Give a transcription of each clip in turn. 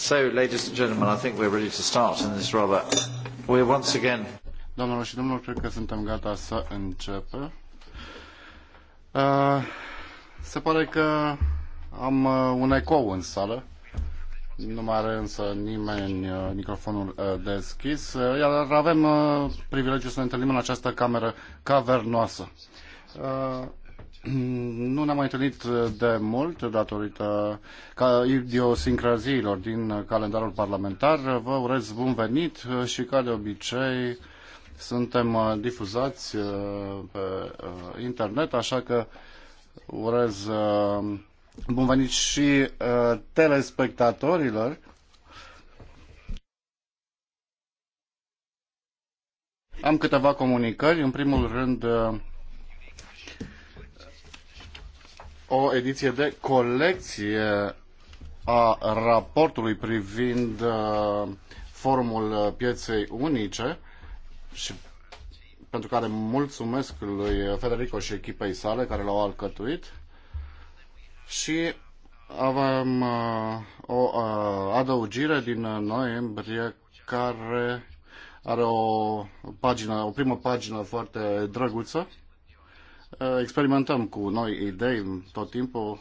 So, ladies and gentlemen, I think we're ready to start in this rather... We're once again... Doamnelor și domnilor, cred că suntem gata să începem. Uh, se pare că am uh, un ecou în sală. Nu mai are însă nimeni uh, microfonul uh, deschis, uh, iar avem uh, privilegiul să ne întâlnim în această cameră cavernoasă. Uh, Mm, nu ne-am mai întâlnit uh, de mult datorită ca idiosincraziilor din calendarul parlamentar. Vă urez bun venit uh, și ca de obicei suntem uh, difuzați pe internet, așa că urez bun venit și telespectatorilor. Am câteva comunicări. În primul rând, o ediție de colecție a raportului privind uh, formul uh, pieței unice și pentru care mulțumesc lui Federico și echipei sale care l-au alcătuit și avem uh, o adăugire din noiembrie care are o pagină, o primă pagină foarte drăguță Eh, experimentăm cu noi idei tot timpul,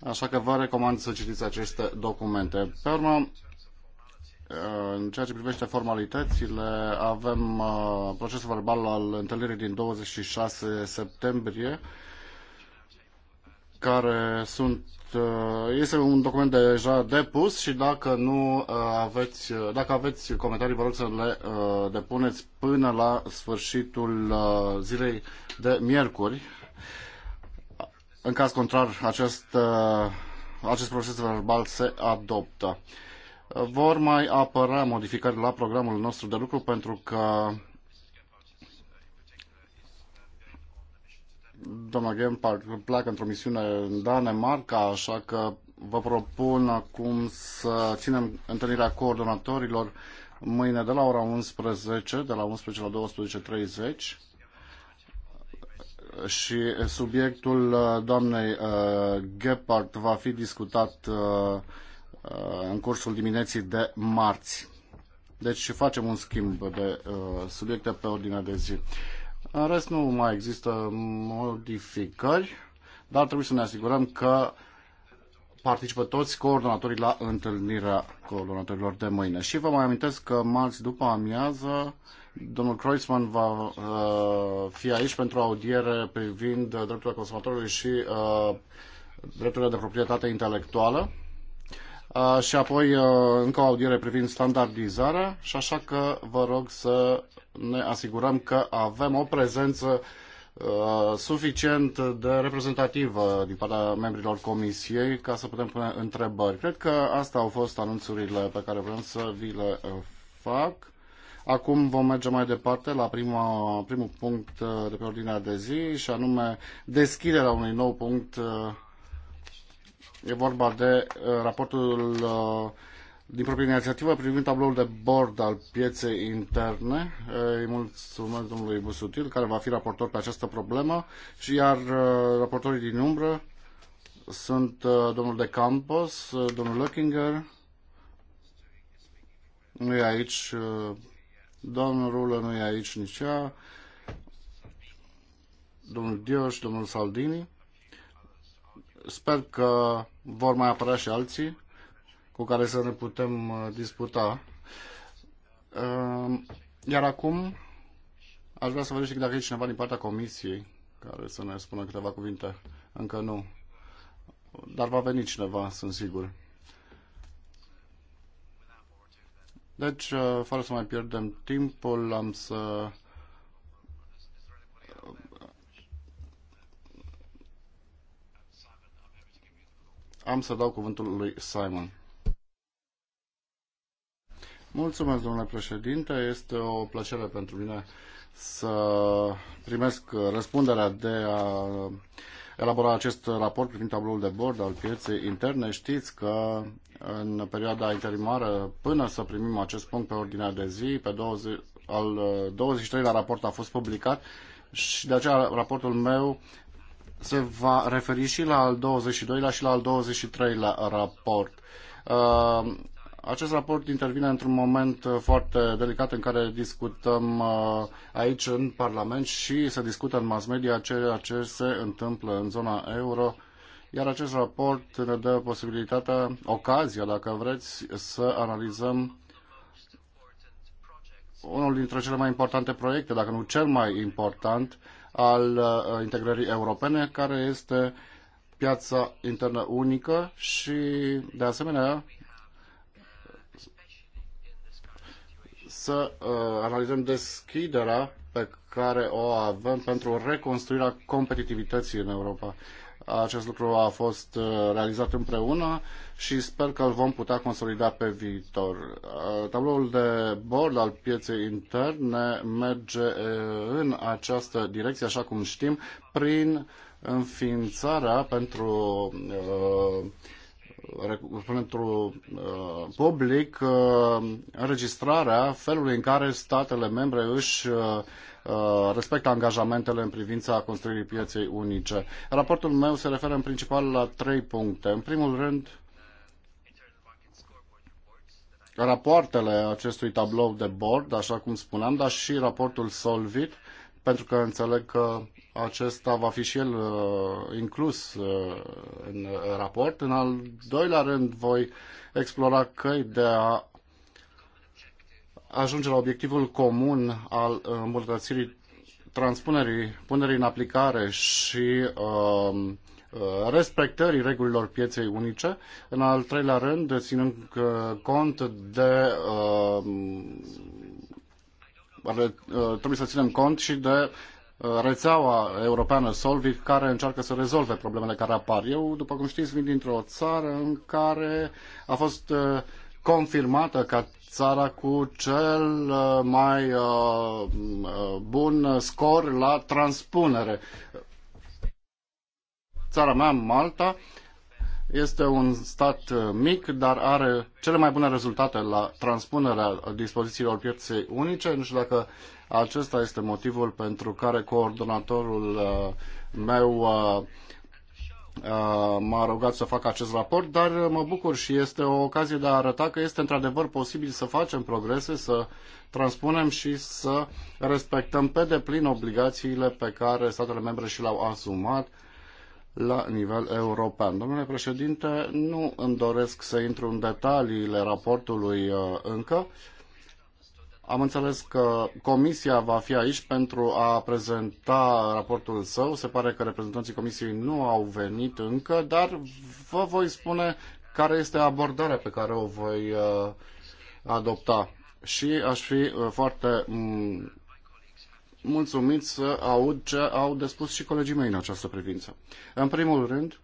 așa că vă recomand să citiți aceste documente. Pe urmă, eh, în ceea ce privește formalitățile, avem eh, procesul verbal al întâlnirii din 26 septembrie, care sunt uh, este un document deja depus și dacă nu uh, aveți, uh, dacă aveți comentarii, vă rog să le depuneți până la sfârșitul zilei de miercuri. În caz contrar, acest, acest proces verbal se adoptă. Vor mai apărea modificări la programul nostru de lucru pentru că doamna Gempar pleacă într-o misiune în Danemarca, așa că vă propun acum să ținem întâlnirea coordonatorilor mâine de la ora 11, de la 11 la 12.30 și subiectul uh, doamnei uh, Gephardt va fi discutat uh, uh, în cursul dimineții de marți. Deci facem un schimb de uh, subiecte pe ordinea de zi. În rest, nu mai există modificări, dar trebuie să ne asigurăm că participă toți coordonatorii la întâlnirea coordonatorilor de mâine. Și vă mai amintesc că marți după amiază domnul Kreuzmann va uh, fi aici pentru audiere privind drepturile consumatorului și uh, drepturile de proprietate intelectuală și apoi încă o audiere privind standardizarea și așa că vă rog să ne asigurăm că avem o prezență suficient de reprezentativă din partea membrilor comisiei ca să putem pune întrebări. Cred că asta au fost anunțurile pe care vreau să vi le fac. Acum vom merge mai departe la prima, primul punct de pe ordinea de zi și anume deschiderea unui nou punct E vorba de uh, raportul uh, din proprie inițiativă privind tabloul de bord al pieței interne. Uh, îi mulțumesc domnului Busutil, care va fi raportor pe această problemă, și iar raportorii din umbră sunt domnul de Campos, domnul Luckinger, nu e aici, domnul Rulă nu e aici nici ea, domnul Dioș, domnul Saldini. Sper că vor mai apărea și alții cu care să ne putem uh, disputa. Uh, iar acum aș vrea să și dacă e cineva din partea comisiei care să ne spună câteva cuvinte. Încă nu. Dar va veni cineva, sunt sigur. Deci, uh, fără să mai pierdem timpul, am să am să dau cuvântul lui Simon. Mulțumesc, domnule președinte. Este o plăcere pentru mine să primesc răspunderea de a elabora acest raport privind tabloul de bord al pieței interne. Știți că în perioada interimară, până să primim acest punct pe ordinea de zi, pe 20, al 23-lea raport a fost publicat și de aceea raportul meu se va referi și la al 22-lea și la al 23-lea raport. Uh, acest raport intervine într-un moment uh, foarte delicat în care discutăm uh, aici în Parlament și se discută în mass media ceea ce se întâmplă în zona euro, iar acest raport ne dă posibilitatea, ocazia, dacă vreți, să analizăm unul dintre cele mai importante proiecte, dacă nu cel mai important, al uh, integrării europene, care este piața internă unică și, de asemenea, să uh, analizăm deschiderea pe care o avem pentru reconstruirea competitivității în Europa. Acest lucru a fost uh, realizat împreună și sper că îl vom putea consolida pe viitor. Uh, tabloul de bord al pieței interne merge uh, în această direcție, așa cum știm, prin înființarea pentru uh, pentru uh, public uh, înregistrarea felului în care statele membre își uh, uh, respectă angajamentele în privința construirii pieței unice. Raportul meu se referă în principal la trei puncte. În primul rând, rapoartele acestui tablou de bord, așa cum spuneam, dar și raportul Solvit, pentru că înțeleg că acesta va fi și el uh, inclus uh, în raport. În al doilea rând, voi explora căi de a ajunge la obiectivul comun al îmbunătățirii transpunerii, punerii în aplicare și um, uh, respectării regulilor pieței unice. În al treilea rând, ținând cont de um, uh, trebuie să ținem cont și de rețeaua europeană Solvit care încearcă să rezolve problemele care apar. Eu, după cum știți, vin dintr-o țară în care a fost uh, confirmată ca țara cu cel uh, mai uh, bun scor la transpunere. Țara mea, Malta, este un stat mic, dar are cele mai bune rezultate la transpunerea dispozițiilor pieței unice. Nu știu dacă uh, acesta este motivul pentru care coordonatorul uh, meu uh, uh, m-a rugat să fac acest raport, dar mă bucur și este o ocazie de a arăta că este într-adevăr posibil să facem progrese, să transpunem și să respectăm pe deplin obligațiile pe care statele membre și le-au asumat la nivel european. Domnule președinte, nu îmi doresc să intru în detaliile raportului încă, am înțeles că comisia va fi aici pentru a prezenta raportul său. Se pare că reprezentanții comisiei nu au venit încă, dar vă voi spune care este abordarea pe care o voi uh, adopta. Și aș fi uh, foarte mm, mulțumit să aud ce au de spus și colegii mei în această privință. În primul rând,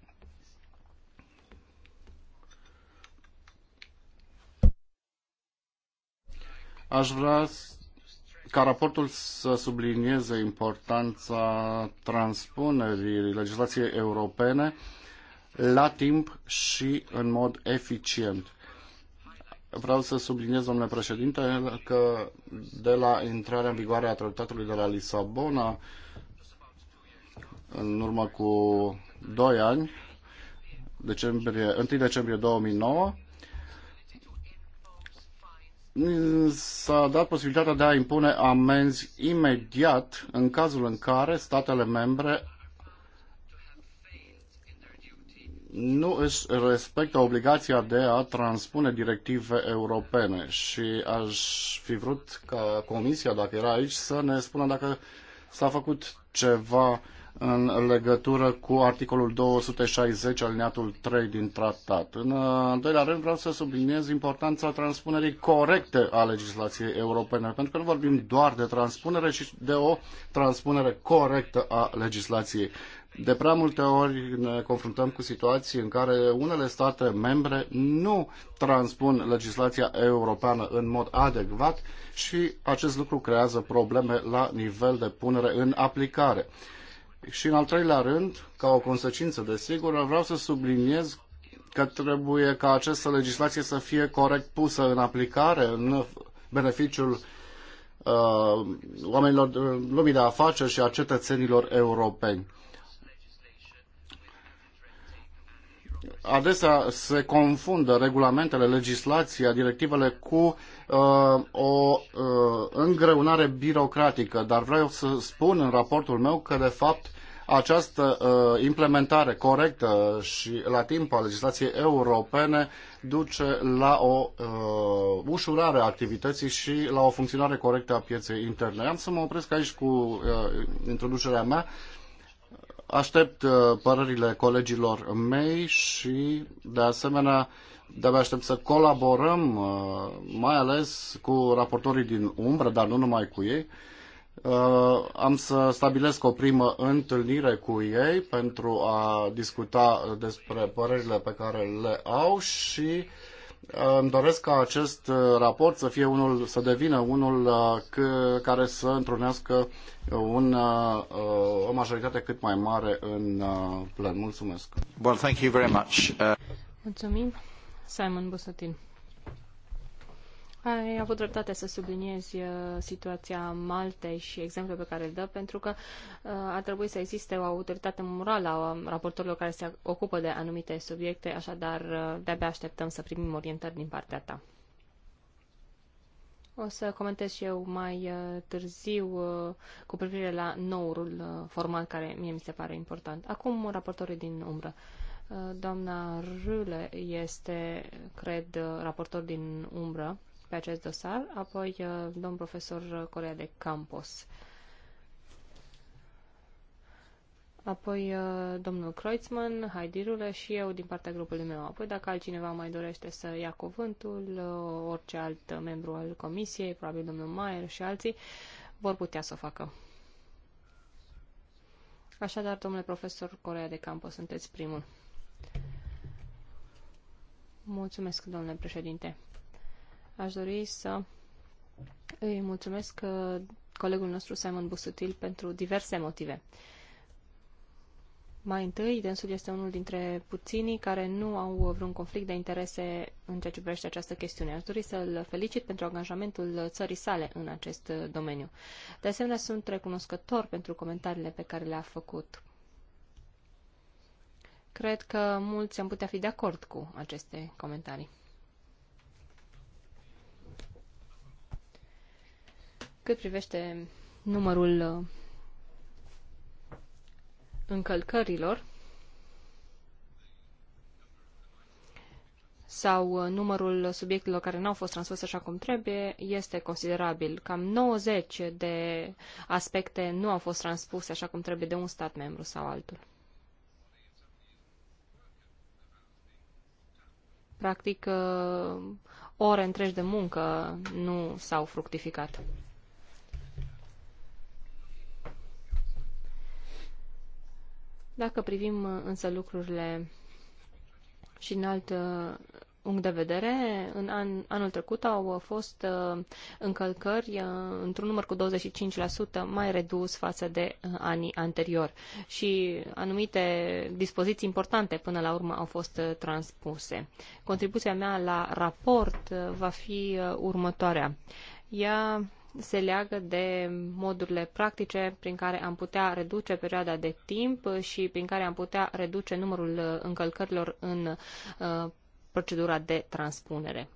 Aș vrea ca raportul să sublinieze importanța transpunerii legislației europene la timp și în mod eficient. Vreau să subliniez, domnule președinte, că de la intrarea în vigoare a tratatului de la Lisabona, în urmă cu 2 ani, decembrie, 1 decembrie 2009, s-a dat posibilitatea de a impune amenzi imediat în cazul în care statele membre nu își respectă obligația de a transpune directive europene și aș fi vrut ca Comisia, dacă era aici, să ne spună dacă s-a făcut ceva în legătură cu articolul 260 alineatul 3 din tratat. În uh, al doilea rând vreau să subliniez importanța transpunerii corecte a legislației europene, pentru că nu vorbim doar de transpunere, ci de o transpunere corectă a legislației. De prea multe ori ne confruntăm cu situații în care unele state membre nu transpun legislația europeană în mod adecvat și acest lucru creează probleme la nivel de punere în aplicare. Și în al treilea rând, ca o consecință, de sigur, vreau să subliniez că trebuie ca această legislație să fie corect pusă în aplicare, în beneficiul uh, oamenilor uh, lumii de afaceri și a cetățenilor europeni. adesea se confundă regulamentele, legislația, directivele cu uh, o uh, îngreunare birocratică, dar vreau să spun în raportul meu că, de fapt, această uh, implementare corectă și la timp a legislației europene duce la o uh, ușurare a activității și la o funcționare corectă a pieței interne. Am să mă opresc aici cu uh, introducerea mea. Uh, Aștept uh, părerile colegilor mei și, de asemenea, de-abia aștept să colaborăm, uh, mai ales cu raportorii din umbră, dar nu numai cu ei. Uh, am să stabilesc o primă întâlnire cu ei pentru a discuta despre părerile pe care le au și îmi doresc ca acest uh, raport să fie unul, să devină unul uh, care să întrunească un, uh, o majoritate cât mai mare în plan Mulțumesc. Well, thank you very much. Mulțumim. Simon Busutin. Ai avut dreptate să subliniezi uh, situația Maltei și exemplul pe care îl dă, pentru că uh, ar trebui să existe o autoritate morală a raportorilor care se ocupă de anumite subiecte, așadar uh, de-abia așteptăm să primim orientări din partea ta. O să comentez și eu mai târziu cu privire la nourul formal care mie mi se pare important. Acum raportorii din umbră. Doamna Râle este, cred, raportor din umbră pe acest dosar, apoi uh, domn profesor Corea de Campos, apoi uh, domnul Kreutzmann, Haidirule și eu din partea grupului meu. Apoi, dacă altcineva mai dorește să ia cuvântul, uh, orice alt membru al comisiei, probabil domnul Maier și alții, vor putea să o facă. Așadar, domnule profesor Corea de Campos, sunteți primul. Mulțumesc, domnule președinte. Aș dori să îi mulțumesc uh, colegul nostru Simon Busutil pentru diverse motive. Mai întâi, dânsul este unul dintre puținii care nu au vreun conflict de interese în ceea ce privește această chestiune. Aș dori să-l felicit pentru angajamentul țării sale în acest uh, domeniu. De asemenea, sunt recunoscător pentru comentariile pe care le-a făcut. Cred că mulți am putea fi de acord cu aceste comentarii. Cât privește numărul uh, încălcărilor sau uh, numărul subiectelor care nu au fost transpuse așa cum trebuie, este considerabil. Cam 90 de aspecte nu au fost transpuse așa cum trebuie de un stat membru sau altul. practic uh, ore întregi de muncă nu s-au fructificat. Dacă privim uh, însă lucrurile și în alt uh, punct de vedere, în an, anul trecut au uh, fost încălcări într-un număr cu 25% mai redus față de anii anterior și anumite dispoziții importante până la urmă au fost transpuse. Contribuția mea la raport va fi următoarea. Ea se leagă de modurile practice prin care am putea reduce perioada de timp și prin care am putea reduce numărul uh, încălcărilor în uh, procedura de transpunere.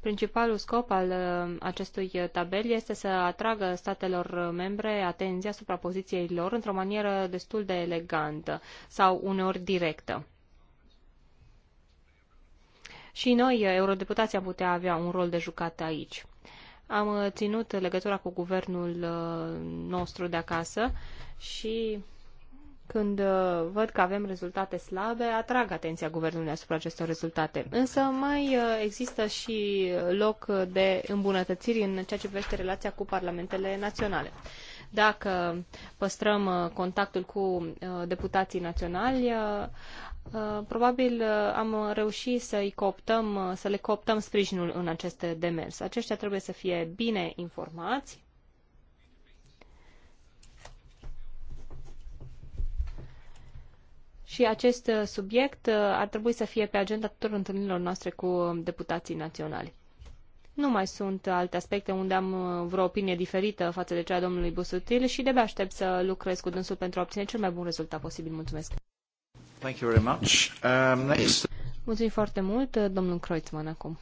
Principalul scop al uh, acestui tabel este să atragă statelor membre atenția asupra poziției lor într-o manieră destul de elegantă sau uneori directă și noi, eurodeputații, am putea avea un rol de jucat aici. Am uh, ținut legătura cu guvernul uh, nostru de acasă și când uh, văd că avem rezultate slabe, atrag atenția guvernului asupra acestor rezultate. Însă mai există și loc de îmbunătățiri în ceea ce privește relația cu parlamentele naționale. Dacă păstrăm contactul cu deputații naționali, Uh, probabil uh, am reușit să-i cooptăm, uh, să le cooptăm sprijinul în acest demers. Aceștia trebuie să fie bine informați. Și acest subiect ar trebui să fie pe agenda tuturor întâlnirilor noastre cu deputații naționali. Nu mai sunt alte aspecte unde am vreo opinie diferită față de cea a domnului Busutil și de aștept să lucrez cu dânsul pentru a obține cel mai bun rezultat posibil. Mulțumesc! Thank you very much. Um, next... Mulțumim foarte mult, domnul Kreutzmann, acum.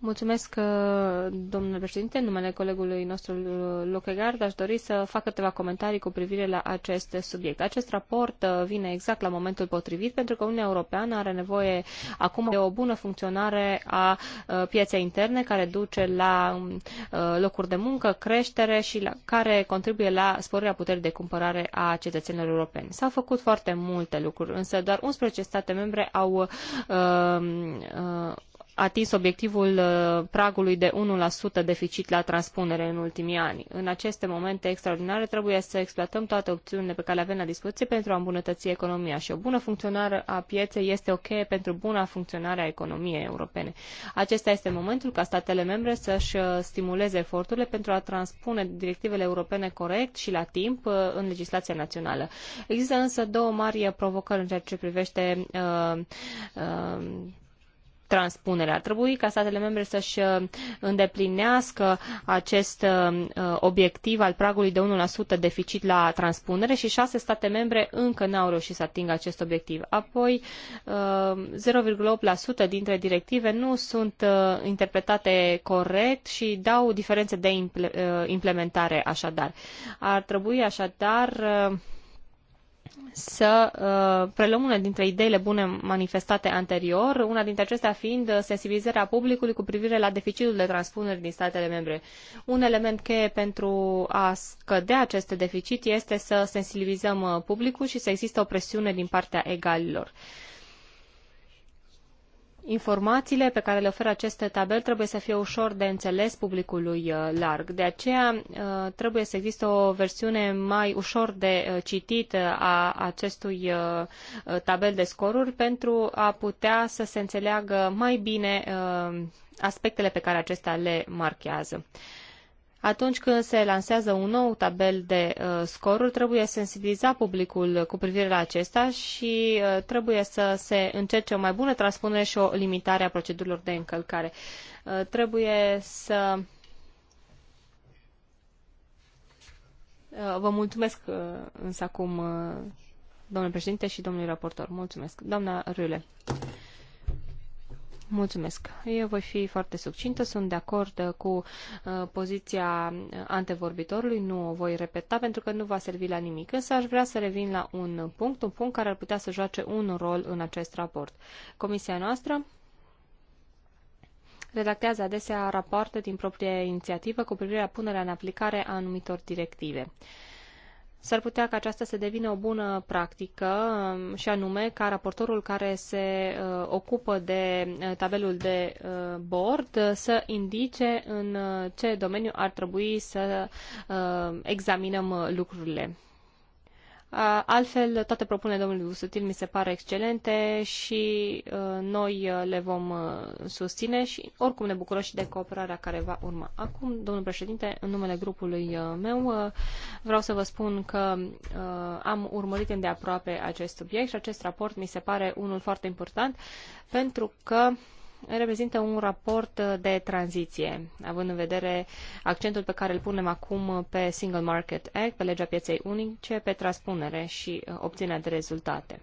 Mulțumesc, uh, domnule președinte. În numele colegului nostru uh, Lockegaard aș dori să fac câteva comentarii cu privire la acest subiect. Acest raport uh, vine exact la momentul potrivit pentru că Uniunea Europeană are nevoie acum de o bună funcționare a pieței interne care duce la um, locuri de muncă, creștere și la, care contribuie la sporirea puterii de cumpărare a cetățenilor europeni. S-au făcut foarte multe lucruri, însă doar 11 state membre au uh, uh, atins obiectivul uh, pragului de 1% deficit la transpunere în ultimii ani. În aceste momente extraordinare trebuie să exploatăm toate opțiunile pe care le avem la dispoziție pentru a îmbunătăți economia și o bună funcționare a pieței este o cheie pentru buna funcționare a economiei europene. Acesta este momentul ca statele membre să-și uh, stimuleze eforturile pentru a transpune directivele europene corect și la timp uh, în legislația națională. Există însă două mari provocări în ceea ce privește uh, uh, transpunere. Ar trebui ca statele membre să-și uh, îndeplinească acest uh, obiectiv al pragului de 1% deficit la transpunere și șase state membre încă n-au reușit să atingă acest obiectiv. Apoi, 0,8% uh, dintre directive nu sunt interpretate corect și dau diferențe de implementare așadar. Ar trebui așadar să uh, preluăm una dintre ideile bune manifestate anterior, una dintre acestea fiind sensibilizarea publicului cu privire la deficitul de transpunere din statele membre. Un element cheie pentru a scădea acest deficit este să sensibilizăm uh, publicul și să existe o presiune din partea egalilor. Uh, Informațiile pe care le oferă aceste tabel trebuie să fie ușor de înțeles publicului uh, larg. De aceea uh, trebuie să existe o versiune mai ușor de uh, citit a acestui tabel de scoruri pentru a putea să se înțeleagă mai bine aspectele pe care acestea le marchează. Atunci când se lansează un nou tabel de uh, scoruri, trebuie sensibiliza publicul cu privire la acesta și uh, trebuie să se încerce o mai bună transpunere și o limitare a procedurilor de încălcare. Uh, trebuie să uh, Vă mulțumesc uh, însă acum, uh, domnule președinte și domnule raportor. Mulțumesc. Doamna Râle. Mulțumesc. Eu voi fi foarte succintă. Sunt de acord cu uh, poziția antevorbitorului. Nu o voi repeta pentru că nu va servi la nimic. Însă aș vrea să revin la un punct, un punct care ar putea să joace un rol în acest raport. Comisia noastră redactează adesea rapoarte din proprie inițiativă cu privire la punerea în aplicare a anumitor directive. Uh, s-ar putea ca aceasta să devină o bună practică um, și anume ca raportorul care se uh, ocupă de uh, tabelul de uh, bord să indice în ce domeniu ar trebui să examinăm lucrurile. Uh, altfel, toate propunerile domnului Usutil mi se pare excelente și uh, noi uh, le vom susține și oricum ne bucurăm și de cooperarea care va urma. Acum, domnul președinte, în numele grupului meu, vreau să vă spun că am urmărit îndeaproape acest subiect și acest raport mi se pare unul foarte important pentru că reprezintă un raport uh, de tranziție, având în vedere accentul pe care îl punem acum uh, pe Single Market Act, pe legea pieței unice, pe transpunere și uh, obținerea de rezultate.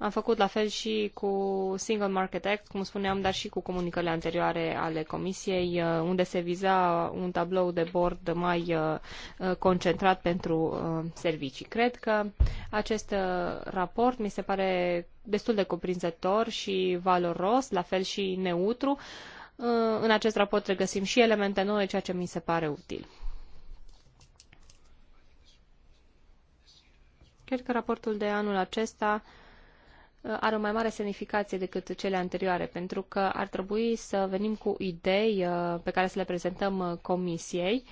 Am făcut la fel și cu Single Market Act, cum spuneam, dar și cu comunicările anterioare ale Comisiei, uh, unde se viza un tablou de bord mai uh, uh, concentrat pentru servicii. Cred că acest raport mi se pare destul de cuprinzător și valoros, la fel și neutru. În acest raport regăsim și elemente noi, ceea ce mi se pare util. Cred că raportul de anul acesta Uh, are o mai mare semnificație decât cele anterioare, pentru că ar trebui să venim cu idei uh, pe care să le prezentăm uh, Comisiei,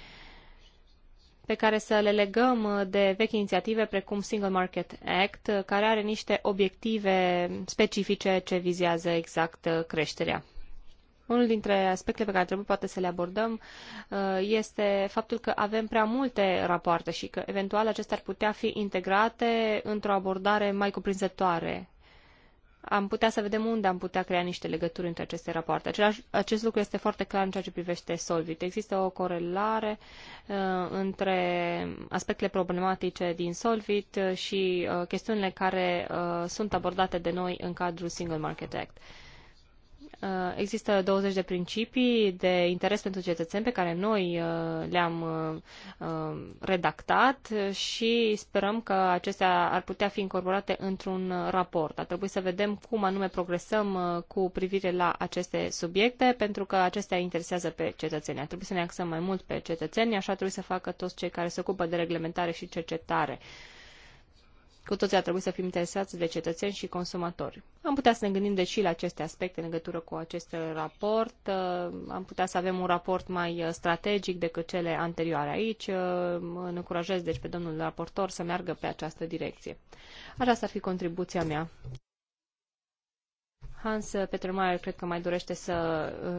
pe care să le legăm de vechi inițiative precum Single Market Act, care are niște obiective specifice ce vizează exact creșterea. Unul dintre aspectele pe care trebuie poate să le abordăm este faptul că avem prea multe rapoarte și că eventual acestea ar putea fi integrate într-o abordare mai cuprinzătoare am putea să vedem unde am putea crea niște legături între aceste rapoarte. Același, acest lucru este foarte clar în ceea ce privește Solvit. Există o corelare uh, între aspectele problematice din Solvit uh, și uh, chestiunile care uh, sunt abordate de noi în cadrul Single Market Act. Uh, Uh, există 20 de principii de interes pentru cetățeni pe care noi uh, le-am uh, redactat și sperăm că acestea ar putea fi incorporate într-un raport. Ar trebui să vedem cum anume progresăm cu privire la aceste subiecte, pentru că acestea interesează pe cetățeni. Ar trebui să ne axăm mai mult pe cetățeni, așa trebuie să facă toți cei care se ocupă de reglementare și cercetare. Cu toții ar trebui să fim interesați de cetățeni și consumatori. Am putea să ne gândim deci și la aceste aspecte în legătură cu acest raport. Uh, am putea să avem un raport mai uh, strategic decât cele anterioare aici. Ne uh, încurajez deci pe domnul raportor să meargă pe această direcție. Așa ar fi contribuția mea. Hans Peter Mayer cred că mai dorește să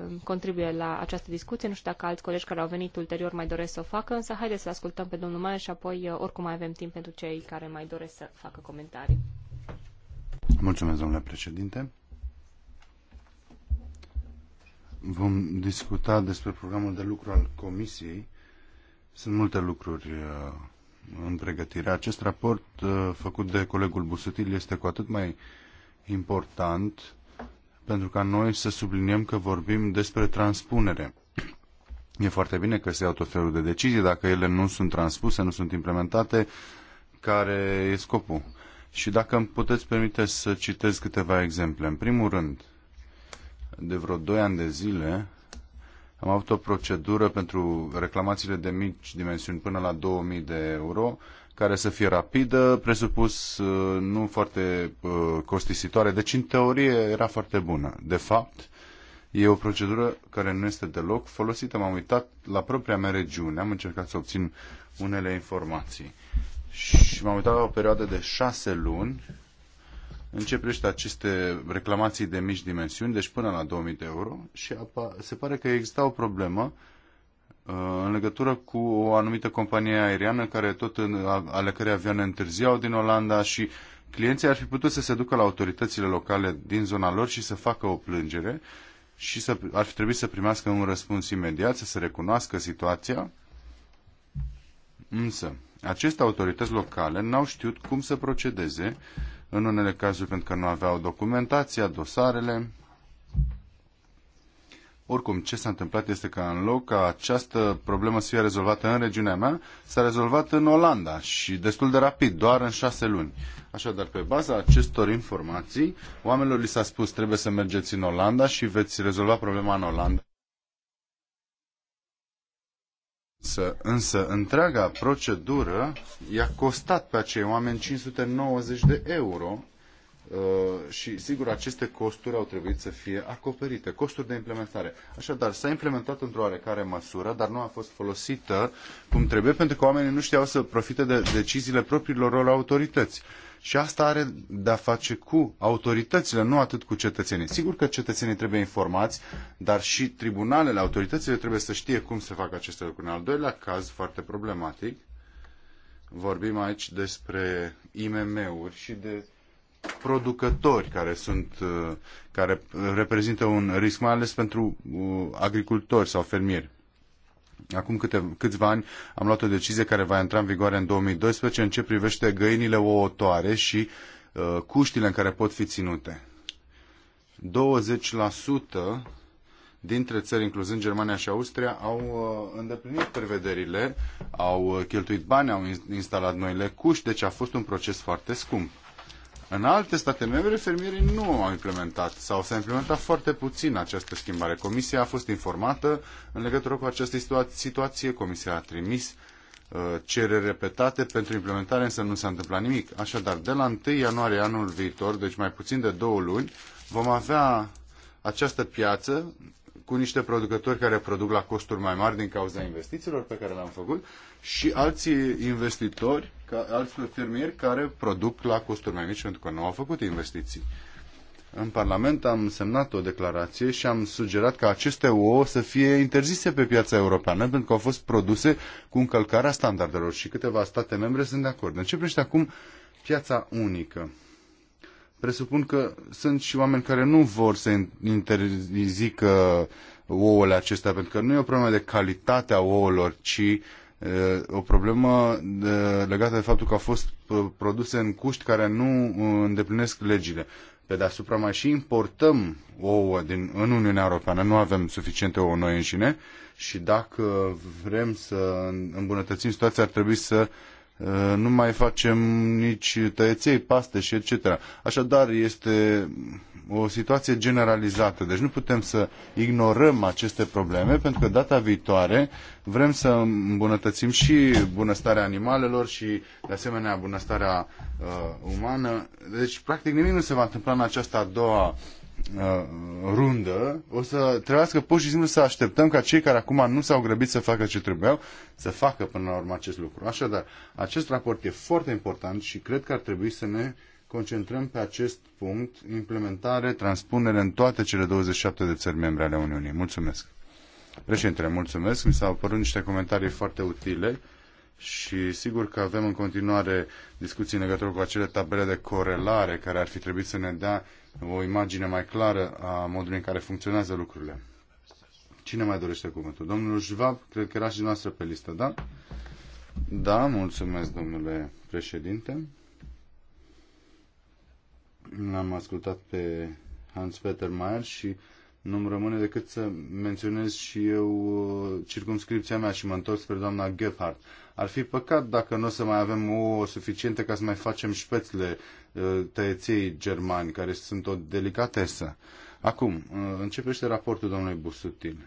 uh, contribuie la această discuție. Nu știu dacă alți colegi care au venit ulterior mai doresc să o facă, însă haideți să ascultăm pe domnul Mayer și apoi uh, oricum mai avem timp pentru cei care mai doresc să facă comentarii. Mulțumesc, domnule președinte. Vom discuta despre programul de lucru al Comisiei. Sunt multe lucruri uh, în pregătire. Acest raport făcut de colegul Busutil este cu atât mai important pentru ca noi să subliniem că vorbim despre transpunere. E foarte bine că se iau tot felul de decizii, dacă ele nu sunt transpuse, nu sunt implementate, care e scopul. Și dacă îmi puteți permite să citez câteva exemple. În primul rând, de vreo 2 ani de zile, am avut o procedură pentru reclamațiile de mici dimensiuni până la 2000 de euro care să fie rapidă, presupus uh, nu foarte uh, costisitoare, deci în teorie era foarte bună. De fapt, e o procedură care nu este deloc folosită. M-am uitat la propria mea regiune, am încercat să obțin unele informații și m-am uitat la o perioadă de șase luni începește aceste reclamații de mici dimensiuni, deci până la 2000 de euro și apa, se pare că exista o problemă Uh, în legătură cu o anumită companie aeriană care tot în, ale cărei avioane întârziau din Olanda și clienții ar fi putut să se ducă la autoritățile locale din zona lor și să facă o plângere și să, ar fi trebuit să primească un răspuns imediat, să se recunoască situația. Însă, aceste autorități locale n-au știut cum să procedeze în unele cazuri pentru că nu aveau documentația, dosarele, oricum, ce s-a întâmplat este că în loc ca această problemă să fie rezolvată în regiunea mea, s-a rezolvat în Olanda și destul de rapid, doar în șase luni. Așadar, pe baza acestor informații, oamenilor li s-a spus trebuie să mergeți în Olanda și veți rezolva problema în Olanda. Însă, însă întreaga procedură i-a costat pe acei oameni 590 de euro Uh, și, sigur, aceste costuri au trebuit să fie acoperite, costuri de implementare. Așadar, s-a implementat într-o oarecare măsură, dar nu a fost folosită cum trebuie, pentru că oamenii nu știau să profite de deciziile propriilor lor autorități. Și asta are de-a face cu autoritățile, nu atât cu cetățenii. Sigur că cetățenii trebuie informați, dar și tribunalele, autoritățile trebuie să știe cum se fac aceste lucruri. În al doilea caz, foarte problematic, vorbim aici despre IMM-uri și de producători care, sunt, uh, care reprezintă un risc, mai ales pentru uh, agricultori sau fermieri. Acum câte, câțiva ani am luat o decizie care va intra în vigoare în 2012 în ce privește găinile ouătoare și uh, cuștile în care pot fi ținute. 20% dintre țări, incluzând Germania și Austria, au îndeplinit prevederile, au cheltuit bani, au instalat noile cuși, deci a fost un proces foarte scump. În alte state membre, fermierii nu au implementat sau s-a implementat foarte puțin această schimbare. Comisia a fost informată în legătură cu această situație. Comisia a trimis uh, cereri repetate pentru implementare, însă nu s-a întâmplat nimic. Așadar, de la 1 ianuarie anul viitor, deci mai puțin de două luni, vom avea această piață cu niște producători care produc la costuri mai mari din cauza investițiilor pe care le-am făcut și alții investitori, alți fermieri care produc la costuri mai mici pentru că nu au făcut investiții. În Parlament am semnat o declarație și am sugerat ca aceste ouă să fie interzise pe piața europeană pentru că au fost produse cu încălcarea standardelor și câteva state membre sunt de acord. Începește acum piața unică? presupun că sunt și oameni care nu vor să interzică ouăle acestea, pentru că nu e o problemă de calitate a ouălor, ci o problemă de, legată de faptul că au fost produse în cuști care nu uh, îndeplinesc legile. Pe deasupra mai și importăm ouă din, în Uniunea Europeană, nu avem suficiente ouă noi înșine și dacă vrem să îmbunătățim situația, ar trebui să uh, Eh, nu mai facem nici tăieței, paste și etc. Așadar, este o situație generalizată. Deci nu putem să ignorăm aceste probleme, pentru că data viitoare vrem să îmbunătățim și bunăstarea animalelor și, de asemenea, bunăstarea uh, umană. Deci, practic, nimic nu se va întâmpla în această a doua Uh, rundă, o să trebuiască pur și simplu să așteptăm ca cei care acum nu s-au grăbit să facă ce trebuiau, să facă până la urmă acest lucru. Așadar, acest raport e foarte important și cred că ar trebui să ne concentrăm pe acest punct, implementare, transpunere în toate cele 27 de țări membre ale Uniunii. Mulțumesc. Președintele, mulțumesc. Mi s-au părut niște comentarii foarte utile și sigur că avem în continuare discuții în legătură cu acele tabele de corelare care ar fi trebuit să ne dea o imagine mai clară a modului în care funcționează lucrurile. Cine mai dorește cuvântul? Domnul Jvab, cred că era și noastră pe listă, da? Da, mulțumesc, domnule președinte. L-am ascultat pe Hans Peter Mayer și nu-mi rămâne decât să menționez și eu uh, circumscripția mea și mă întorc spre doamna Gephardt. Ar fi păcat dacă nu o să mai avem o suficiente ca să mai facem șpețle uh, tăieței germani, care sunt o delicatesă. Acum, uh, începește raportul domnului Busutin.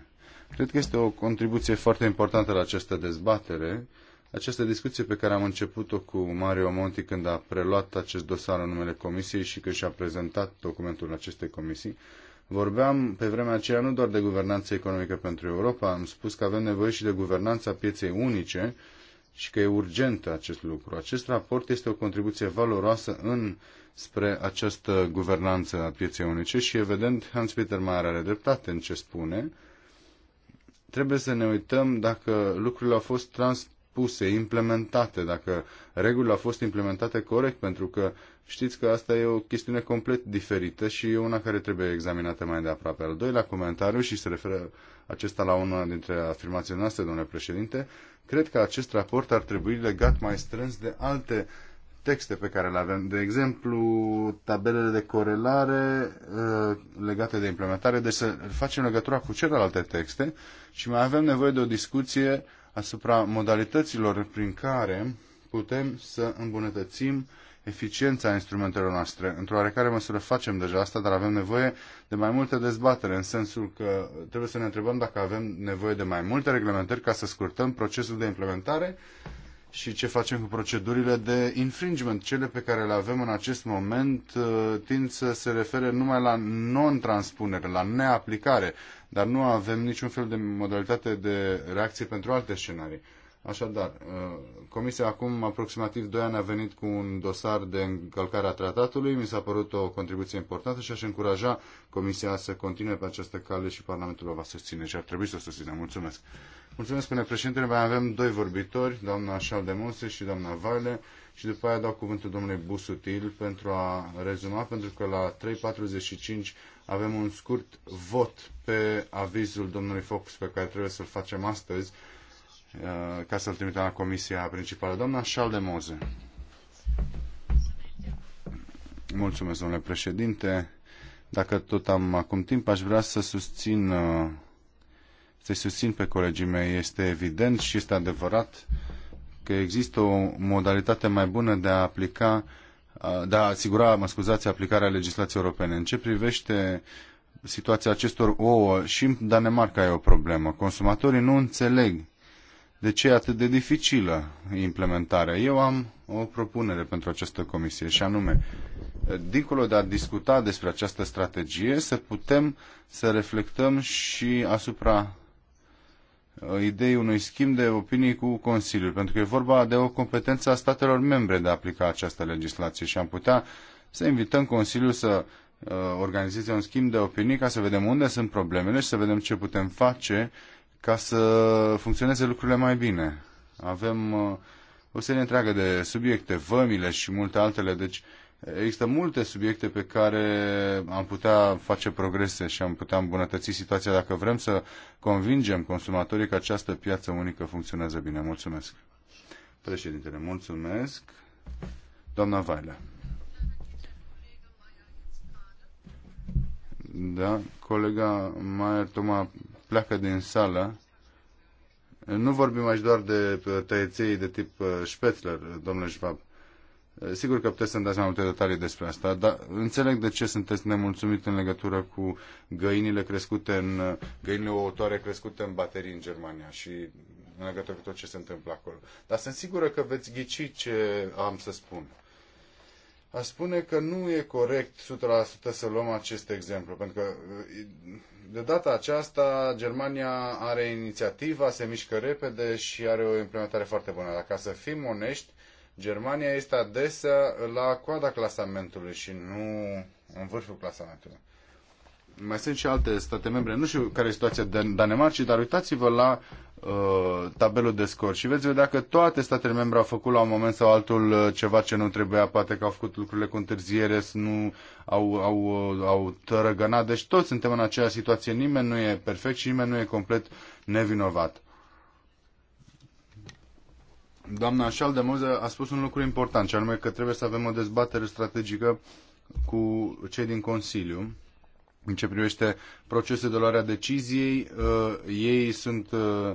Cred că este o contribuție foarte importantă la această dezbatere. Această discuție pe care am început-o cu Mario Monti când a preluat acest dosar în numele Comisiei și când și-a prezentat documentul acestei comisii, vorbeam pe vremea aceea nu doar de guvernanță economică pentru Europa, am spus că avem nevoie și de guvernanța pieței unice, și că e urgent acest lucru. Acest raport este o contribuție valoroasă în spre această guvernanță a pieței unice și evident Hans-Peter Mayer are dreptate în ce spune. Trebuie să ne uităm dacă lucrurile au fost transpuse, implementate, dacă regulile au fost implementate corect, pentru că știți că asta e o chestiune complet diferită și e una care trebuie examinată mai de aproape. Al doilea comentariu și se referă acesta la una dintre afirmațiile noastre, domnule președinte, cred că acest raport ar trebui legat mai strâns de alte texte pe care le avem. De exemplu, tabelele de corelare uh, legate de implementare, deci să facem legătura cu celelalte texte și mai avem nevoie de o discuție asupra modalităților prin care putem să îmbunătățim uh, eficiența instrumentelor noastre. Într-o oarecare măsură facem deja asta, dar avem nevoie de mai multe dezbatere, în sensul că trebuie să ne întrebăm dacă avem nevoie de mai multe reglementări ca să scurtăm procesul de implementare și ce facem cu procedurile de infringement. Cele pe care le avem în acest moment uh, tind să se refere numai la non-transpunere, la neaplicare, dar nu avem niciun fel de modalitate de reacție pentru alte scenarii. Așadar, uh, Comisia acum aproximativ 2 ani a venit cu un dosar de încălcare a tratatului, mi s-a părut o contribuție importantă și aș încuraja Comisia să continue pe această cale și Parlamentul o va susține și ar trebui să o susține. Mulțumesc! Mulțumesc, spune președintele, mai avem doi vorbitori, doamna Monse și doamna Vale și după aia dau cuvântul domnului Busutil pentru a rezuma, pentru că la 3.45 avem un scurt vot pe avizul domnului Focus pe care trebuie să-l facem astăzi, Eh, ca să-l trimitem la comisia principală. Doamna Șaldemoze. Mulțumesc, domnule președinte. Dacă tot am acum timp, aș vrea să susțin, eh, să susțin pe colegii mei. Este evident și este adevărat că există o modalitate mai bună de a aplica, eh, de a asigura, mă scuzați, aplicarea legislației europene. În ce privește situația acestor ouă, și în Danemarca e o problemă. Consumatorii nu înțeleg de ce e atât de dificilă implementarea. Eu am o propunere pentru această comisie și anume, dincolo de a discuta despre această strategie, să putem să reflectăm și asupra uh, ideii unui schimb de opinii cu Consiliul, pentru că e vorba de o competență a statelor membre de a aplica această legislație și am putea să invităm Consiliul să uh, organizeze un schimb de opinii ca să vedem unde sunt problemele și să vedem ce putem face ca să funcționeze lucrurile mai bine. Avem uh, o serie întreagă de subiecte, vămile și multe altele, deci există multe subiecte pe care am putea face progrese și am putea îmbunătăți situația dacă vrem să convingem consumatorii că această piață unică funcționează bine. Mulțumesc. Președintele, mulțumesc. Doamna Vailea. Da, colega Maier Toma pleacă din sală, nu vorbim aici doar de tăieței de tip Spetzler, uh, domnule Schwab. Uh, sigur că puteți să-mi dați mai multe detalii despre asta, dar înțeleg de ce sunteți nemulțumit în legătură cu găinile crescute în, uh, găinile ouătoare crescute în baterii în Germania și în legătură cu tot ce se întâmplă acolo. Dar sunt sigură că veți ghici ce am să spun a spune că nu e corect 100% să luăm acest exemplu, pentru că uh, de data aceasta Germania are inițiativa, se mișcă repede și are o implementare foarte bună. Dacă să fim onești, Germania este adesea la coada clasamentului și nu în vârful clasamentului mai sunt și alte state membre, nu știu care e situația din Danemarcii, dar uitați-vă la uh, tabelul de scor și veți vedea că toate statele membre au făcut la un moment sau altul uh, ceva ce nu trebuia, poate că au făcut lucrurile cu întârziere, nu au, au, uh, au tărăgănat, deci toți suntem în aceeași situație, nimeni nu e perfect și nimeni nu e complet nevinovat. Doamna Șaldemuză a spus un lucru important, și anume că trebuie să avem o dezbatere strategică cu cei din Consiliu, în ce privește procesul de luare a deciziei, uh, ei sunt uh,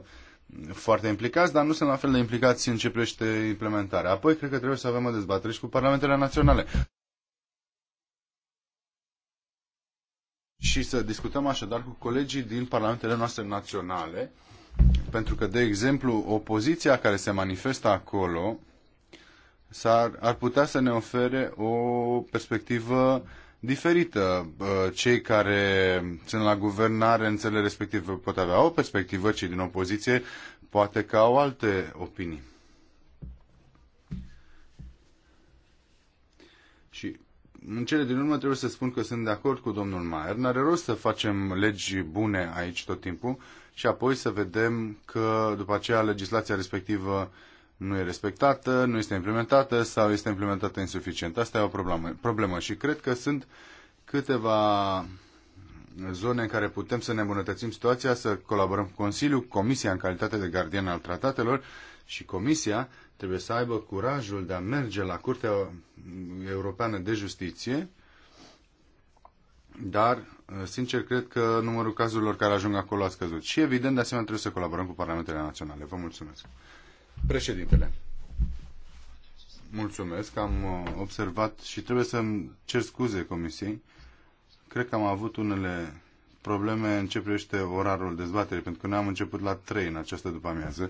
foarte implicați, dar nu sunt la fel de implicați în ce privește implementarea. Apoi, cred că trebuie să avem o dezbatere și cu parlamentele naționale. Și să discutăm așadar cu colegii din parlamentele noastre naționale, pentru că, de exemplu, opoziția care se manifestă acolo s-ar, ar putea să ne ofere o perspectivă uh, diferită. Cei care sunt la guvernare în țările respective pot avea o perspectivă, cei din opoziție poate că au alte opinii. Și în cele din urmă trebuie să spun că sunt de acord cu domnul Maier. N-are rost să facem legi bune aici tot timpul și apoi să vedem că după aceea legislația respectivă uh, nu e respectată, nu este implementată sau este implementată insuficient. Asta e o problemă, problemă și cred că sunt câteva zone în care putem să ne îmbunătățim situația, să colaborăm cu Consiliul, Comisia în calitate de gardian al tratatelor și Comisia trebuie să aibă curajul de a merge la Curtea Europeană de Justiție, dar, sincer, cred că numărul cazurilor care ajung acolo a scăzut. Și, evident, de asemenea, trebuie să colaborăm cu Parlamentele Naționale. Vă mulțumesc! Președintele, mulțumesc, am uh, observat și trebuie să-mi cer scuze comisiei. Cred că am avut unele probleme în ce privește orarul dezbaterii, pentru că noi am început la 3 în această după-amiază.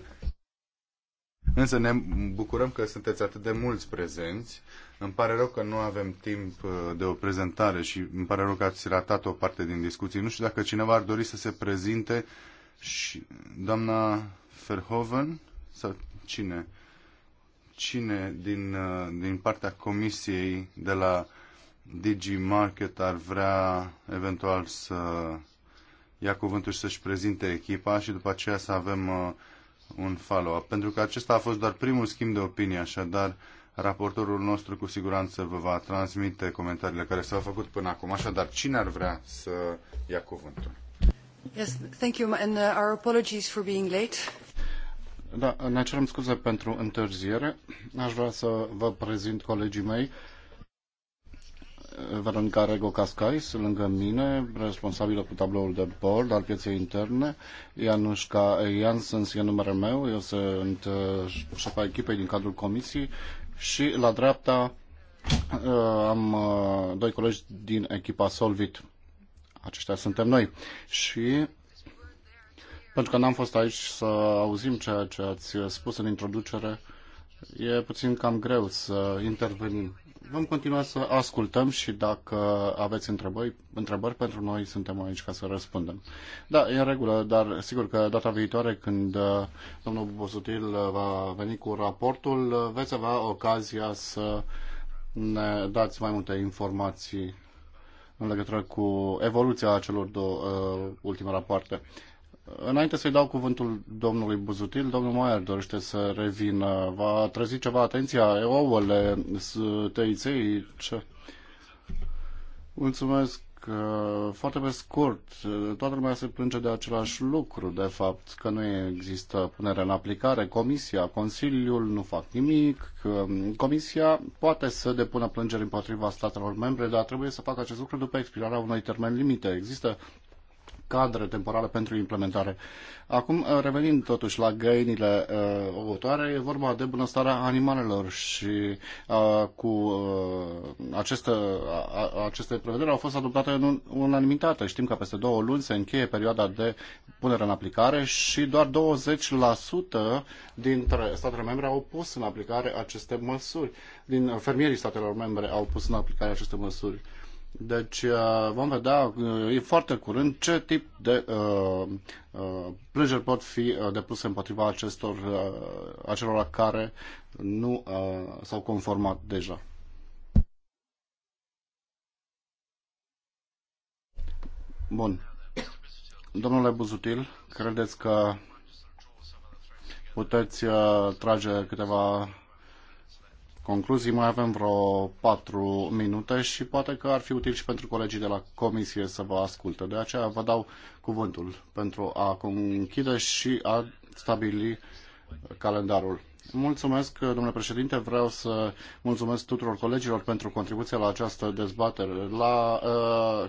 Însă ne bucurăm că sunteți atât de mulți prezenți. Îmi pare rău că nu avem timp uh, de o prezentare și îmi pare rău că ați ratat o parte din discuții. Nu știu dacă cineva ar dori să se prezinte și doamna Verhoeven sau cine, cine din, uh, din partea comisiei de la DigiMarket ar vrea eventual să ia cuvântul și să-și prezinte echipa și după aceea să avem uh, un follow-up. Pentru că acesta a fost doar primul schimb de opinie, așadar raportorul nostru cu siguranță vă va transmite comentariile care s-au făcut până acum. Așadar, cine ar vrea să ia cuvântul? Yes, thank you and uh, our apologies for being late. Da, ne cerem scuze pentru întârziere. Aș vrea să vă prezint colegii mei. Veronica Rego Cascais, lângă mine, responsabilă cu tabloul de bord al pieței interne. Ianușca Iansen, e numele meu, eu sunt uh, șefa echipei din cadrul comisiei și la dreapta uh, am uh, doi colegi din echipa Solvit. Aceștia suntem noi. Și pentru că n-am fost aici să auzim ceea ce ați spus în introducere, e puțin cam greu să intervenim. Vom continua să ascultăm și dacă aveți întrebări, întrebări pentru noi suntem aici ca să răspundem. Da, e în regulă, dar sigur că data viitoare când uh, domnul Bosutil uh, va veni cu raportul, uh, veți avea ocazia să ne dați mai multe informații în legătură cu evoluția celor două uh, ultime rapoarte. Înainte să-i dau cuvântul domnului Buzutil, domnul Maier dorește să revină. Va trezi ceva atenția ouăle tăiței? Ce? Mulțumesc. Foarte pe scurt, toată lumea se plânge de același lucru, de fapt, că nu există punere în aplicare. Comisia, Consiliul nu fac nimic. Comisia poate să depună plângeri împotriva statelor membre, dar trebuie să facă acest lucru după expirarea unui termen limite. Există cadre temporale pentru implementare. Acum, uh, revenind totuși la găinile uh, ovătoare, e vorba de bunăstarea animalelor și uh, cu uh, aceste, uh, aceste prevederi au fost adoptate în unanimitate. Știm că peste două luni se încheie perioada de punere în aplicare și doar 20% dintre statele membre au pus în aplicare aceste măsuri. Din fermierii statelor membre au pus în aplicare aceste măsuri. Deci uh, vom vedea uh, e foarte curând ce tip de uh, uh, plângeri pot fi uh, depuse împotriva acestor, uh, acelora care nu uh, s-au conformat deja. Bun. Domnule Buzutil, credeți că puteți uh, trage câteva concluzii. Mai avem vreo patru minute și poate că ar fi util și pentru colegii de la comisie să vă asculte. De aceea vă dau cuvântul pentru a conchide și a stabili calendarul. Mulțumesc, domnule președinte. Vreau să mulțumesc tuturor colegilor pentru contribuția la această dezbatere. La, uh,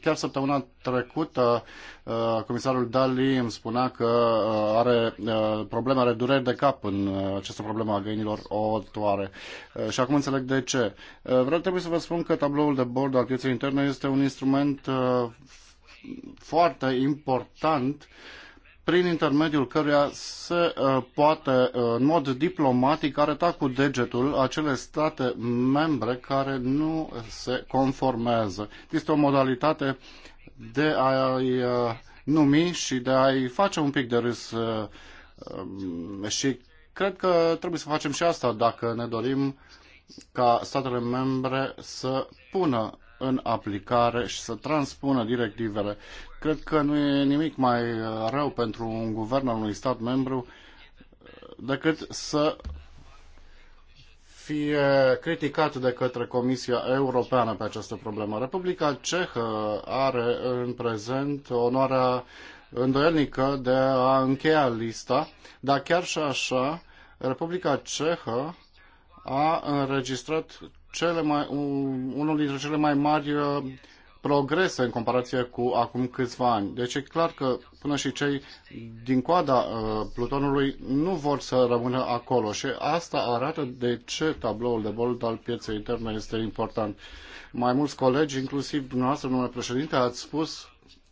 chiar săptămâna trecută, uh, comisarul Dali îmi spunea că uh, are probleme, are dureri de cap în această problemă a găinilor otoare. Și acum înțeleg de ce. Vreau trebuie să vă spun că tabloul de bord al pieței interne este un instrument foarte important uh, prin intermediul căruia se uh, poate uh, în mod diplomatic arăta cu degetul acele state membre care nu se conformează. Este o modalitate de a-i uh, numi și de a-i face un pic de râs um, și cred că trebuie să facem și asta dacă ne dorim ca statele membre să pună în aplicare și să transpună directivele. Cred că nu e nimic mai rău pentru un guvern al unui stat membru uh, decât să fie criticat de către Comisia Europeană pe această problemă. Republica Cehă are în prezent onoarea îndoielnică de a încheia lista, dar chiar și așa, Republica Cehă a înregistrat cele mai, unul dintre cele mai mari uh, progrese în comparație cu acum câțiva ani. Deci e clar că până și cei din coada uh, Plutonului nu vor să rămână acolo și asta arată de ce tabloul de bord al pieței interne este important. Mai mulți colegi, inclusiv dumneavoastră, domnule președinte, ați spus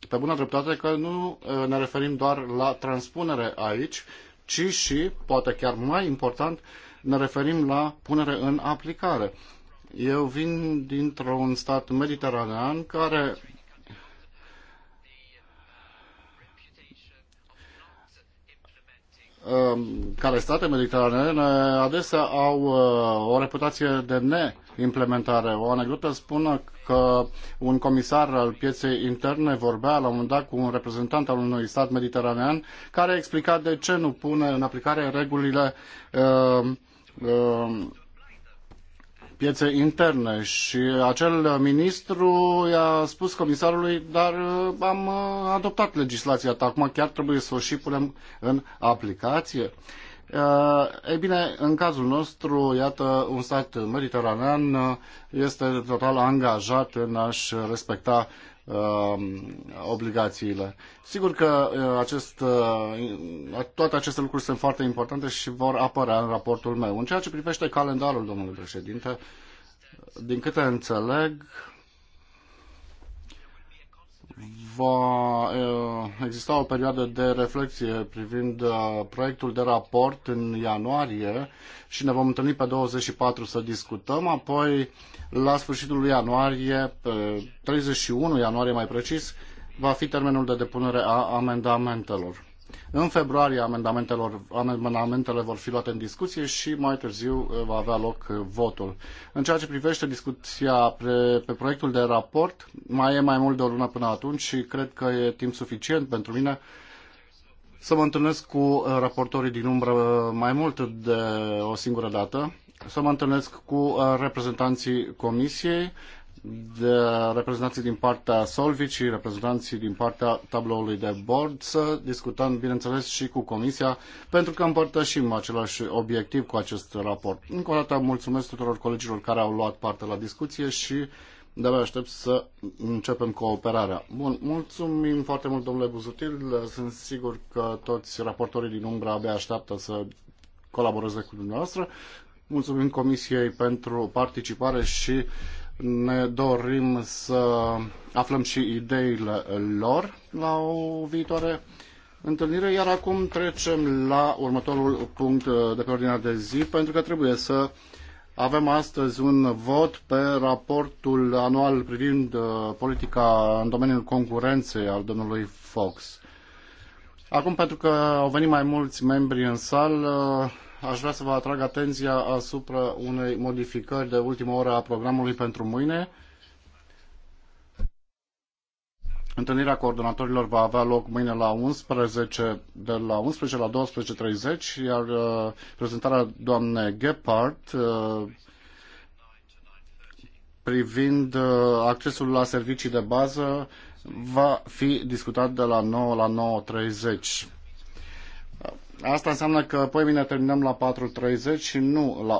pe bună dreptate că nu uh, ne referim doar la transpunere aici, ci și, poate chiar mai important, ne referim la punere în aplicare. Eu vin dintr-un stat mediteranean care um, care state mediteraneene adesea au uh, o reputație de neimplementare. O anecdotă spune că un comisar al pieței interne vorbea la un moment dat cu un reprezentant al unui stat mediteranean care a explicat de ce nu pune în aplicare regulile uh, uh, pieței interne și acel ministru i-a spus comisarului, dar uh, am uh, adoptat legislația ta, acum chiar trebuie să o și punem în aplicație. Uh, Ei bine, în cazul nostru, iată, un stat mediteranean este total angajat în a-și respecta Um, obligațiile. Sigur că uh, acest, uh, toate aceste lucruri sunt foarte importante și vor apărea în raportul meu. În ceea ce privește calendarul, domnule președinte, din câte înțeleg, va exista o perioadă de reflexie privind proiectul de raport în ianuarie și ne vom întâlni pe 24 să discutăm, apoi la sfârșitul lui ianuarie, pe 31 ianuarie mai precis, va fi termenul de depunere a amendamentelor. În februarie amendamentele vor fi luate în discuție și mai târziu uh, va avea loc uh, votul. În ceea ce privește discuția pe, pe proiectul de raport, mai e mai mult de o lună până atunci și cred că e timp suficient pentru mine să mă întâlnesc cu uh, raportorii din umbră mai mult de o singură dată, să mă întâlnesc cu reprezentanții comisiei, de reprezentanții din partea Solvit și reprezentanții din partea tabloului de bord să discutăm, bineînțeles, și cu Comisia, pentru că împărtășim același obiectiv cu acest raport. Încă o dată mulțumesc tuturor colegilor care au luat parte la discuție și de-abia aștept să începem cooperarea. Bun, mulțumim foarte mult, domnule Buzutil. Sunt sigur că toți raportorii din Umbra abia așteaptă să colaboreze cu dumneavoastră. Mulțumim Comisiei pentru participare și ne dorim să aflăm și ideile lor la o viitoare întâlnire, iar acum trecem la următorul punct uh, de pe ordinea de zi, pentru că trebuie să avem astăzi un vot pe raportul anual privind uh, politica în domeniul concurenței al domnului Fox. Acum, pentru că au venit mai mulți membri în sală, aș vrea să vă atrag atenția asupra unei modificări de ultimă oră a programului pentru mâine. Întâlnirea coordonatorilor va avea loc mâine la 11, de la 11 la 12.30, iar uh, prezentarea doamnei Gephardt uh, privind uh, accesul la servicii de bază va fi discutat de la 9 la 9.30. Asta înseamnă că poi mine terminăm la 4.30 și nu la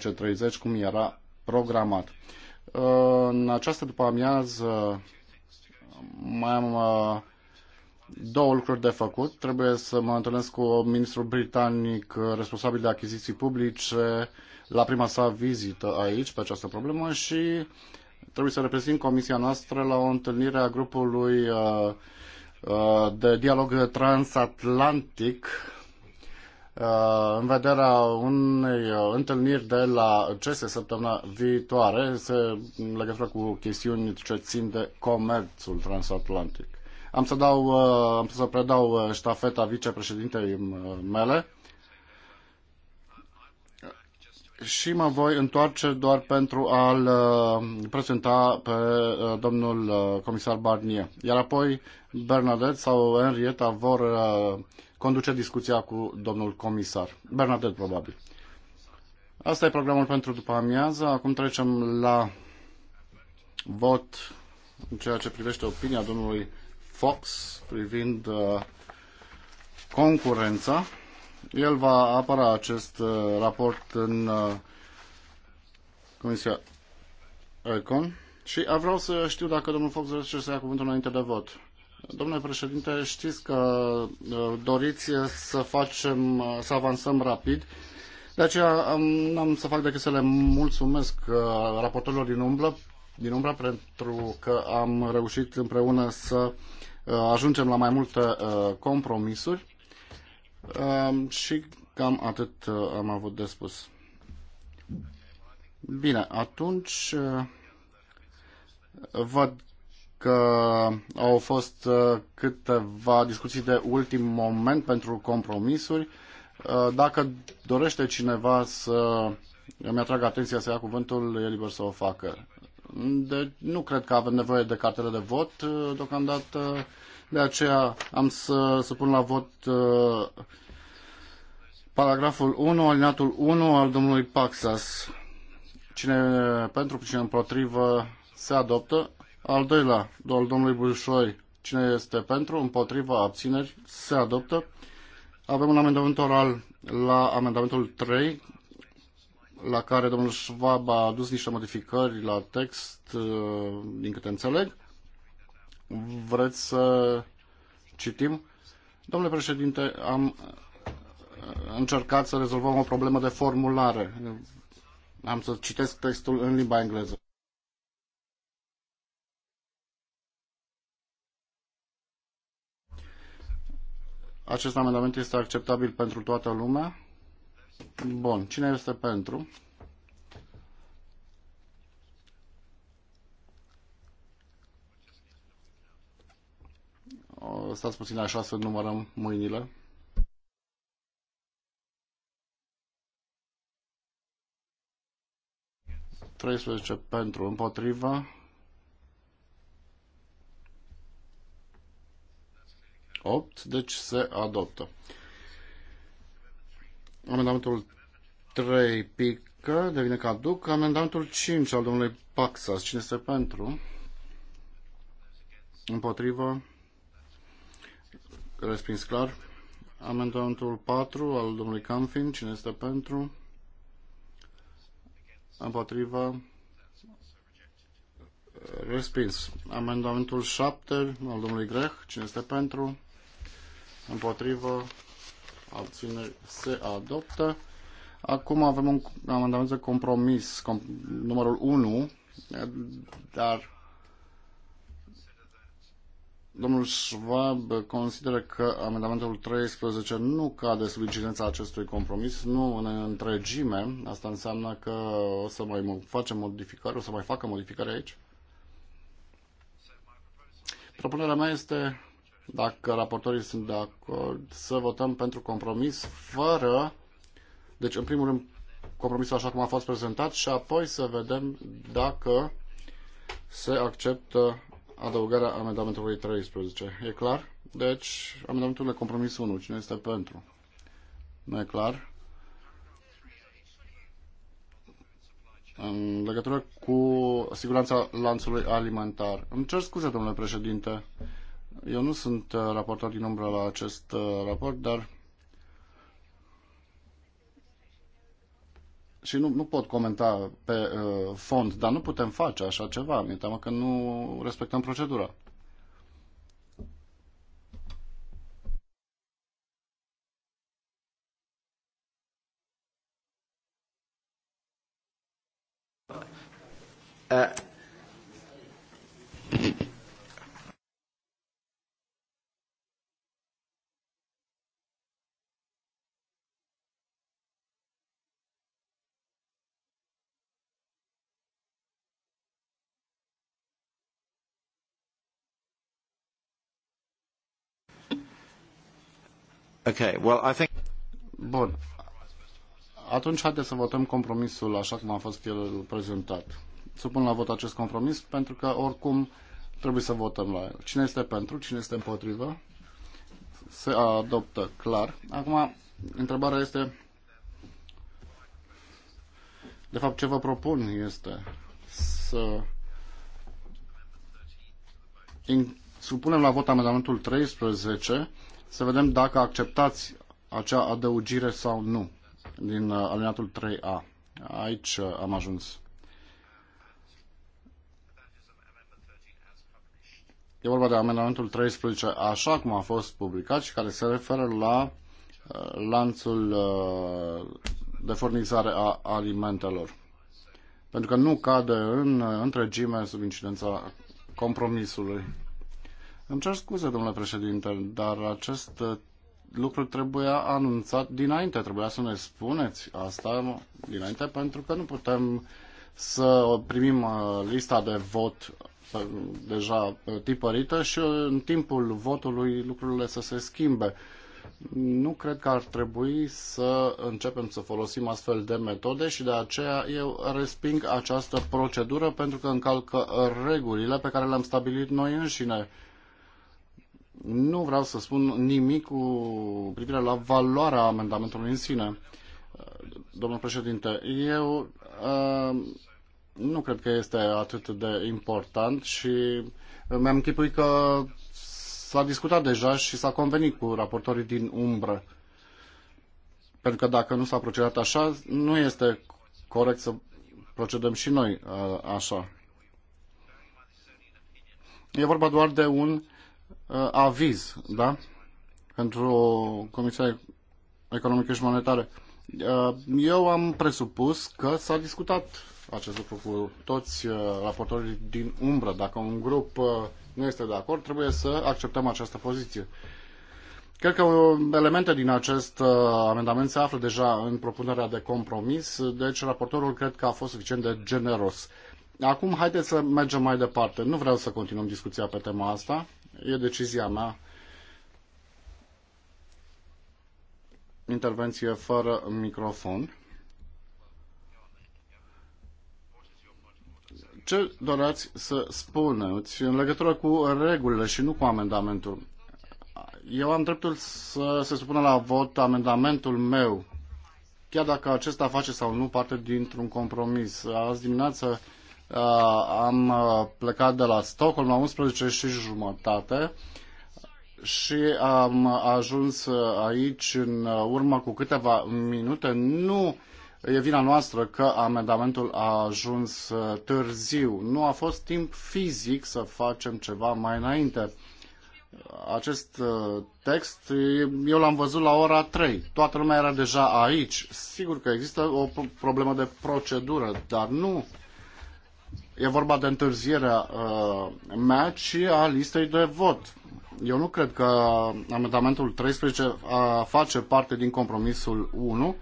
18.30 cum era programat. În această după amiază mai am uh, două lucruri de făcut. Trebuie să mă întâlnesc cu ministrul britanic uh, responsabil de achiziții publice la prima sa vizită aici pe această problemă și trebuie să reprezint comisia noastră la o întâlnire a grupului uh, de dialog transatlantic Uh, în vederea unei uh, întâlniri de la CESE săptămâna viitoare se, în legătură cu chestiuni ce țin de comerțul transatlantic. Am să, dau, uh, am să predau ștafeta vicepreședintei mele și mă voi întoarce doar pentru a-l prezenta pe domnul comisar Barnier. Iar apoi Bernadette sau Henrietta vor conduce discuția cu domnul comisar. Bernadette, probabil. Asta e programul pentru după amiază. Acum trecem la vot în ceea ce privește opinia domnului Fox privind uh, concurența. El va apăra acest uh, raport în uh, Comisia Econ și vreau să știu dacă domnul Fox vrea să ia cuvântul înainte de vot. Domnule președinte, știți că uh, doriți să facem, uh, să avansăm rapid. De aceea um, n-am să fac decât să le mulțumesc uh, raportorilor din umbră, din umbră pentru că am reușit împreună să ajungem la mai multe compromisuri um, și cam atât am avut de spus. Bine, atunci văd că au fost uh, câteva discuții de ultim moment pentru compromisuri. Uh, dacă dorește cineva să îmi atragă atenția să ia cuvântul, e liber să o facă. De, nu cred că avem nevoie de cartele de vot uh, deocamdată, de aceea am să, să pun la vot paragraful 1, alinatul 1 al domnului Paxas. Cine pentru, cine împotrivă se adoptă. Al doilea, doar domnului Bușoi, cine este pentru, împotriva, abțineri, se adoptă. Avem un amendament oral la amendamentul 3, la care domnul Schwab a adus niște modificări la text, uh, din câte înțeleg. Vreți să citim? Domnule președinte, am uh, încercat să rezolvăm o problemă de formulare. Am să citesc textul în limba engleză. Acest amendament este acceptabil pentru toată lumea? Bun. Cine este pentru? stați puțin așa să numărăm mâinile. să pentru, împotriva. 8, deci se adoptă. Amendamentul 3 pică, devine caduc. Amendamentul 5 al domnului Paxas. Cine este pentru? Împotrivă? Respins clar. Amendamentul 4 al domnului Canfin. Cine este pentru? Împotrivă? Respins. Amendamentul 7 al domnului Greh. Cine este pentru? împotrivă, abțineri, se adoptă. Acum avem un amendament de compromis, com, numărul 1, dar domnul Schwab consideră că amendamentul 13 nu cade sub incidența acestui compromis, nu în întregime. Asta înseamnă că o să mai facem modificare, o să mai facă modificare aici. Propunerea mea este dacă raportorii sunt de acord, să votăm pentru compromis fără, deci în primul rând compromisul așa cum a fost prezentat și apoi să vedem dacă se acceptă adăugarea amendamentului 13. E clar? Deci, amendamentul de compromis 1. Cine este pentru? Nu e clar? În legătură cu siguranța lanțului alimentar. Îmi cer scuze, domnule președinte. Eu nu sunt uh, raportor din umbră la acest uh, raport, dar și nu, nu pot comenta pe uh, fond, dar nu putem face așa ceva. Mi-e teamă că nu respectăm procedura. Uh well, I think... Bun. Atunci haideți să votăm compromisul așa cum a fost el prezentat. Supun la vot acest compromis pentru că oricum trebuie să votăm la el. Cine este pentru, cine este împotrivă, se adoptă clar. Acum, întrebarea este, de fapt ce vă propun este să supunem la vot amendamentul 13 să vedem dacă acceptați acea adăugire sau nu din uh, alineatul 3A. Aici uh, am ajuns. E vorba de amendamentul 13, așa cum a fost publicat și care se referă la uh, lanțul de furnizare a alimentelor. Pentru că nu cade în întregime sub incidența compromisului. Îmi cer scuze, domnule președinte, dar acest uh, lucru trebuia anunțat dinainte, trebuia să ne spuneți asta dinainte, pentru că nu putem să primim uh, lista de vot uh, deja tipărită și în timpul votului lucrurile să se schimbe. Nu cred că ar trebui să începem să folosim astfel de metode și de aceea eu resping această procedură pentru că încalcă regulile pe care le-am stabilit noi înșine nu vreau să spun nimic cu privire la valoarea amendamentului în sine. Domnul președinte, eu uh, nu cred că este atât de important și mi-am închipuit că s-a discutat deja și s-a convenit cu raportorii din umbră. Pentru că dacă nu s-a procedat așa, nu este corect să procedăm și noi uh, așa. E vorba doar de un uh, aviz, da? Pentru Comisia Economică și Monetară. Uh, eu am presupus că s-a discutat acest lucru cu toți uh, raportorii din umbră. Dacă un grup uh, nu este de acord, trebuie să acceptăm această poziție. Cred că uh, elemente din acest uh, amendament se află deja în propunerea de compromis, deci raportorul cred că a fost suficient de generos. Acum, haideți să mergem mai departe. Nu vreau să continuăm discuția pe tema asta e decizia mea. Intervenție fără microfon. Ce doreați să spuneți în legătură cu regulile și nu cu amendamentul? Eu am dreptul să se supună la vot amendamentul meu, chiar dacă acesta face sau nu parte dintr-un compromis. Azi dimineață Uh, am uh, plecat de la Stockholm la 11 și jumătate și am ajuns uh, aici în urmă cu câteva minute. Nu e vina noastră că amendamentul a ajuns târziu. Nu a fost timp fizic să facem ceva mai înainte. Acest text eu l-am văzut la ora 3. Toată lumea era deja aici. Sigur că există o problemă de procedură, dar nu E vorba de întârzierea uh, mea și a listei de vot. Eu nu cred că amendamentul 13 uh, face parte din compromisul 1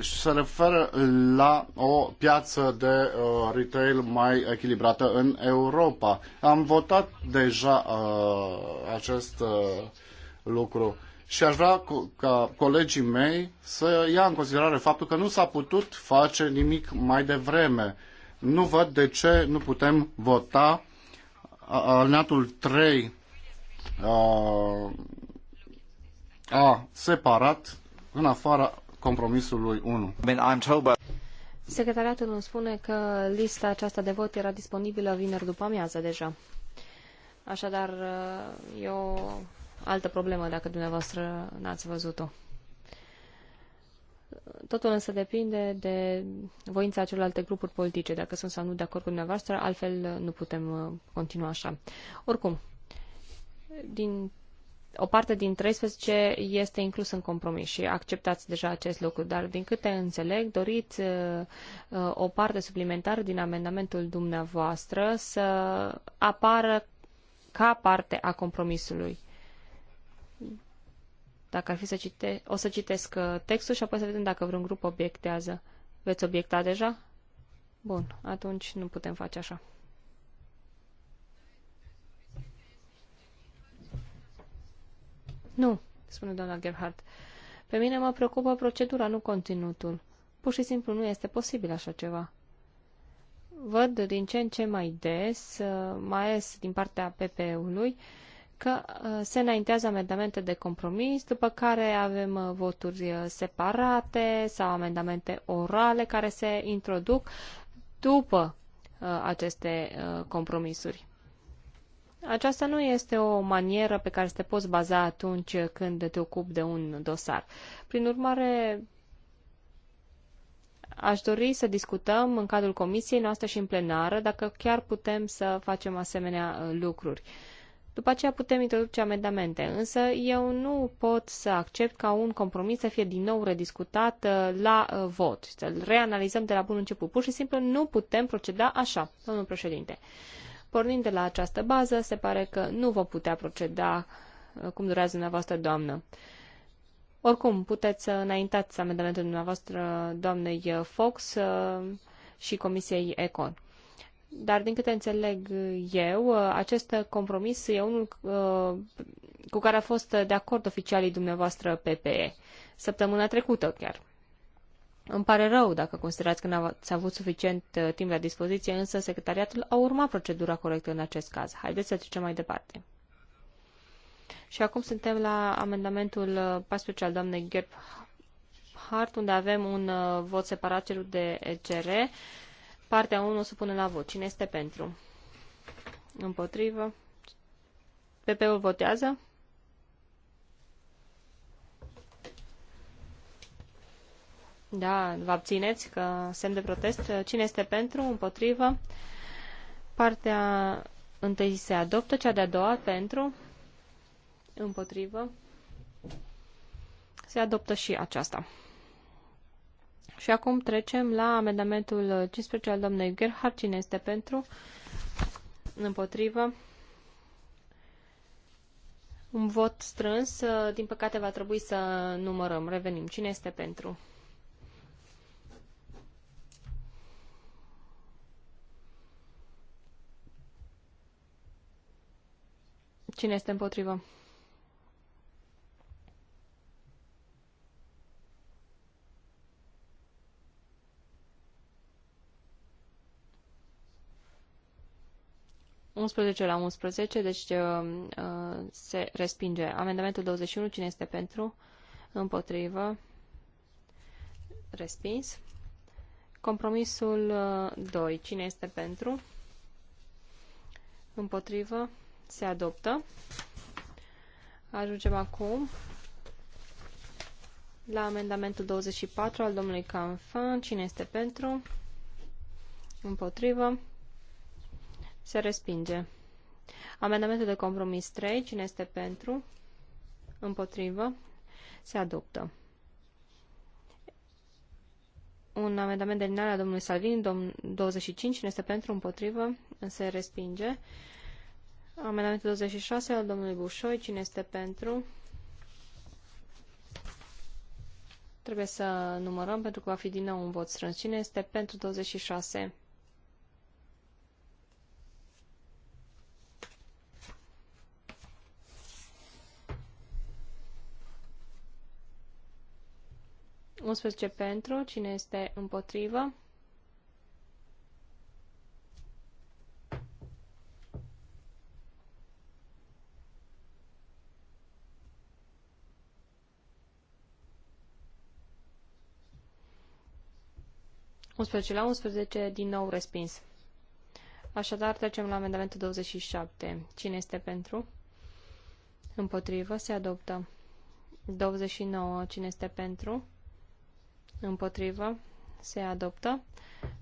și se referă la o piață de uh, retail mai echilibrată în Europa. Am votat deja uh, acest uh, lucru și aș vrea ca colegii mei să ia în considerare faptul că nu s-a putut face nimic mai devreme. Nu văd de ce nu putem vota alineatul 3 a, a separat în afara compromisului 1. Secretariatul îmi spune că lista aceasta de vot era disponibilă vineri după amiază deja. Așadar, eu altă problemă dacă dumneavoastră n-ați văzut-o. Totul însă depinde de voința celorlalte grupuri politice, dacă sunt sau nu de acord cu dumneavoastră, altfel nu putem uh, continua așa. Oricum, din o parte din 13 este inclus în compromis și acceptați deja acest lucru, dar din câte înțeleg, doriți uh, uh o parte suplimentară din amendamentul dumneavoastră să apară ca parte a compromisului. Dacă ar fi să cite, o să citesc uh, textul și apoi să vedem dacă vreun grup obiectează. Veți obiecta deja? Bun, atunci nu putem face așa. Nu, spune doamna Gerhardt. Pe mine mă preocupă procedura, nu conținutul. Pur și simplu nu este posibil așa ceva. Văd din ce în ce mai des, uh, mai ales din partea PP-ului, uh, că uh, se înaintează amendamente de compromis, după care avem uh, voturi uh, separate sau amendamente orale care se introduc după aceste compromisuri. Aceasta nu este o manieră pe care să te poți baza atunci când te ocupi de un dosar. Prin urmare, aș dori să discutăm în cadrul comisiei noastre și în plenară dacă chiar putem să facem asemenea lucruri. După aceea putem introduce amendamente, însă eu nu pot să accept ca un compromis să fie din nou rediscutat uh, la uh, vot, să-l reanalizăm de la bun început. Pur și simplu nu putem proceda așa, domnul președinte. Pornind de la această bază, se pare că nu vom putea proceda uh, cum durează dumneavoastră, doamnă. Oricum, puteți să înaintați amendamentul dumneavoastră doamnei Fox și Comisiei Econ. Dar din câte înțeleg eu, acest compromis e unul uh, cu care a fost de acord oficialii dumneavoastră PPE, săptămâna trecută chiar. Îmi pare rău dacă considerați că n-ați avut suficient uh, timp la dispoziție, însă secretariatul a urmat procedura corectă în acest caz. Haideți să trecem mai departe. Și acum suntem la amendamentul 14 uh, al doamnei Gerb Hart, unde avem un vot separat cerut de ECR. Partea 1 se pune la vot. Cine este pentru? Împotrivă. PP-ul votează. Da, vă abțineți că semn de protest. Cine este pentru? Împotrivă. Partea întâi se adoptă, cea de-a doua pentru. Împotrivă. Se adoptă și aceasta. Și acum trecem la amendamentul 15 al domnului Gerhard. Cine este pentru? Împotrivă. Un vot strâns. Din păcate va trebui să numărăm. Revenim. Cine este pentru? Cine este împotrivă? 11 la 11, deci uh, uh, se respinge. Amendamentul 21, cine este pentru? Împotrivă. Respins. Compromisul 2, uh, cine este pentru? Împotrivă. Se adoptă. Ajungem acum la amendamentul 24 al domnului Canfan. Cine este pentru? Împotrivă. Se respinge. Amendamentul de compromis 3. Cine este pentru? Împotrivă. Se adoptă. Un amendament de linare a domnului Salvini, domn 25. Cine este pentru? Împotrivă. Se respinge. Amendamentul 26 al domnului Bușoi. Cine este pentru? Trebuie să numărăm pentru că va fi din nou un vot strâns. Cine este pentru 26? 11 pentru, cine este împotrivă? Unsprezece la 11 din nou respins. Așadar, trecem la amendamentul 27. Cine este pentru? Împotrivă, se adoptă. 29. Cine este pentru? împotrivă, se adoptă.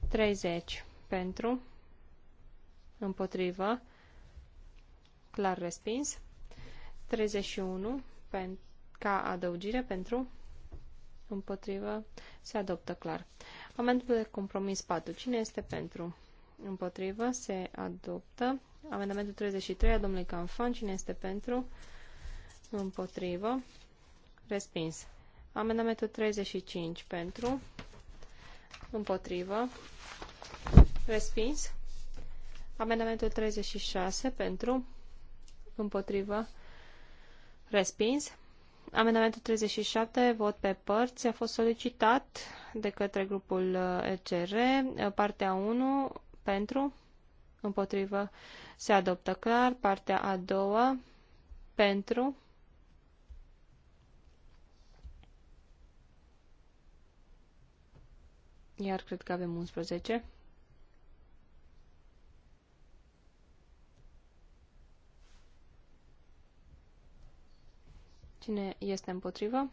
30 pentru, împotrivă, clar respins. 31 pen, ca adăugire pentru, împotrivă, se adoptă clar. Amendamentul de compromis 4. Cine este pentru? Împotrivă, se adoptă. Amendamentul 33 a domnului Canfan. Cine este pentru? Împotrivă, respins. Amendamentul 35 pentru, împotrivă, respins. Amendamentul 36 pentru, împotrivă, respins. Amendamentul 37, vot pe părți, a fost solicitat de către grupul uh, ECR, partea 1 pentru, împotrivă, se adoptă clar, partea a doua pentru, iar cred că avem 11. Cine este împotrivă?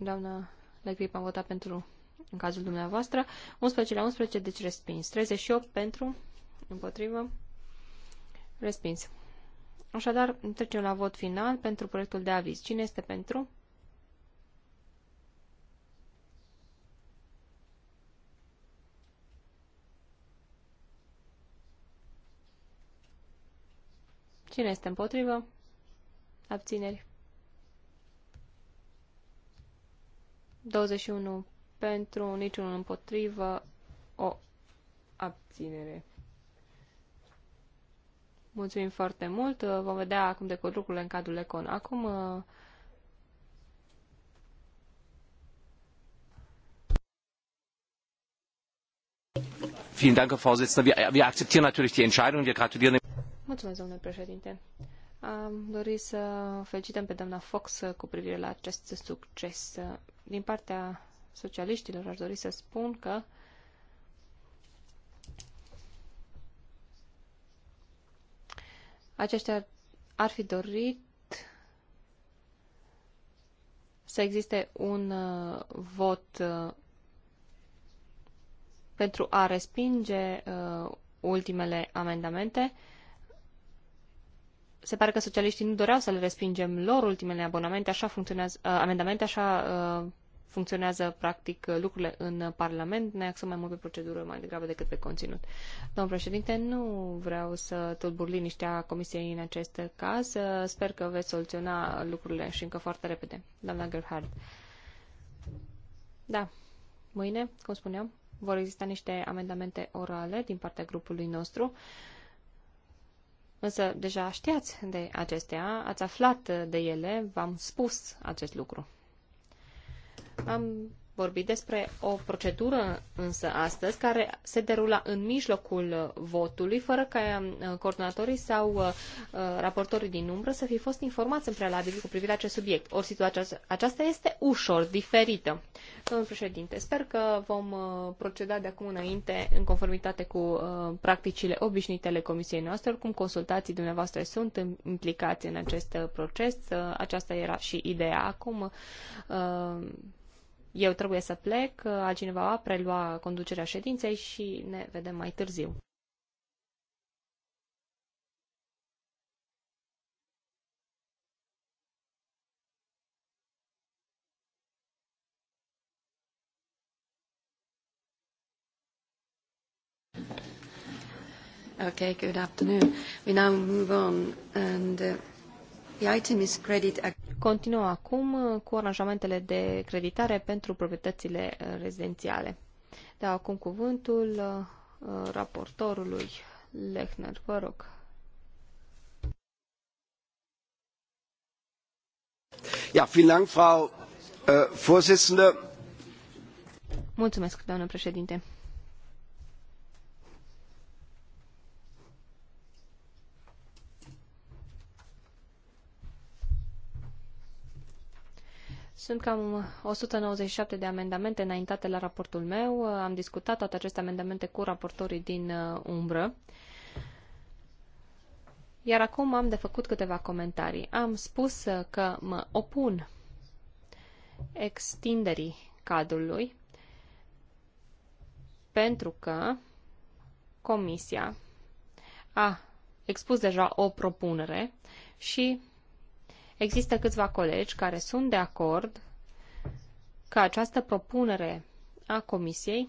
Doamna Legrip, am votat pentru în cazul dumneavoastră. 11 la 11, deci respins. 38 pentru, împotrivă, respins. Așadar, trecem la vot final pentru proiectul de aviz. Cine este pentru? Cine este împotrivă? Abțineri. 21 pentru, niciunul împotrivă, o abținere. Mulțumim foarte mult. Vom vedea acum de lucrurile în cadrul Econ. Acum Vielen Dank, Herr Vorsitzender. Wir, wir akzeptieren natürlich die Entscheidung. Wir gratulieren. Mulțumesc, domnule președinte. Am dorit să felicităm pe doamna Fox cu privire la acest succes. Din partea socialiștilor aș dori să spun că aceștia ar fi dorit să existe un uh, vot uh, pentru a respinge uh, ultimele amendamente. Se pare că socialiștii nu doreau să le respingem lor ultimele abonamente, așa funcționează, uh, amendamente, așa uh, funcționează practic lucrurile în Parlament, ne axăm mai mult pe procedură mai degrabă decât pe conținut. Domnul președinte, nu vreau să tulbur liniștea Comisiei în acest caz. Sper că veți soluționa lucrurile și încă foarte repede. Doamna Gerhard. Da, mâine, cum spuneam, vor exista niște amendamente orale din partea grupului nostru. Însă deja știați de acestea, ați aflat de ele, v-am spus acest lucru. Am vorbi despre o procedură însă astăzi care se derula în mijlocul votului, fără ca uh, coordonatorii sau uh, uh, raportorii din umbră să fi fost informați în prealabil cu privire la acest subiect. O situație aceasta este ușor diferită. Domnul președinte, sper că vom proceda de acum înainte în conformitate cu practicile obișnuite ale comisiei noastre, oricum consultații dumneavoastră sunt implicați în acest proces. Aceasta era și ideea. Acum eu trebuie să plec, altcineva va prelua conducerea ședinței și ne vedem mai târziu. Okay, good afternoon. We now move on and uh The item credit... Continuă acum uh, cu aranjamentele de creditare pentru proprietățile uh, rezidențiale. Dau acum cuvântul uh, raportorului Lechner. Vă rog. Ja, vielen Dank, Frau äh, Vorsitzende. Mulțumesc, doamnă președinte. Sunt cam 197 de amendamente înaintate la raportul meu. Am discutat toate aceste amendamente cu raportorii din uh, umbră. Iar acum am de făcut câteva comentarii. Am spus uh, că mă opun extinderii cadrului pentru că Comisia a expus deja o propunere și Există câțiva colegi care sunt de acord că această propunere a Comisiei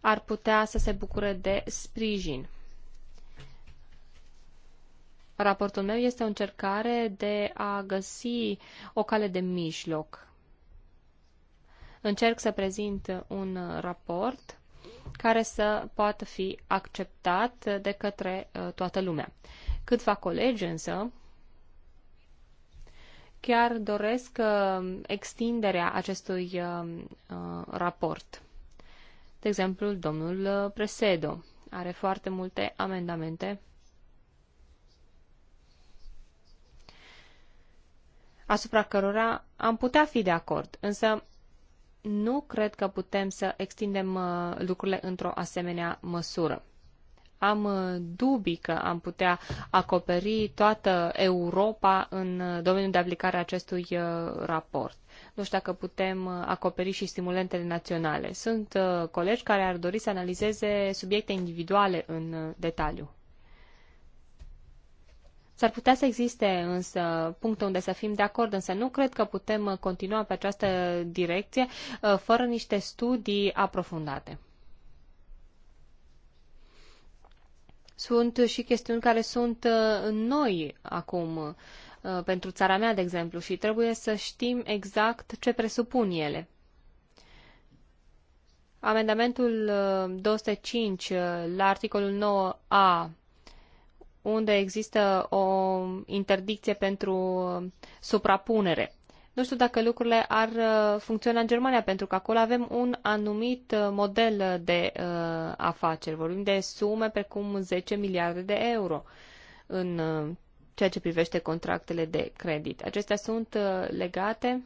ar putea să se bucure de sprijin. Raportul meu este o încercare de a găsi o cale de mijloc. Încerc să prezint un raport care să poată fi acceptat de către uh, toată lumea. Câțiva colegi însă chiar doresc uh, extinderea acestui uh, uh, raport. De exemplu, domnul Presedo are foarte multe amendamente asupra cărora am putea fi de acord, însă nu cred că putem să extindem lucrurile într-o asemenea măsură am uh, dubii că am putea acoperi toată Europa în uh, domeniul de aplicare a acestui uh, raport. Nu știu dacă putem acoperi și stimulentele naționale. Sunt colegi care ar dori să analizeze subiecte individuale în detaliu. S-ar putea să existe însă puncte unde să fim de acord, însă nu cred că putem continua pe această direcție fără niște studii aprofundate. sunt și chestiuni care sunt uh, noi acum uh, pentru țara mea, de exemplu, și trebuie să știm exact ce presupun ele. Amendamentul 205 uh, la articolul 9a, unde există o interdicție pentru suprapunere. Nu știu dacă lucrurile ar uh, funcționa în Germania, pentru că acolo avem un anumit uh, model de uh, afaceri. Vorbim de sume precum 10 miliarde de euro în uh, ceea ce privește contractele de credit. Acestea sunt uh, legate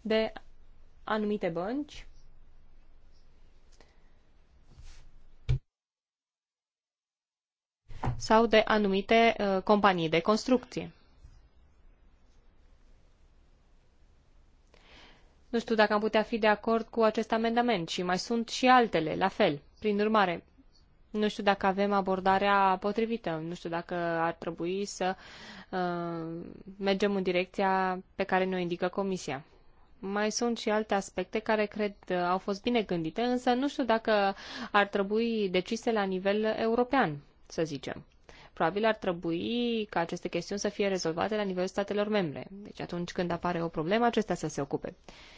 de anumite bănci. sau de anumite uh, companii de construcție. Nu știu dacă am putea fi de acord cu acest amendament și mai sunt și altele, la fel. Prin urmare, nu știu dacă avem abordarea potrivită, nu știu dacă ar trebui să uh, mergem în direcția pe care ne-o indică Comisia. Mai sunt și alte aspecte care cred uh, au fost bine gândite, însă nu știu dacă ar trebui decise la nivel european, să zicem. Probabil ar trebui ca aceste chestiuni să fie rezolvate la nivelul statelor membre. Deci atunci când apare o problemă, acestea să se ocupe. Uh,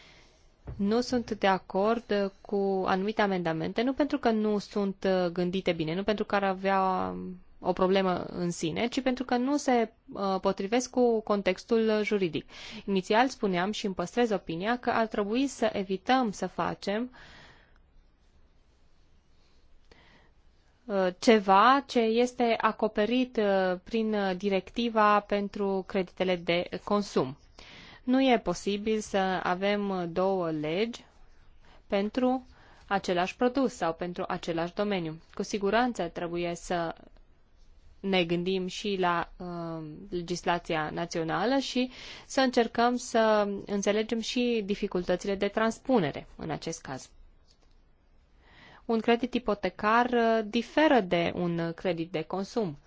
nu sunt de acord uh, cu anumite amendamente, nu pentru că nu sunt uh, gândite bine, nu pentru că ar avea um, o problemă în sine, ci pentru că nu se uh, potrivesc cu contextul juridic. Inițial spuneam și îmi păstrez opinia că ar trebui să evităm să facem ceva ce este acoperit prin directiva pentru creditele de consum. Nu e posibil să avem două legi pentru același produs sau pentru același domeniu. Cu siguranță trebuie să ne gândim și la uh, legislația națională și să încercăm să înțelegem și dificultățile de transpunere în acest caz. Un credit ipotecar uh, diferă de un credit de consum.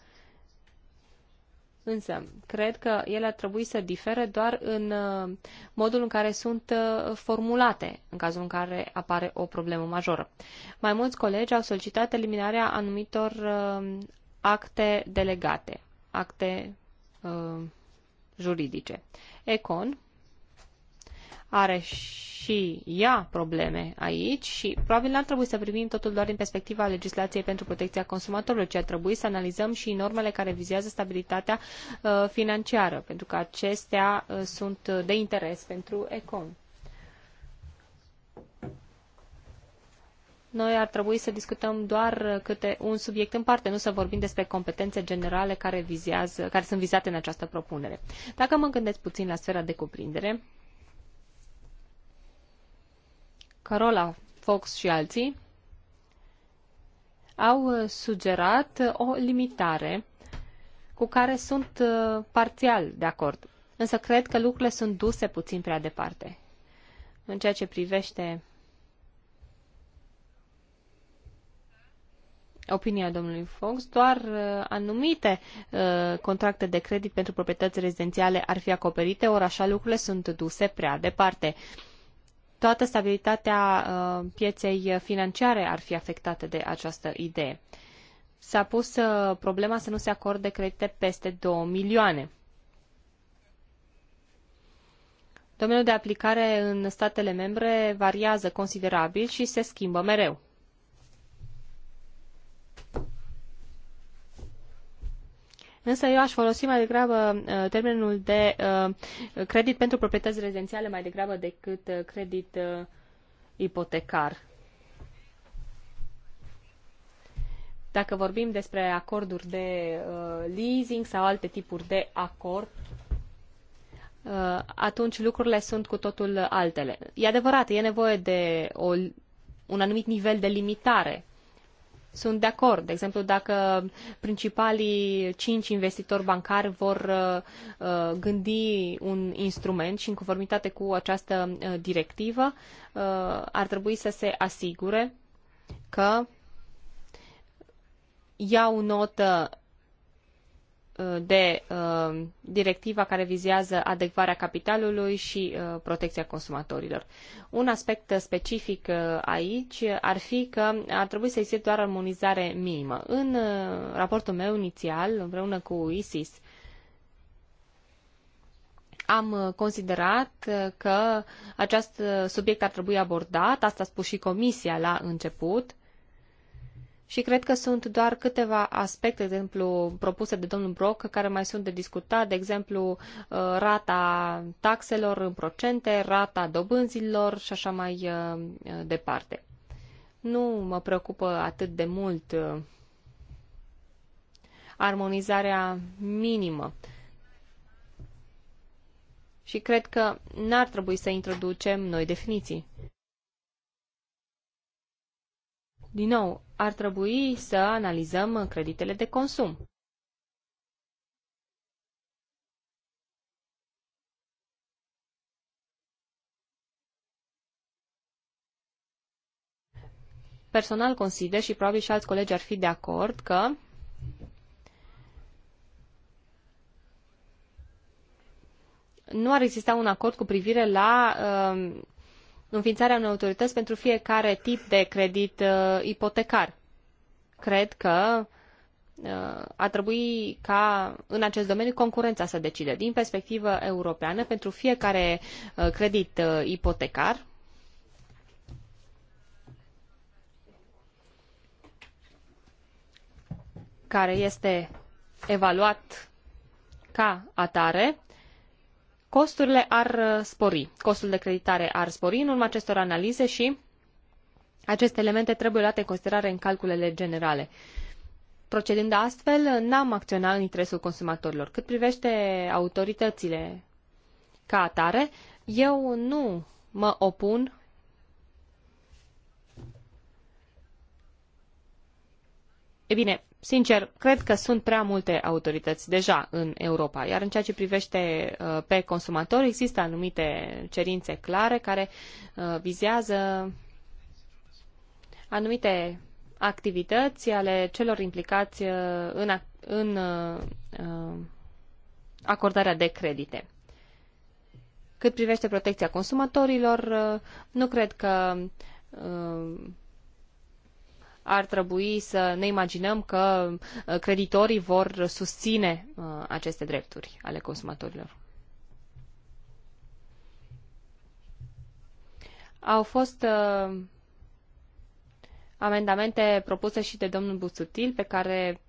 Însă, cred că ele ar trebui să difere doar în uh, modul în care sunt uh, formulate, în cazul în care apare o problemă majoră. Mai mulți colegi au solicitat eliminarea anumitor uh, acte delegate, acte uh, juridice. Econ are și ea probleme aici și probabil n-ar trebui să privim totul doar din perspectiva legislației pentru protecția consumatorilor, ci ar trebui să analizăm și normele care vizează stabilitatea uh, financiară, pentru că acestea uh, sunt de interes pentru Econ. Noi ar trebui să discutăm doar uh, câte un subiect în parte, nu să vorbim despre competențe generale care, vizează, care sunt vizate în această propunere. Dacă mă gândesc puțin la sfera de cuprindere, Carola Fox și alții au uh, sugerat uh, o limitare cu care sunt uh, parțial de acord. Însă cred că lucrurile sunt duse puțin prea departe. În ceea ce privește opinia domnului Fox, doar anumite contracte de credit pentru proprietăți rezidențiale ar fi acoperite, ori așa lucrurile sunt duse prea departe toată stabilitatea uh, pieței financiare ar fi afectată de această idee. S-a pus uh, problema să nu se acorde credite peste 2 milioane. Domeniul de aplicare în statele membre variază considerabil și se schimbă mereu. Însă eu aș folosi mai degrabă uh, termenul de uh, credit pentru proprietăți rezidențiale mai degrabă decât uh, credit ipotecar. Dacă vorbim despre acorduri de leasing sau alte tipuri de acord, atunci lucrurile sunt cu totul altele. E adevărat, e nevoie de o, un anumit nivel de limitare sunt de acord. De exemplu, dacă principalii cinci investitori bancari vor uh, uh, gândi un instrument și în conformitate cu această uh, directivă, ar trebui să se asigure că iau notă de uh, directiva care vizează adecvarea capitalului și uh, protecția consumatorilor. Un aspect specific uh, aici ar fi că ar trebui să existe doar armonizare minimă. În raportul meu inițial, împreună cu ISIS, am considerat că acest subiect ar trebui abordat, asta a spus și Comisia la început, și cred că sunt doar câteva aspecte, de exemplu, propuse de domnul Brock, care mai sunt de discutat, de exemplu, uh, rata taxelor în procente, rata dobânzilor și așa mai uh, uh, departe. Nu mă preocupă atât de mult armonizarea minimă. Și cred că n-ar trebui să introducem noi definiții. Din nou, ar trebui să analizăm creditele de consum. Personal consider și probabil și alți colegi ar fi de acord că nu ar exista un acord cu privire la uh, înființarea unei autorități pentru fiecare tip de credit uh, ipotecar. Cred că uh, ar trebui ca în acest domeniu concurența să decide. Din perspectivă europeană, pentru fiecare uh, credit uh, ipotecar, care este evaluat ca atare, costurile ar uh, spori, costul de creditare ar spori în urma acestor analize și aceste elemente trebuie luate în considerare în calculele generale. Procedând astfel, n-am acționat în interesul consumatorilor. Cât privește autoritățile ca atare, eu nu mă opun E bine, Sincer, cred că sunt prea multe autorități deja în Europa, iar în ceea ce privește uh, pe consumatori, există anumite cerințe clare care uh, vizează anumite activități ale celor implicați uh, în, în acordarea de credite. Cât privește protecția consumatorilor, nu cred că ar trebui să ne imaginăm că uh, creditorii vor susține uh, aceste drepturi ale consumatorilor. Au fost uh, amendamente propuse și de domnul Busutil, pe care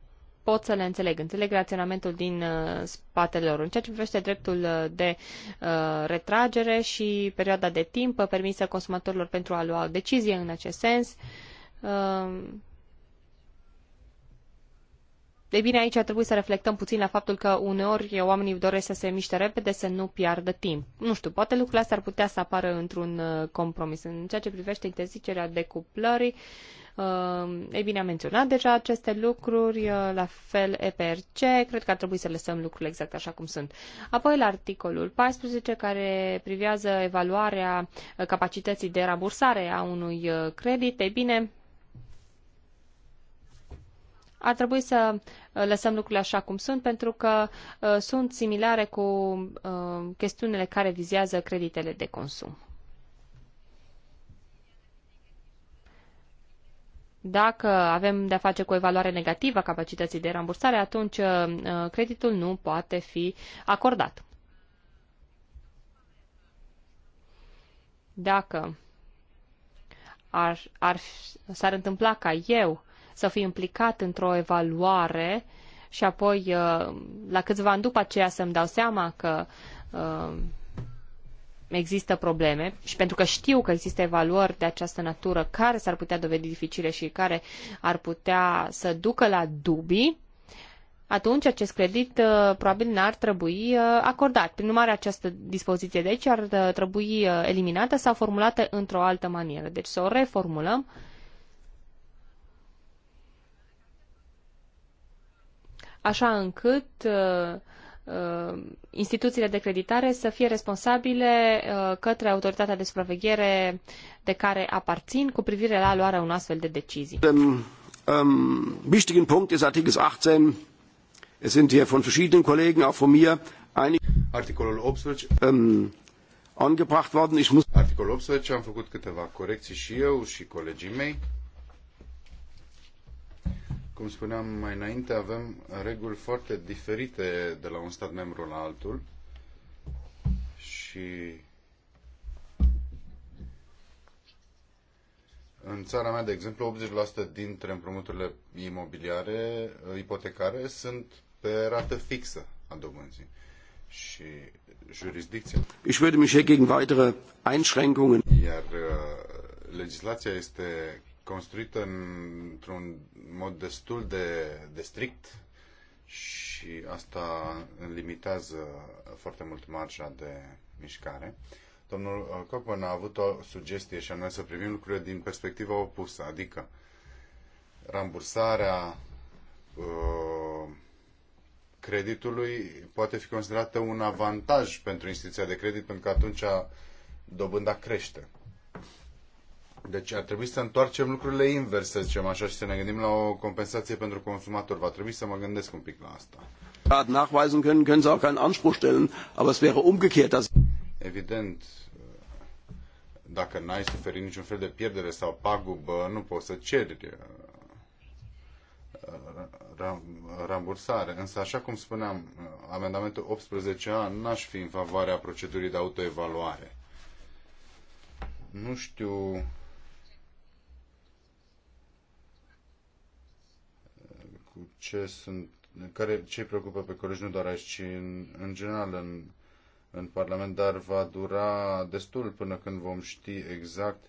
pot să le înțeleg. Înțeleg raționamentul din uh, spatele lor. În ceea ce privește dreptul de uh, retragere și perioada de timp permisă consumatorilor pentru a lua o decizie în acest sens, uh, Um, ei bine, aici ar trebui să reflectăm puțin la faptul că uneori oamenii doresc să se miște repede, să nu piardă timp. Nu știu, poate lucrurile astea ar putea să apară într-un uh, compromis. În ceea ce privește interzicerea decuplării, um, ei bine, am menționat deja aceste lucruri, uh, la fel EPRC, cred că ar trebui să lăsăm lucrurile exact așa cum sunt. Apoi la articolul 14, care privează evaluarea uh, capacității de rambursare a unui credit, ei bine, ar trebui să uh, lăsăm lucrurile așa cum sunt, pentru că uh, sunt similare cu uh, chestiunile care vizează creditele de consum. Dacă avem de-a face cu o evaluare negativă a capacității de rambursare, atunci uh, uh creditul nu poate fi acordat. Dacă ar, ar, s-ar întâmpla ca eu să fii implicat într-o evaluare și apoi uh, la câțiva ani după aceea să-mi dau seama că uh, există probleme și pentru că știu că există evaluări de această natură care s-ar putea dovedi dificile și care ar putea să ducă la dubii, atunci acest credit uh, probabil n-ar trebui acordat. Prin urmare, această dispoziție de aici ar trebui eliminată sau formulată într-o altă manieră. Deci să o reformulăm așa încât uh, uh, instituțiile de creditare să fie responsabile uh, către autoritatea de supraveghere de care aparțin cu privire la luarea unui astfel de decizii. Um, um, wichtigen Punkt ist Artikel 18. Es sind hier von verschiedenen Kollegen, auch von mir, einige Articolul 18 um, ähm, angebracht worden. Ich muss Articolul 18 am făcut câteva corecții și eu și colegii mei. Cum spuneam mai înainte, avem reguli foarte diferite de la un stat membru la altul și În țara mea, de exemplu, 80% dintre împrumuturile imobiliare, uh, ipotecare, sunt pe rată fixă a dobânzii. Și jurisdicția. Ich würde mich gegen weitere Einschränkungen. Iar uh, legislația este construită într-un mod destul de, de strict și asta limitează foarte mult marja de mișcare. Domnul uh, Copan a avut o sugestie și anume să privim lucrurile din perspectiva opusă, adică rambursarea uh, creditului poate fi considerată un avantaj pentru instituția de credit pentru că atunci dobânda crește. Deci ar trebui să întoarcem lucrurile invers, să zicem așa, și să ne gândim la o compensație pentru consumator. Va trebui să mă gândesc un pic la asta. Nachweisen können, können Sie auch keinen Anspruch stellen, aber es wäre umgekehrt. Dass... Evident, dacă n-ai suferit niciun fel de pierdere sau pagubă, nu poți să ceri uh, rambursare. Însă, așa cum spuneam, uh, amendamentul 18A n-aș fi în favoarea procedurii de autoevaluare. Nu știu ce sunt, care ce preocupă pe colegi nu doar aici, ci în, în general în, în Parlament, dar va dura destul până când vom ști exact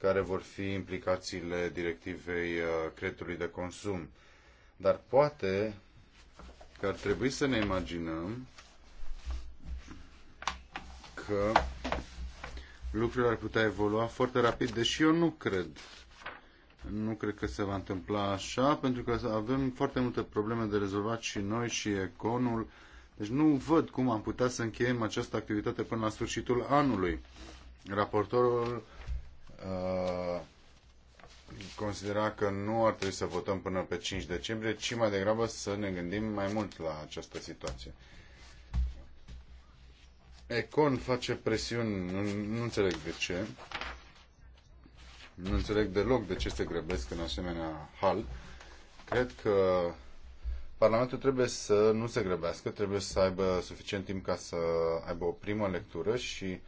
care vor fi implicațiile directivei uh, creditului de consum. Dar poate că ar trebui să ne imaginăm că lucrurile ar putea evolua foarte rapid, deși eu nu cred nu cred că se va întâmpla așa, pentru că avem foarte multe probleme de rezolvat și noi și Econul. Deci nu văd cum am putea să încheiem această activitate până la sfârșitul anului. Raportorul uh, considera că nu ar trebui să votăm până pe 5 decembrie, ci mai degrabă să ne gândim mai mult la această situație. Econ face presiuni, nu, nu înțeleg de ce. Nu înțeleg deloc de ce se grăbesc în asemenea hal. Cred că Parlamentul trebuie să nu se grăbească, trebuie să aibă suficient timp ca să aibă o primă lectură și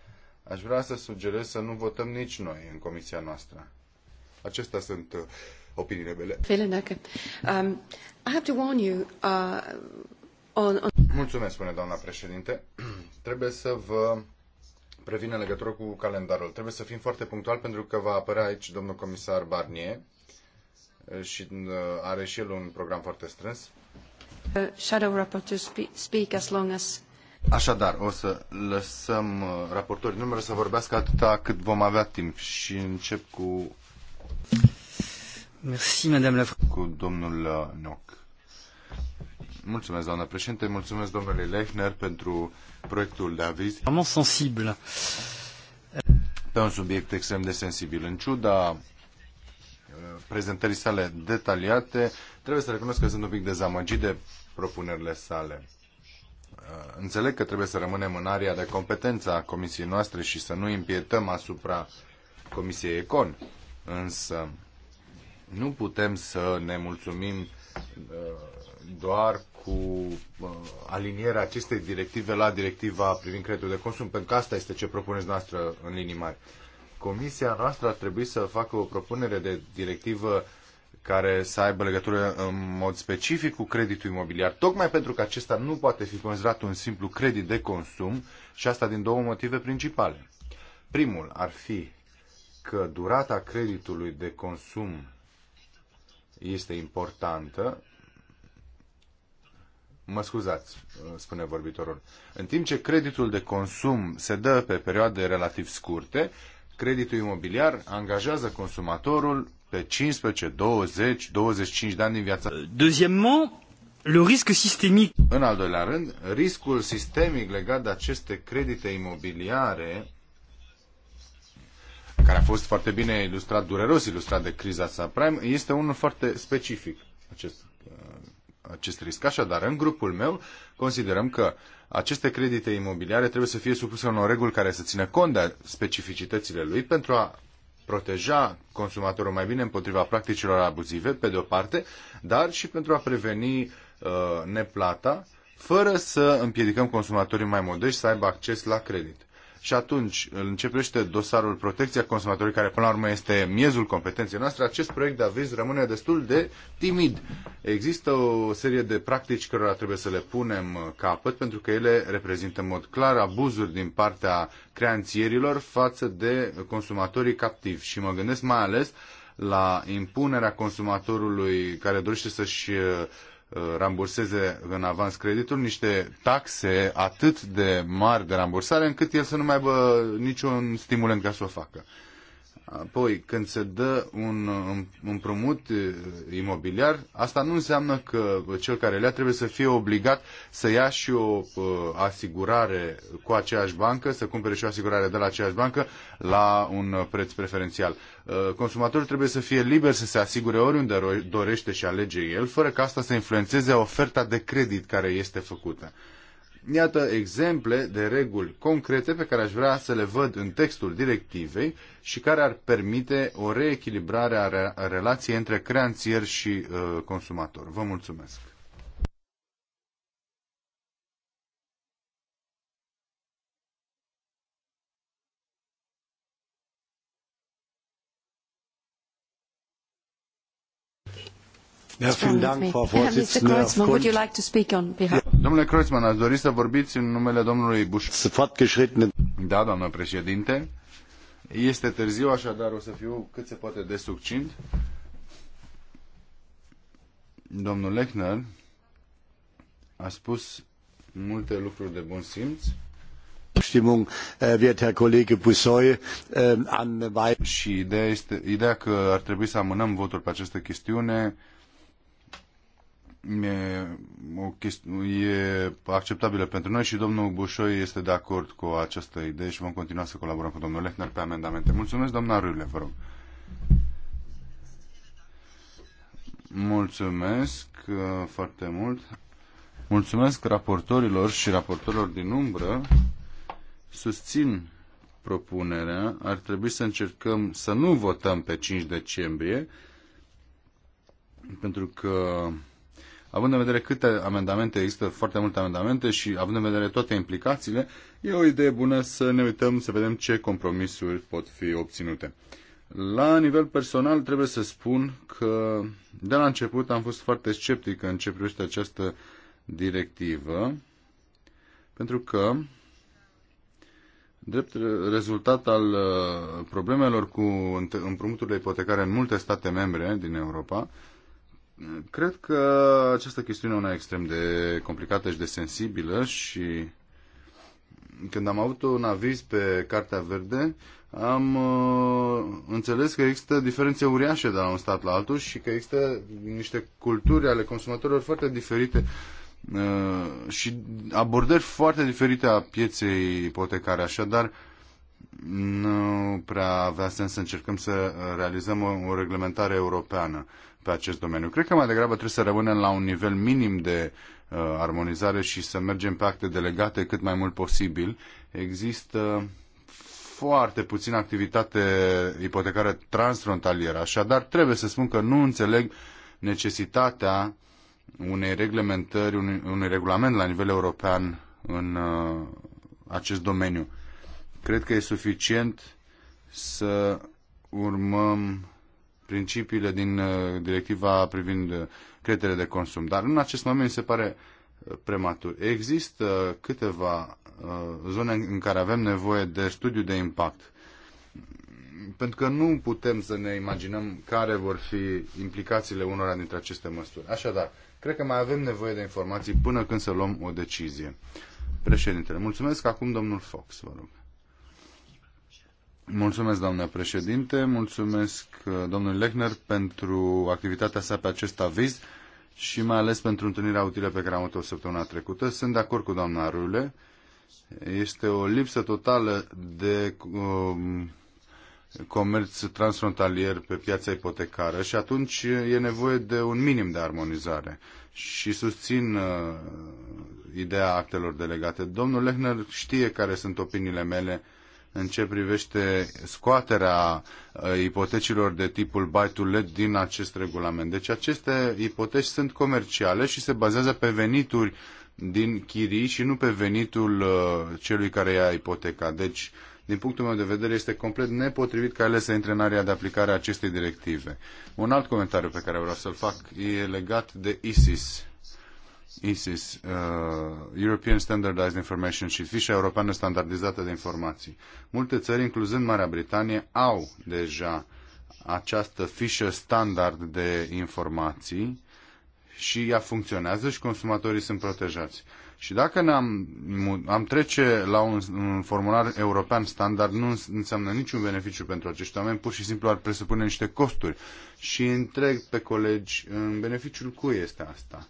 aș vrea să sugerez să nu votăm nici noi în comisia noastră. Acestea sunt uh, opiniile mele. Um, I have to warn you, uh, on, on... Mulțumesc, spune doamna președinte. trebuie să vă Previne în legătură cu calendarul. Trebuie să fim foarte punctual pentru că va apărea aici domnul comisar Barnier uh, și uh, are și el un program foarte strâns. Uh, shadow Rapporteur speak as long as Așadar, o să lăsăm raportorii numără să vorbească atâta cât vom avea timp și încep cu Merci, Madame la... cu domnul Noc. Mulțumesc, doamnă președinte, mulțumesc domnule Lechner pentru proiectul de aviz. Am sensibil. Pe un subiect extrem de sensibil. În ciuda uh, prezentării sale detaliate, trebuie să recunosc că sunt un pic dezamăgit de propunerile sale. Uh, înțeleg că trebuie să rămânem în area de competență a comisiei noastre și să nu impietăm asupra comisiei Econ, însă nu putem să ne mulțumim uh, doar cu uh, alinierea acestei directive la directiva privind creditul de consum, pentru că asta este ce propuneți noastră în linii mari. Comisia noastră ar trebui să facă o propunere de directivă care să aibă legătură în mod specific cu creditul imobiliar, tocmai pentru că acesta nu poate fi considerat un simplu credit de consum și asta din două motive principale. Primul ar fi că durata creditului de consum este importantă Mă scuzați, spune vorbitorul. În timp ce creditul de consum se dă pe perioade relativ scurte, creditul imobiliar angajează consumatorul pe 15, 20, 25 de ani din viața. Deuxièmement, le risque sistemic. În al doilea rând, riscul sistemic legat de aceste credite imobiliare care a fost foarte bine ilustrat, dureros ilustrat de criza subprime, este unul foarte specific, acest uh, acest risc. Așadar, în grupul meu considerăm că aceste credite imobiliare trebuie să fie supuse unor reguli care să țină cont de specificitățile lui pentru a proteja consumatorul mai bine împotriva practicilor abuzive, pe de o parte, dar și pentru a preveni uh, neplata, fără să împiedicăm consumatorii mai modești să aibă acces la credit. Și atunci, îl începește dosarul protecția consumatorului, care până la urmă este miezul competenței noastre, acest proiect de aviz rămâne destul de timid. Există o serie de practici cărora trebuie să le punem capăt, pentru că ele reprezintă în mod clar abuzuri din partea creanțierilor față de consumatorii captivi. Și mă gândesc mai ales la impunerea consumatorului care dorește să-și Uh, ramburseze în avans creditul niște taxe atât de mari de rambursare încât el să nu mai aibă niciun stimulent ca să o facă. Apoi, când se dă un împrumut imobiliar, asta nu înseamnă că cel care le-a trebuie să fie obligat să ia și o uh, asigurare cu aceeași bancă, să cumpere și o asigurare de la aceeași bancă la un preț preferențial. Uh, consumatorul trebuie să fie liber să se asigure oriunde dorește și alege el, fără ca asta să influențeze oferta de credit care este făcută. Iată exemple de reguli concrete pe care aș vrea să le văd în textul directivei și care ar permite o reechilibrare a relației între creanțier și uh, consumator. Vă mulțumesc! Da, Domnule Kreuzmann, ați dori să vorbiți în numele domnului Bush. Da, doamnă președinte. Este târziu, așadar o să fiu cât se poate de succint. Domnul Lechner a spus multe lucruri de bun simț. Stimmung äh, wird Herr Kollege äh, Și ideea, este, ideea că ar trebui să amânăm votul pe această chestiune e, o e acceptabilă pentru noi și domnul Bușoi este de acord cu această idee și vom continua să colaborăm cu domnul Lechner pe amendamente. Mulțumesc, doamna Râle, vă rog. Mulțumesc uh, foarte mult. Mulțumesc raportorilor și raportorilor din umbră. Susțin propunerea. Ar trebui să încercăm să nu votăm pe 5 decembrie, pentru că având în vedere câte amendamente, există foarte multe amendamente și având în vedere toate implicațiile, e o idee bună să ne uităm, să vedem ce compromisuri pot fi obținute. La nivel personal trebuie să spun că de la început am fost foarte sceptic în ce privește această directivă, pentru că drept rezultat al uh, problemelor cu împrumuturile ipotecare în multe state membre din Europa, Cred că această chestiune e una extrem de complicată și de sensibilă și când am avut un aviz pe Cartea Verde, am uh, înțeles că există diferențe uriașe de la un stat la altul și că există niște culturi ale consumatorilor foarte diferite uh, și abordări foarte diferite a pieței ipotecare. Așadar, nu prea avea sens să încercăm să realizăm o, o reglementare europeană pe acest domeniu. Cred că mai degrabă trebuie să rămânem la un nivel minim de uh, armonizare și să mergem pe acte delegate cât mai mult posibil. Există foarte puțină activitate ipotecară transfrontalieră, așadar trebuie să spun că nu înțeleg necesitatea unei reglementări, unui, unui regulament la nivel european în uh, acest domeniu. Cred că e suficient să urmăm principiile din uh, directiva privind uh, creditele de consum. Dar în acest moment se pare uh, prematur. Există câteva zone în care avem nevoie de studiu de impact. Pentru că nu putem să ne imaginăm care vor fi implicațiile unora dintre aceste măsuri. Așadar, cred că mai avem nevoie de informații până când să luăm o decizie. Președintele, mulțumesc. Acum domnul Fox, vă rog. Mulțumesc, doamnă președinte, mulțumesc uh, domnului Lechner pentru activitatea sa pe acest aviz și mai ales pentru întâlnirea utilă pe care am avut-o săptămâna trecută. Sunt de acord cu doamna Rule. Este o lipsă totală de um, comerț transfrontalier pe piața ipotecară și atunci e nevoie de un minim de armonizare. Și susțin uh, ideea actelor delegate. Domnul Lechner știe care sunt opiniile mele uh, în ce privește scoaterea uh, ipotecilor de tipul buy to let din acest regulament. Deci aceste ipoteci sunt comerciale și se bazează pe venituri din chirii și nu pe venitul uh, celui care ia ipoteca. Deci, din punctul meu de vedere, este complet nepotrivit ca ele să intre în area de aplicare a acestei directive. Un alt comentariu pe care vreau să-l fac e legat de ISIS. ISIS, uh, European Standardized Information și fișa europeană standardizată de informații. Multe țări, incluzând Marea Britanie, au deja această fișă standard de informații și ea funcționează și consumatorii sunt protejați. Și dacă ne-am am trece la un, un formular european standard, nu înseamnă niciun beneficiu pentru acești oameni, pur și simplu ar presupune niște costuri. Și întreg pe colegi, în beneficiul cui este asta?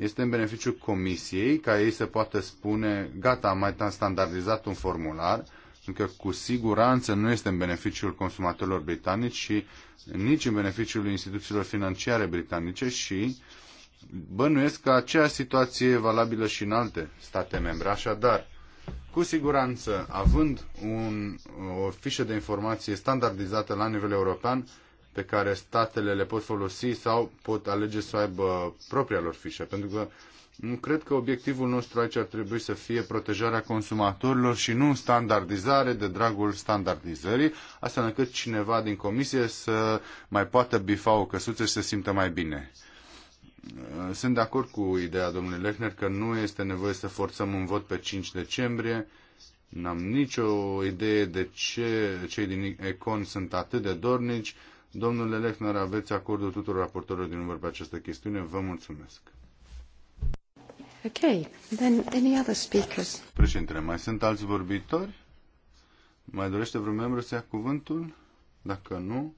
Este în beneficiul comisiei ca ei să poată spune, gata, am mai standardizat un formular, pentru că cu siguranță nu este în beneficiul consumatorilor britanici și nici în beneficiul instituțiilor financiare britanice și bănuiesc că aceeași situație e valabilă și în alte state membre. Așadar, cu siguranță, având un, o fișă de informație standardizată la nivel european, pe care statele le pot folosi sau pot alege să aibă propria lor fișă. Pentru că nu cred că obiectivul nostru aici ar trebui să fie protejarea consumatorilor și nu standardizare de dragul standardizării, astfel încât cineva din comisie să mai poată bifa o căsuță și să simtă mai bine. Sunt de acord cu ideea domnului Lechner că nu este nevoie să forțăm un vot pe 5 decembrie. N-am nicio idee de ce cei din Econ sunt atât de dornici Domnule Lechner, aveți acordul tuturor raportorilor din număr pe această chestiune. Vă mulțumesc. Ok, then any other speakers? Președintele, mai sunt alți vorbitori? Mai dorește vreun membru să ia cuvântul? Dacă nu,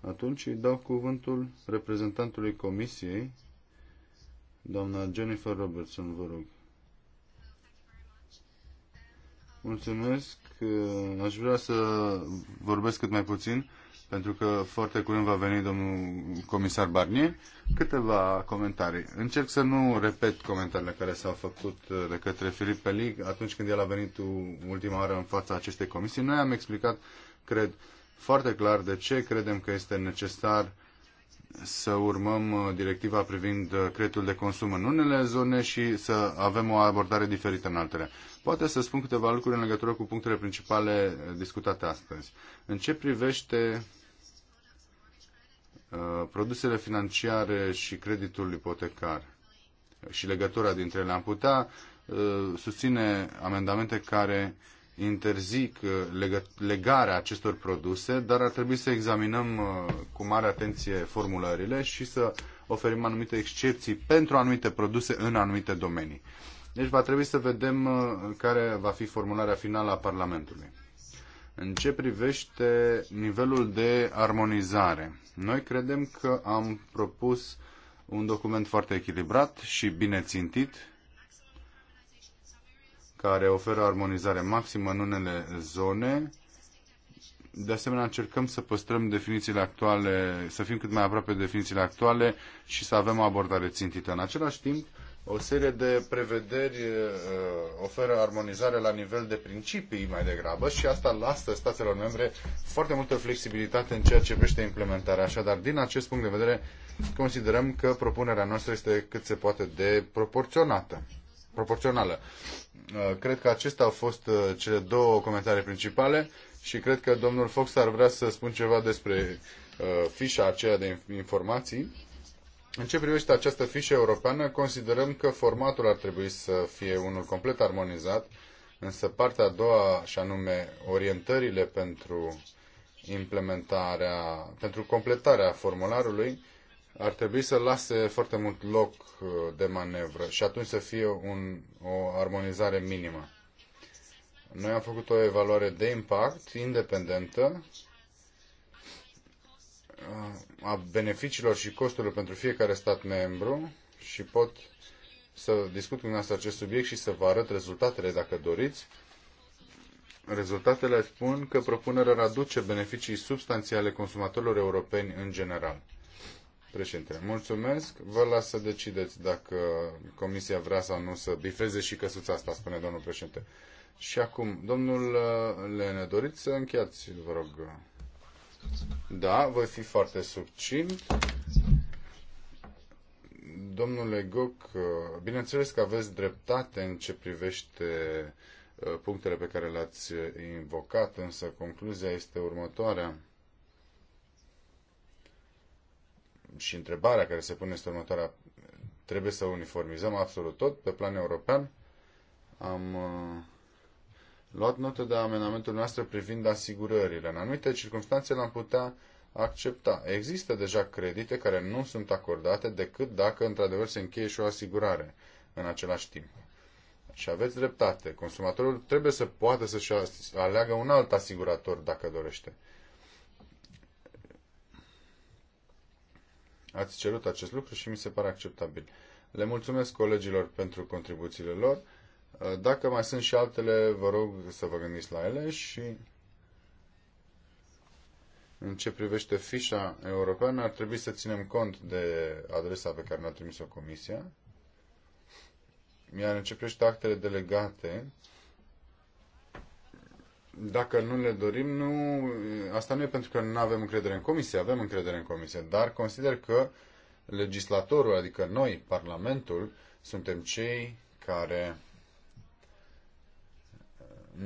atunci îi dau cuvântul reprezentantului comisiei, doamna Jennifer Robertson, vă rog. Mulțumesc. Aș vrea să vorbesc cât mai puțin pentru că foarte curând va veni domnul comisar Barnier, câteva comentarii. Încerc să nu repet comentariile care s-au făcut de către Filip Pelig atunci când el a venit ultima oară în fața acestei comisii. Noi am explicat, cred, foarte clar de ce credem că este necesar să urmăm uh, directiva privind uh, creditul de consum în unele zone și să avem o abordare diferită în altele. Poate să spun câteva lucruri în legătură cu punctele principale uh, discutate astăzi. În ce privește Uh, produsele financiare și creditul ipotecar și legătura dintre ele. Am putea uh, susține amendamente care interzic uh, legarea acestor produse, dar ar trebui să examinăm cu mare atenție formulările și să oferim anumite excepții pentru anumite produse în anumite domenii. Deci va trebui să vedem care va fi formularea finală a Parlamentului. În ce privește nivelul de armonizare, noi credem că am propus un document foarte echilibrat și bine țintit, care oferă armonizare maximă în unele zone. De asemenea, încercăm să păstrăm definițiile actuale, să fim cât mai aproape de definițiile actuale și să avem o abordare țintită. În același timp, o serie de prevederi uh, oferă armonizare la nivel de principii mai degrabă și asta lasă statelor membre foarte multă flexibilitate în ceea ce privește implementarea. Așadar, din acest punct de vedere, considerăm că propunerea noastră este cât se poate de proporționată. Proporțională. Uh, cred că acestea au fost uh, cele două comentarii principale și cred că domnul Fox ar vrea să spun ceva despre fișa aceea de informații în ce privește această fișă europeană, considerăm că formatul ar trebui să fie unul complet armonizat, însă partea a doua, și anume orientările pentru implementarea, pentru completarea formularului, ar trebui să lase foarte mult loc uh, de manevră și atunci să fie un, o armonizare minimă. Noi am făcut o evaluare de impact independentă a beneficiilor și costurilor pentru fiecare stat membru și pot să discut cu dumneavoastră acest subiect și să vă arăt rezultatele dacă doriți. Rezultatele spun că propunerea aduce beneficii substanțiale consumatorilor europeni în general. Președinte, mulțumesc. Vă las să decideți dacă Comisia vrea sau nu să bifeze și căsuța asta, spune domnul președinte. Și acum, domnul uh, Lene, doriți să încheiați, vă rog, da, voi fi foarte succint. Domnule Goc, bineînțeles că aveți dreptate în ce privește uh, punctele pe care le-ați uh, invocat, însă concluzia este următoarea. Și întrebarea care se pune este următoarea. Trebuie să uniformizăm absolut tot pe plan european. Am uh, luat notă de amenamentul noastră privind asigurările. În anumite circunstanțe l-am putea accepta. Există deja credite care nu sunt acordate decât dacă într-adevăr se încheie și o asigurare în același timp. Și aveți dreptate. Consumatorul trebuie să poată să-și aleagă un alt asigurator dacă dorește. Ați cerut acest lucru și mi se pare acceptabil. Le mulțumesc colegilor pentru contribuțiile lor. Uh, dacă mai sunt și altele, vă rog să vă gândiți la ele și în ce privește fișa europeană, ar trebui să ținem cont de adresa pe care ne-a trimis-o Comisia. Iar în ce privește actele delegate, dacă nu le dorim, nu, asta nu e pentru că nu avem încredere în Comisie, avem încredere în Comisie, dar consider că legislatorul, adică noi, Parlamentul, suntem cei care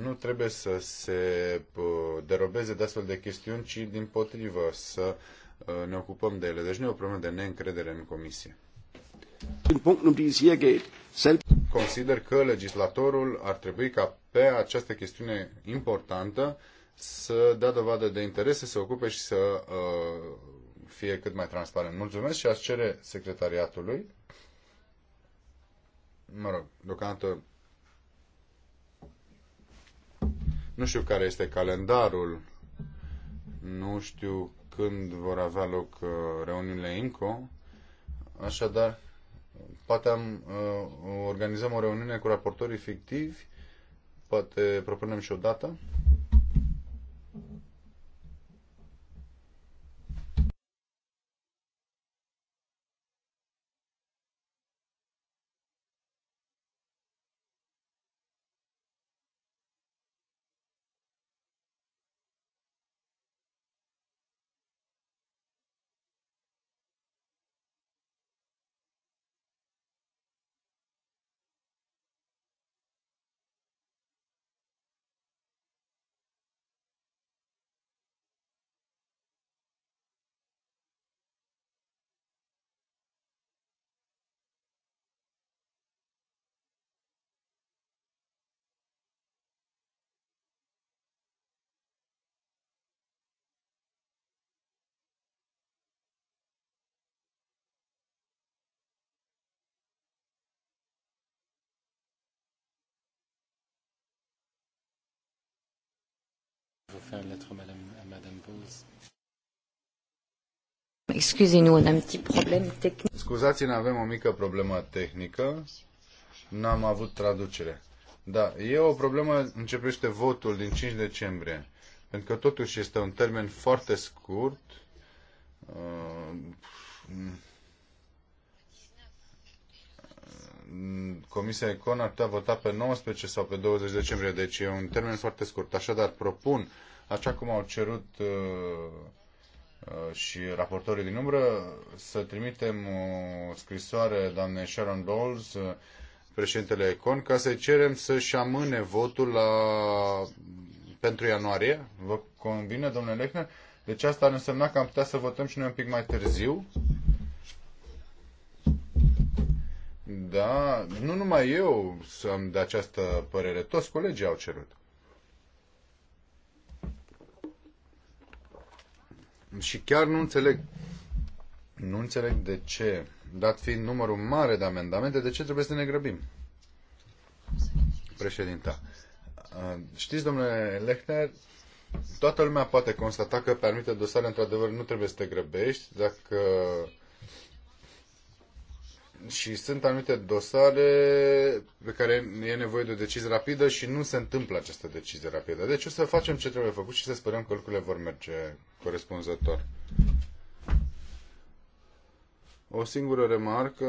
nu trebuie să se uh, derobeze de astfel de chestiuni, ci din potrivă să uh, ne ocupăm de ele. Deci nu e o problemă de neîncredere în comisie. Consider că legislatorul ar trebui ca pe această chestiune importantă să dea dovadă de interes, să se ocupe și să uh, fie cât mai transparent. Mulțumesc și aș cere secretariatului. Mă rog, deocamdată Nu știu care este calendarul, nu știu când vor avea loc uh, reuniunile IMCO, așadar poate am, uh, organizăm o reuniune cu raportorii fictivi, poate propunem și o dată. faire lettre à Madame, à Madame Bose. Excusez-nous, on a un petit problem tehnic. Scuzați-ne, avem o mică problemă tehnică. N-am avut traducere. Da, e o problemă, începește votul din 5 decembrie. Pentru că totuși este un termen foarte scurt. Uh, Comisia Econ ar putea vota pe 19 sau pe 20 decembrie, deci e un termen foarte scurt. Așadar, propun așa cum au cerut uh, uh, și raportorii din umbră, să trimitem o scrisoare doamnei Sharon Bowles, uh, președintele Econ, ca să cerem să-și amâne votul la... pentru ianuarie. Vă convine, domnule Lechner? Deci asta ar însemna că am putea să votăm și noi un pic mai târziu. Da, nu numai eu am de această părere, toți colegii au cerut. Și chiar nu înțeleg, nu înțeleg de ce, dat fiind numărul mare de amendamente, de ce trebuie să ne grăbim? Președinta. Uh, știți, domnule Lechner, toată lumea poate constata că pe anumite dosare, într-adevăr, nu trebuie să te grăbești. Dacă și sunt anumite dosare pe care e nevoie de o decizie rapidă și nu se întâmplă această decizie rapidă. Deci o să facem ce trebuie făcut și să sperăm că lucrurile vor merge corespunzător. O singură remarcă,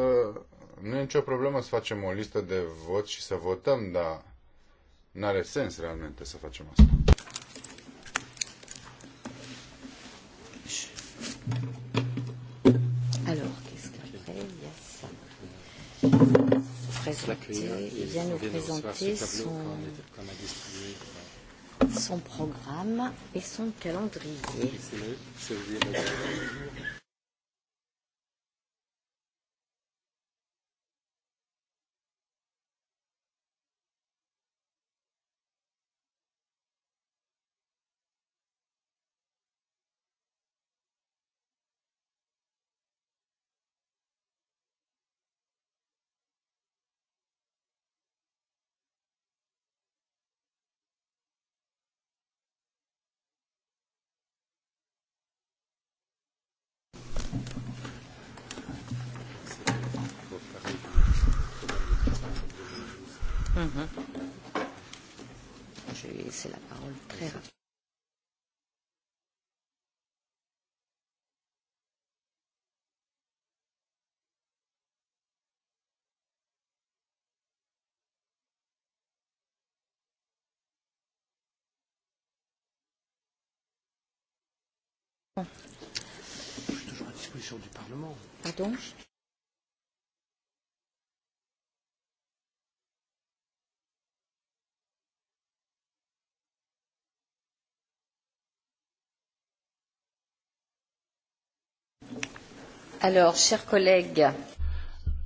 nu e nicio problemă să facem o listă de vot și să votăm, dar n-are sens realmente să facem asta. présenter, il vient nous présenter son, son programme et son calendrier. -hmm. Je vais laisser la parole très rapidement. Je suis toujours à disposition du Parlement. Pardon Alors, chers collègues.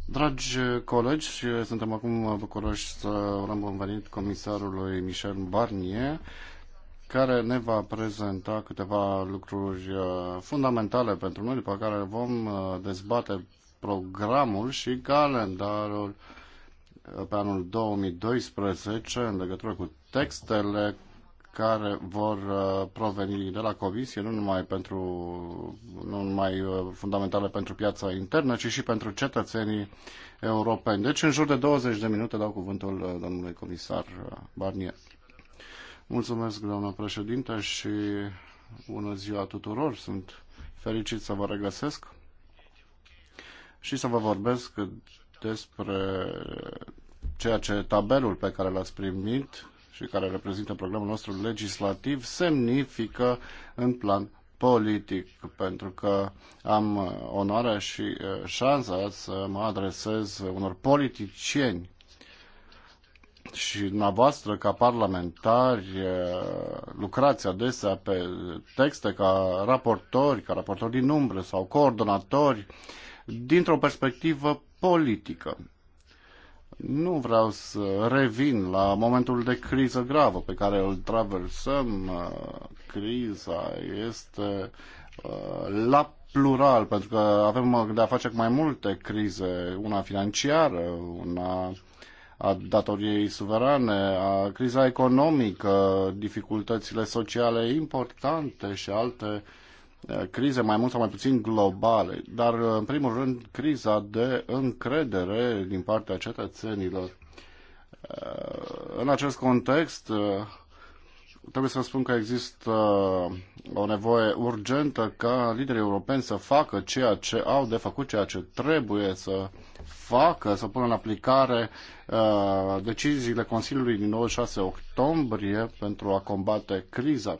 Dragi colegi, suntem acum bucuroși să urăm bun venit comisarului Michel Barnier, care ne va prezenta câteva lucruri uh, fundamentale pentru noi, după care vom uh, dezbate programul și calendarul uh, pe anul 2012 în legătură cu textele care vor uh, proveni de la Comisie, nu numai, pentru, nu numai uh, fundamentale pentru piața internă, ci și pentru cetățenii europeni. Deci, în jur de 20 de minute dau cuvântul uh, domnului comisar Barnier. Mulțumesc, doamnă președinte, și bună ziua tuturor. Sunt fericit să vă regăsesc și să vă vorbesc despre ceea ce tabelul pe care l-ați primit și care reprezintă programul nostru legislativ semnifică în plan politic, pentru că am uh, onoarea și uh, șansa să mă adresez unor politicieni și dumneavoastră ca parlamentari uh, lucrați adesea pe texte ca raportori, ca raportori din umbră sau coordonatori dintr-o perspectivă politică. Nu vreau să revin la momentul de criză gravă pe care îl traversăm. Criza este uh, la plural, pentru că avem de a face cu mai multe crize, una financiară, una a datoriei suverane, a criza economică, dificultățile sociale importante și alte uh, Uh, crize mai mult sau mai puțin globale, dar uh, în primul rând criza de încredere din partea cetățenilor. Uh, în acest context, trebuie să spun că există o nevoie urgentă ca liderii europeni să facă ceea ce au de făcut, ceea ce trebuie să facă, să pună în aplicare deciziile Consiliului din 96 octombrie pentru a combate criza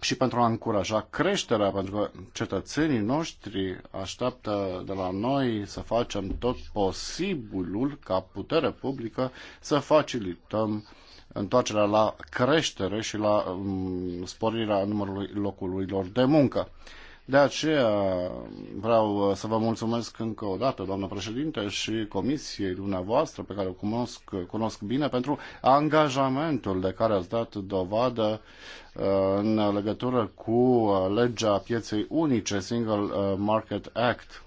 și pentru a încuraja creșterea, pentru că cetățenii noștri așteaptă de la noi să facem tot posibilul ca putere publică să facilităm întoarcerea la creștere și la mm, sporirea numărului locurilor de muncă. De aceea vreau uh, să vă mulțumesc încă o dată, doamnă președinte, și comisiei dumneavoastră, pe care o cunosc, cunosc bine, pentru angajamentul de care ați dat dovadă uh, în legătură cu uh, legea pieței unice, Single Market Act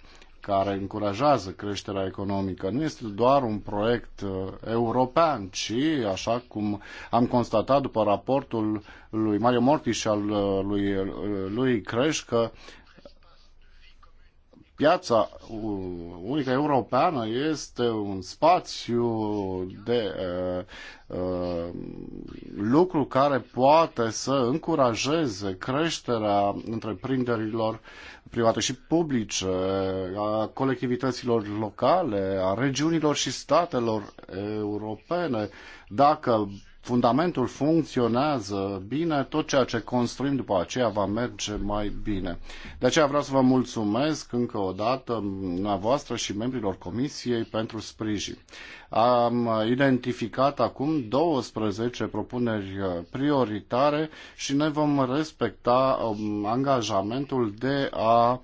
care încurajează creșterea economică. Nu este doar un proiect uh, european, ci, așa cum am constatat după raportul lui Mario Mortis și al uh, lui, uh, lui Creș, că Piața uh, unică europeană este un spațiu de uh, uh, lucru care poate să încurajeze creșterea întreprinderilor private și publice, a colectivităților locale, a regiunilor și statelor europene. Dacă fundamentul funcționează bine, tot ceea ce construim după aceea va merge mai bine. De aceea vreau să vă mulțumesc încă o dată voastră și membrilor Comisiei pentru sprijin. Am identificat acum 12 propuneri uh, prioritare și ne vom respecta um, angajamentul de a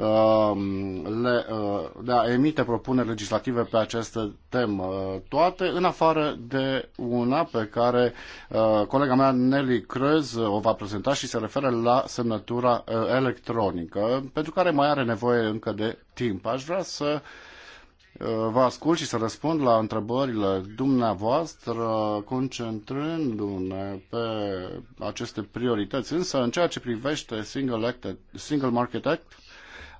Um, le, uh, de a emite propuneri legislative pe această temă, toate în afară de una pe care uh, colega mea Nelly Crez uh, o va prezenta și se referă la semnătura electronică, pentru care mai are nevoie încă de timp. Aș vrea să vă ascult și să răspund la întrebările dumneavoastră, concentrându-ne pe aceste priorități. Însă, în ceea ce privește Single, Act, Single Market Act,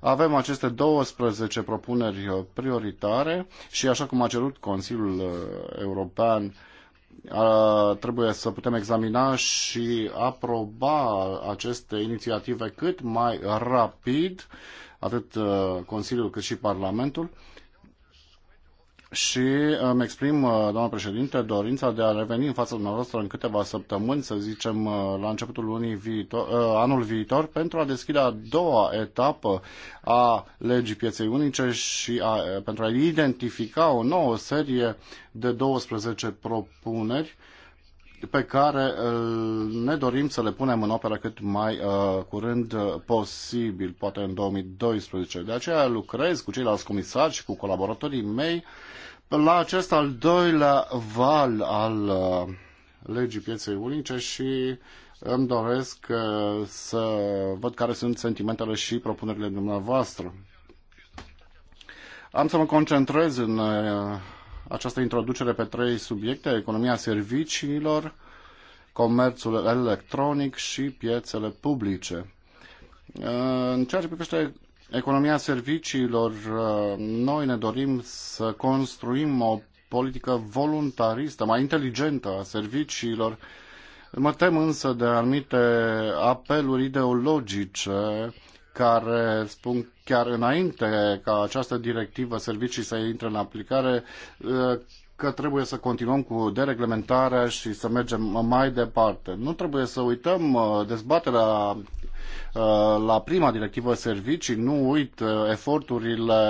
avem aceste 12 propuneri uh, prioritare și așa cum a cerut Consiliul uh, European, uh, trebuie să putem examina și aproba aceste inițiative cât mai rapid, atât Consiliul cât și Parlamentul și îmi exprim, uh, doamnă președinte, dorința de a reveni în fața dumneavoastră în câteva săptămâni, să zicem uh, la începutul lunii viitor, uh, anul viitor, pentru a deschide a doua etapă a legii pieței unice și a, pentru a identifica o nouă serie de 12 propuneri pe care uh, ne dorim să le punem în operă cât mai uh, curând uh, posibil, poate în 2012. De aceea lucrez cu ceilalți comisari și cu colaboratorii mei la acest al doilea val al legii pieței unice și îmi doresc să văd care sunt sentimentele și propunerile dumneavoastră. Am să mă concentrez în această introducere pe trei subiecte, economia serviciilor, comerțul electronic și piețele publice. Uh, în ceea ce privește economia serviciilor, uh, noi ne dorim să construim o politică voluntaristă, mai inteligentă a serviciilor. Mă tem însă de anumite apeluri ideologice care spun chiar înainte ca această directivă servicii să intre în aplicare uh, că trebuie să continuăm cu dereglementarea și să mergem mai departe. Nu trebuie să uităm uh, dezbaterea uh, la prima directivă servicii, nu uit eforturile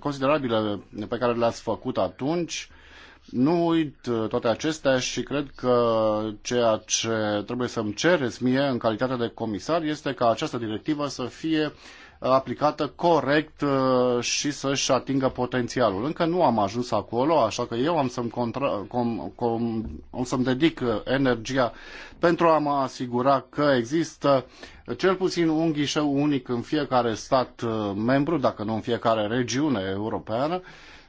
considerabile pe care le-ați făcut atunci nu uit uh, toate acestea și cred că ceea ce trebuie să-mi cereți mie în calitate de comisar este ca această directivă să fie aplicată corect uh, și să-și atingă potențialul. Încă nu am ajuns acolo, așa că eu am să-mi, contra, com, com, să-mi dedic uh, energia pentru a mă asigura că există cel puțin un ghișeu unic în fiecare stat membru, dacă nu în fiecare regiune europeană,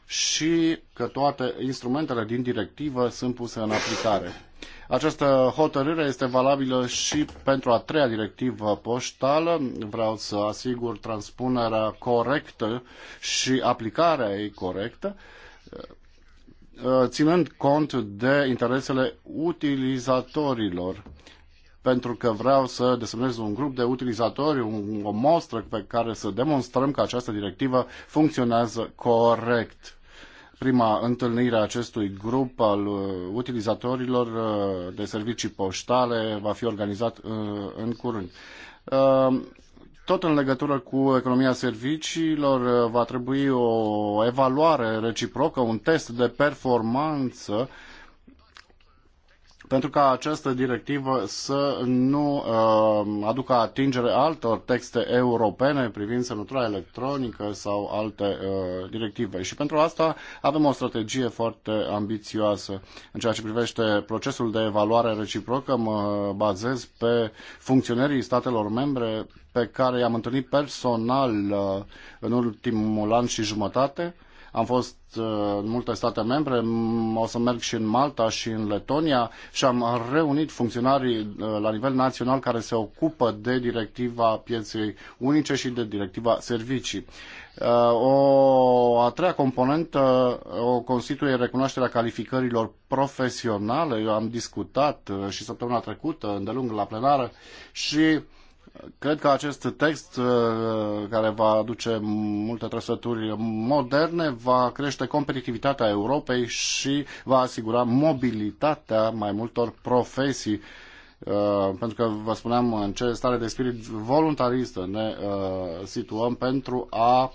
și că toate instrumentele din directivă sunt puse în aplicare. Această hotărâre este valabilă și pentru a treia directivă poștală. Vreau să asigur transpunerea corectă și aplicarea ei corectă, ținând cont de interesele utilizatorilor pentru că vreau să desemnez un grup de utilizatori, un, o mostră pe care să demonstrăm că această directivă funcționează corect prima întâlnire a acestui grup al uh, utilizatorilor uh, de servicii poștale va fi organizat uh, în curând. Tot în legătură cu economia serviciilor va trebui o evaluare reciprocă, un test de performanță uh, pentru ca această directivă să nu uh, aducă atingere altor texte europene privind semnătura electronică sau alte uh, directive. Și pentru asta avem o strategie foarte ambițioasă în ceea ce privește procesul de evaluare reciprocă. Mă bazez pe funcționerii statelor membre pe care i-am întâlnit personal uh, în ultimul an și jumătate am fost uh, în multe state membre, o să merg și în Malta și în Letonia și am reunit funcționarii uh, la nivel național care se ocupă de directiva pieței unice și de directiva servicii. Uh, o a treia componentă o constituie recunoașterea calificărilor profesionale. Eu am discutat și săptămâna trecută, îndelung la plenară, și uh, Cred că acest text uh, care va aduce multe trăsături moderne va crește competitivitatea Europei și va asigura mobilitatea mai multor profesii. Uh, pentru că vă spuneam în ce stare de spirit voluntaristă ne uh, situăm pentru a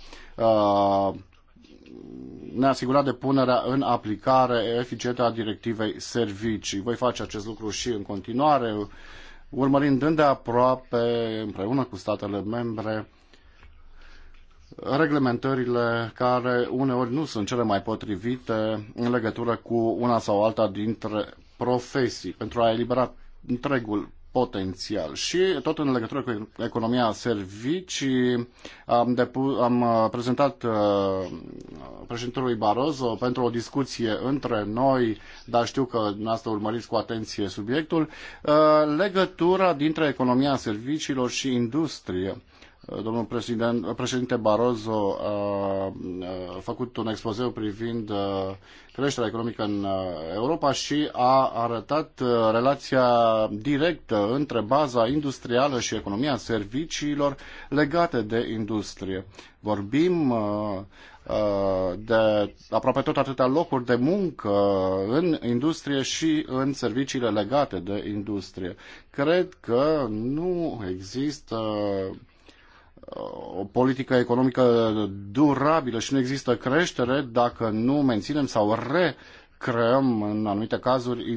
ne asigura de punerea în aplicare eficientă a directivei servicii. Voi face acest lucru și în continuare urmărind aproape împreună cu statele membre, reglementările care uneori nu sunt cele mai potrivite în legătură cu una sau alta dintre profesii, pentru a elibera întregul potențial. Și tot în legătură cu economia servicii, am, depu- am uh, prezentat uh, președintelui Barozo pentru o discuție între noi, dar știu că dumneavoastră urmăriți cu atenție subiectul, uh, legătura dintre economia serviciilor și industrie. Domnul președinte, președinte Barroso a făcut un expozeu privind creșterea economică în Europa și a arătat relația directă între baza industrială și economia serviciilor legate de industrie. Vorbim de aproape tot atâtea locuri de muncă în industrie și în serviciile legate de industrie. Cred că nu există o politică economică durabilă și nu există creștere dacă nu menținem sau recreăm în anumite cazuri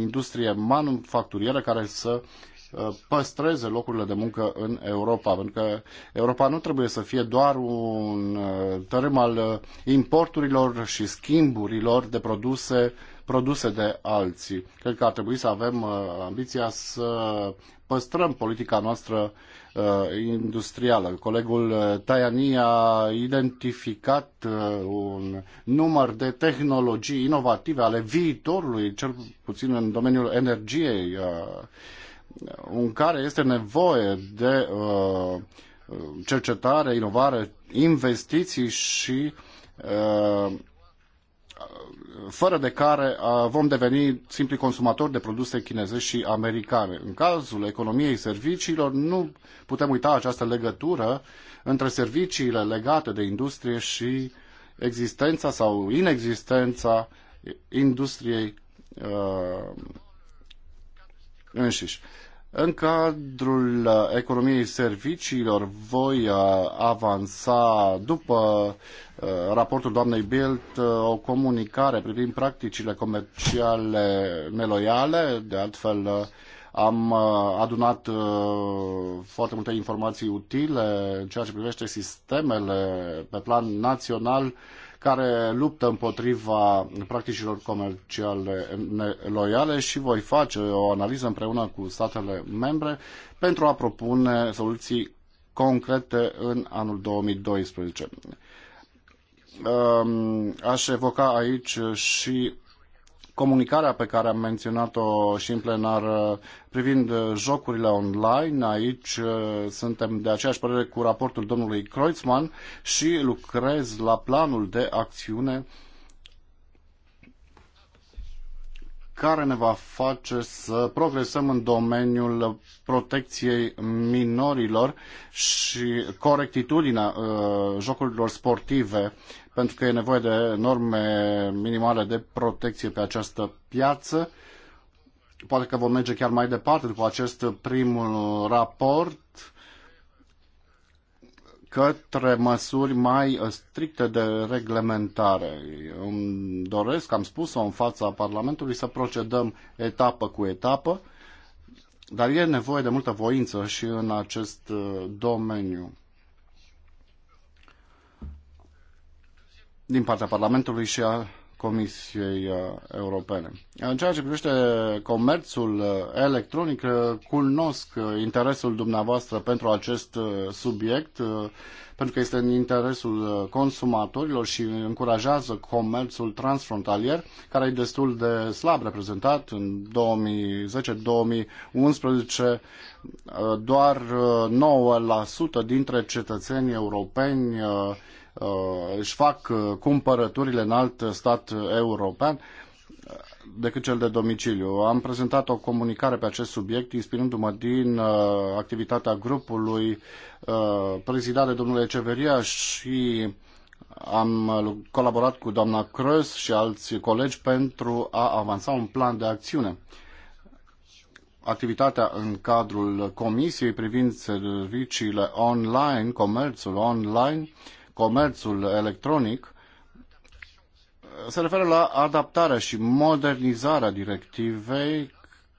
industrie manufacturieră care să uh, păstreze locurile de muncă în Europa, pentru că Europa nu trebuie să fie doar un uh, tărâm al uh, importurilor și schimburilor de produse produse de alții. Cred că ar trebui să avem ambiția să păstrăm politica noastră Uh, industrială. Colegul uh, Tajani a identificat uh, un număr de tehnologii inovative ale viitorului, cel puțin în domeniul energiei, în care este nevoie de cercetare, inovare, investiții și fără de care vom deveni simpli consumatori de produse chinezești și americane. În cazul economiei serviciilor nu putem uita această legătură între serviciile legate de industrie și existența sau inexistența industriei uh, înșiși. În cadrul uh, economiei serviciilor voi uh, avansa după uh, raportul doamnei Bilt o comunicare privind practicile comerciale neloiale, de altfel am adunat foarte multe informații utile în ceea ce privește sistemele pe plan național care luptă împotriva practicilor comerciale loiale și voi face o analiză împreună cu statele membre pentru a propune soluții concrete în anul 2012. Aș evoca aici și comunicarea pe care am menționat-o și în plenar uh, privind uh, jocurile online. Aici uh, suntem de aceeași părere cu raportul domnului Kreutzmann și lucrez la planul de acțiune uh, care ne va face să progresăm în domeniul protecției minorilor și corectitudinea uh, jocurilor sportive, pentru că e nevoie de norme minimale de protecție pe această piață. Poate că vom merge chiar mai departe după acest prim raport către măsuri mai uh, stricte de reglementare. Îmi doresc, am spus-o în fața Parlamentului, să procedăm etapă cu etapă, dar e nevoie de multă voință și în acest uh, domeniu. Din partea Parlamentului și a Comisiei uh, Europene. În ceea ce privește comerțul uh, electronic, uh, cunosc interesul dumneavoastră pentru acest subiect, pentru că este în interesul consumatorilor și încurajează comerțul transfrontalier, care e destul de slab reprezentat în 2010-2011. Doar 9% dintre cetățenii europeni Uh, își fac uh, cumpărăturile în alt stat european decât cel de domiciliu. Am prezentat o comunicare pe acest subiect, inspirându-mă din uh, activitatea grupului uh, prezidat de domnul Eceveria și am uh, colaborat cu doamna Crăs și alți colegi pentru a avansa un plan de acțiune. Activitatea în cadrul Comisiei privind serviciile online, comerțul online, uh, comerțul electronic se referă la adaptarea și modernizarea directivei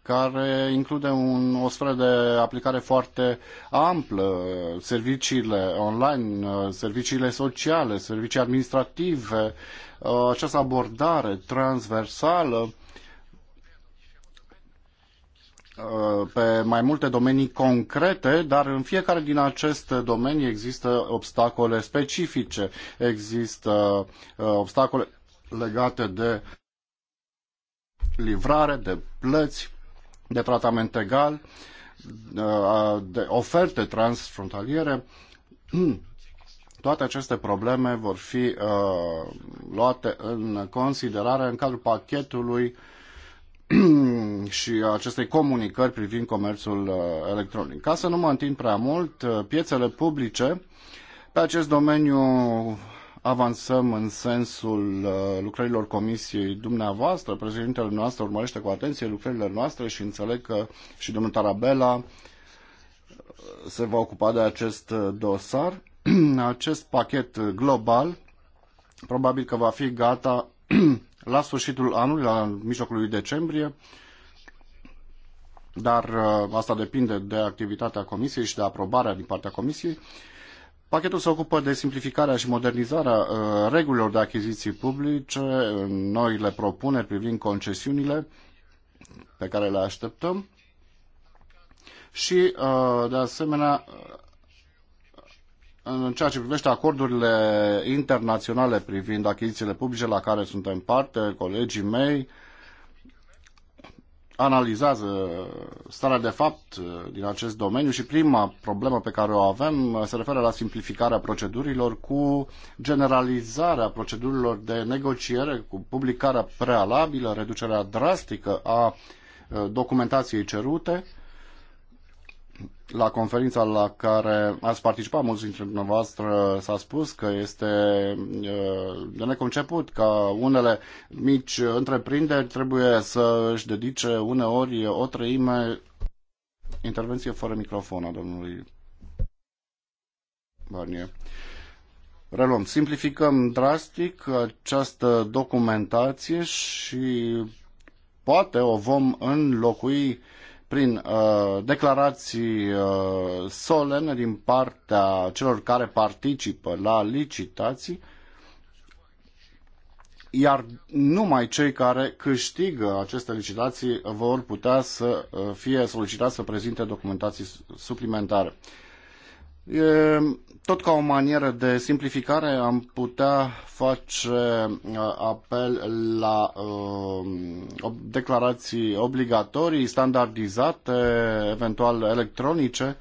care include un, o sferă de aplicare foarte amplă, serviciile online, serviciile sociale, servicii administrative, uh, această abordare transversală Uh, pe mai multe domenii concrete, dar în fiecare din aceste domenii există obstacole specifice, există uh, obstacole legate de livrare, de plăți, de tratament egal, uh, de oferte transfrontaliere. Toate aceste probleme vor fi luate în considerare în cadrul pachetului și acestei comunicări privind comerțul uh, electronic. Ca să nu mă întind prea mult, uh, piețele publice, pe acest domeniu avansăm în sensul uh, lucrărilor comisiei dumneavoastră. Președintele noastră urmărește cu atenție lucrările noastre și înțeleg că și domnul Tarabela se va ocupa de acest dosar. Acest pachet global probabil că va fi gata la sfârșitul anului, la mijlocul lui decembrie dar uh, asta depinde de activitatea Comisiei și de aprobarea din partea Comisiei. Pachetul se ocupă de simplificarea și modernizarea uh, regulilor de achiziții publice, uh, noile propuneri privind concesiunile pe care le așteptăm și, de asemenea, în ceea ce privește acordurile internaționale privind achizițiile publice la care suntem parte, colegii mei, analizează starea de fapt uh, din acest domeniu și prima problemă pe care o avem uh, se referă la simplificarea procedurilor cu generalizarea procedurilor de negociere, cu publicarea prealabilă, reducerea drastică a uh, documentației cerute la conferința la care ați participat mulți dintre dumneavoastră s-a spus că este de neconceput ca unele mici întreprinderi trebuie să își dedice uneori o treime intervenție fără microfon a domnului Barnier. Reluăm. Simplificăm drastic această documentație și poate o vom înlocui uh, prin uh, declarații uh, solene din partea celor care participă la licitații, iar numai cei care câștigă aceste licitații vor putea să uh, fie solicitați să prezinte documentații suplimentare. E, tot ca o manieră de simplificare am putea face uh, apel la uh, declarații obligatorii, standardizate, eventual electronice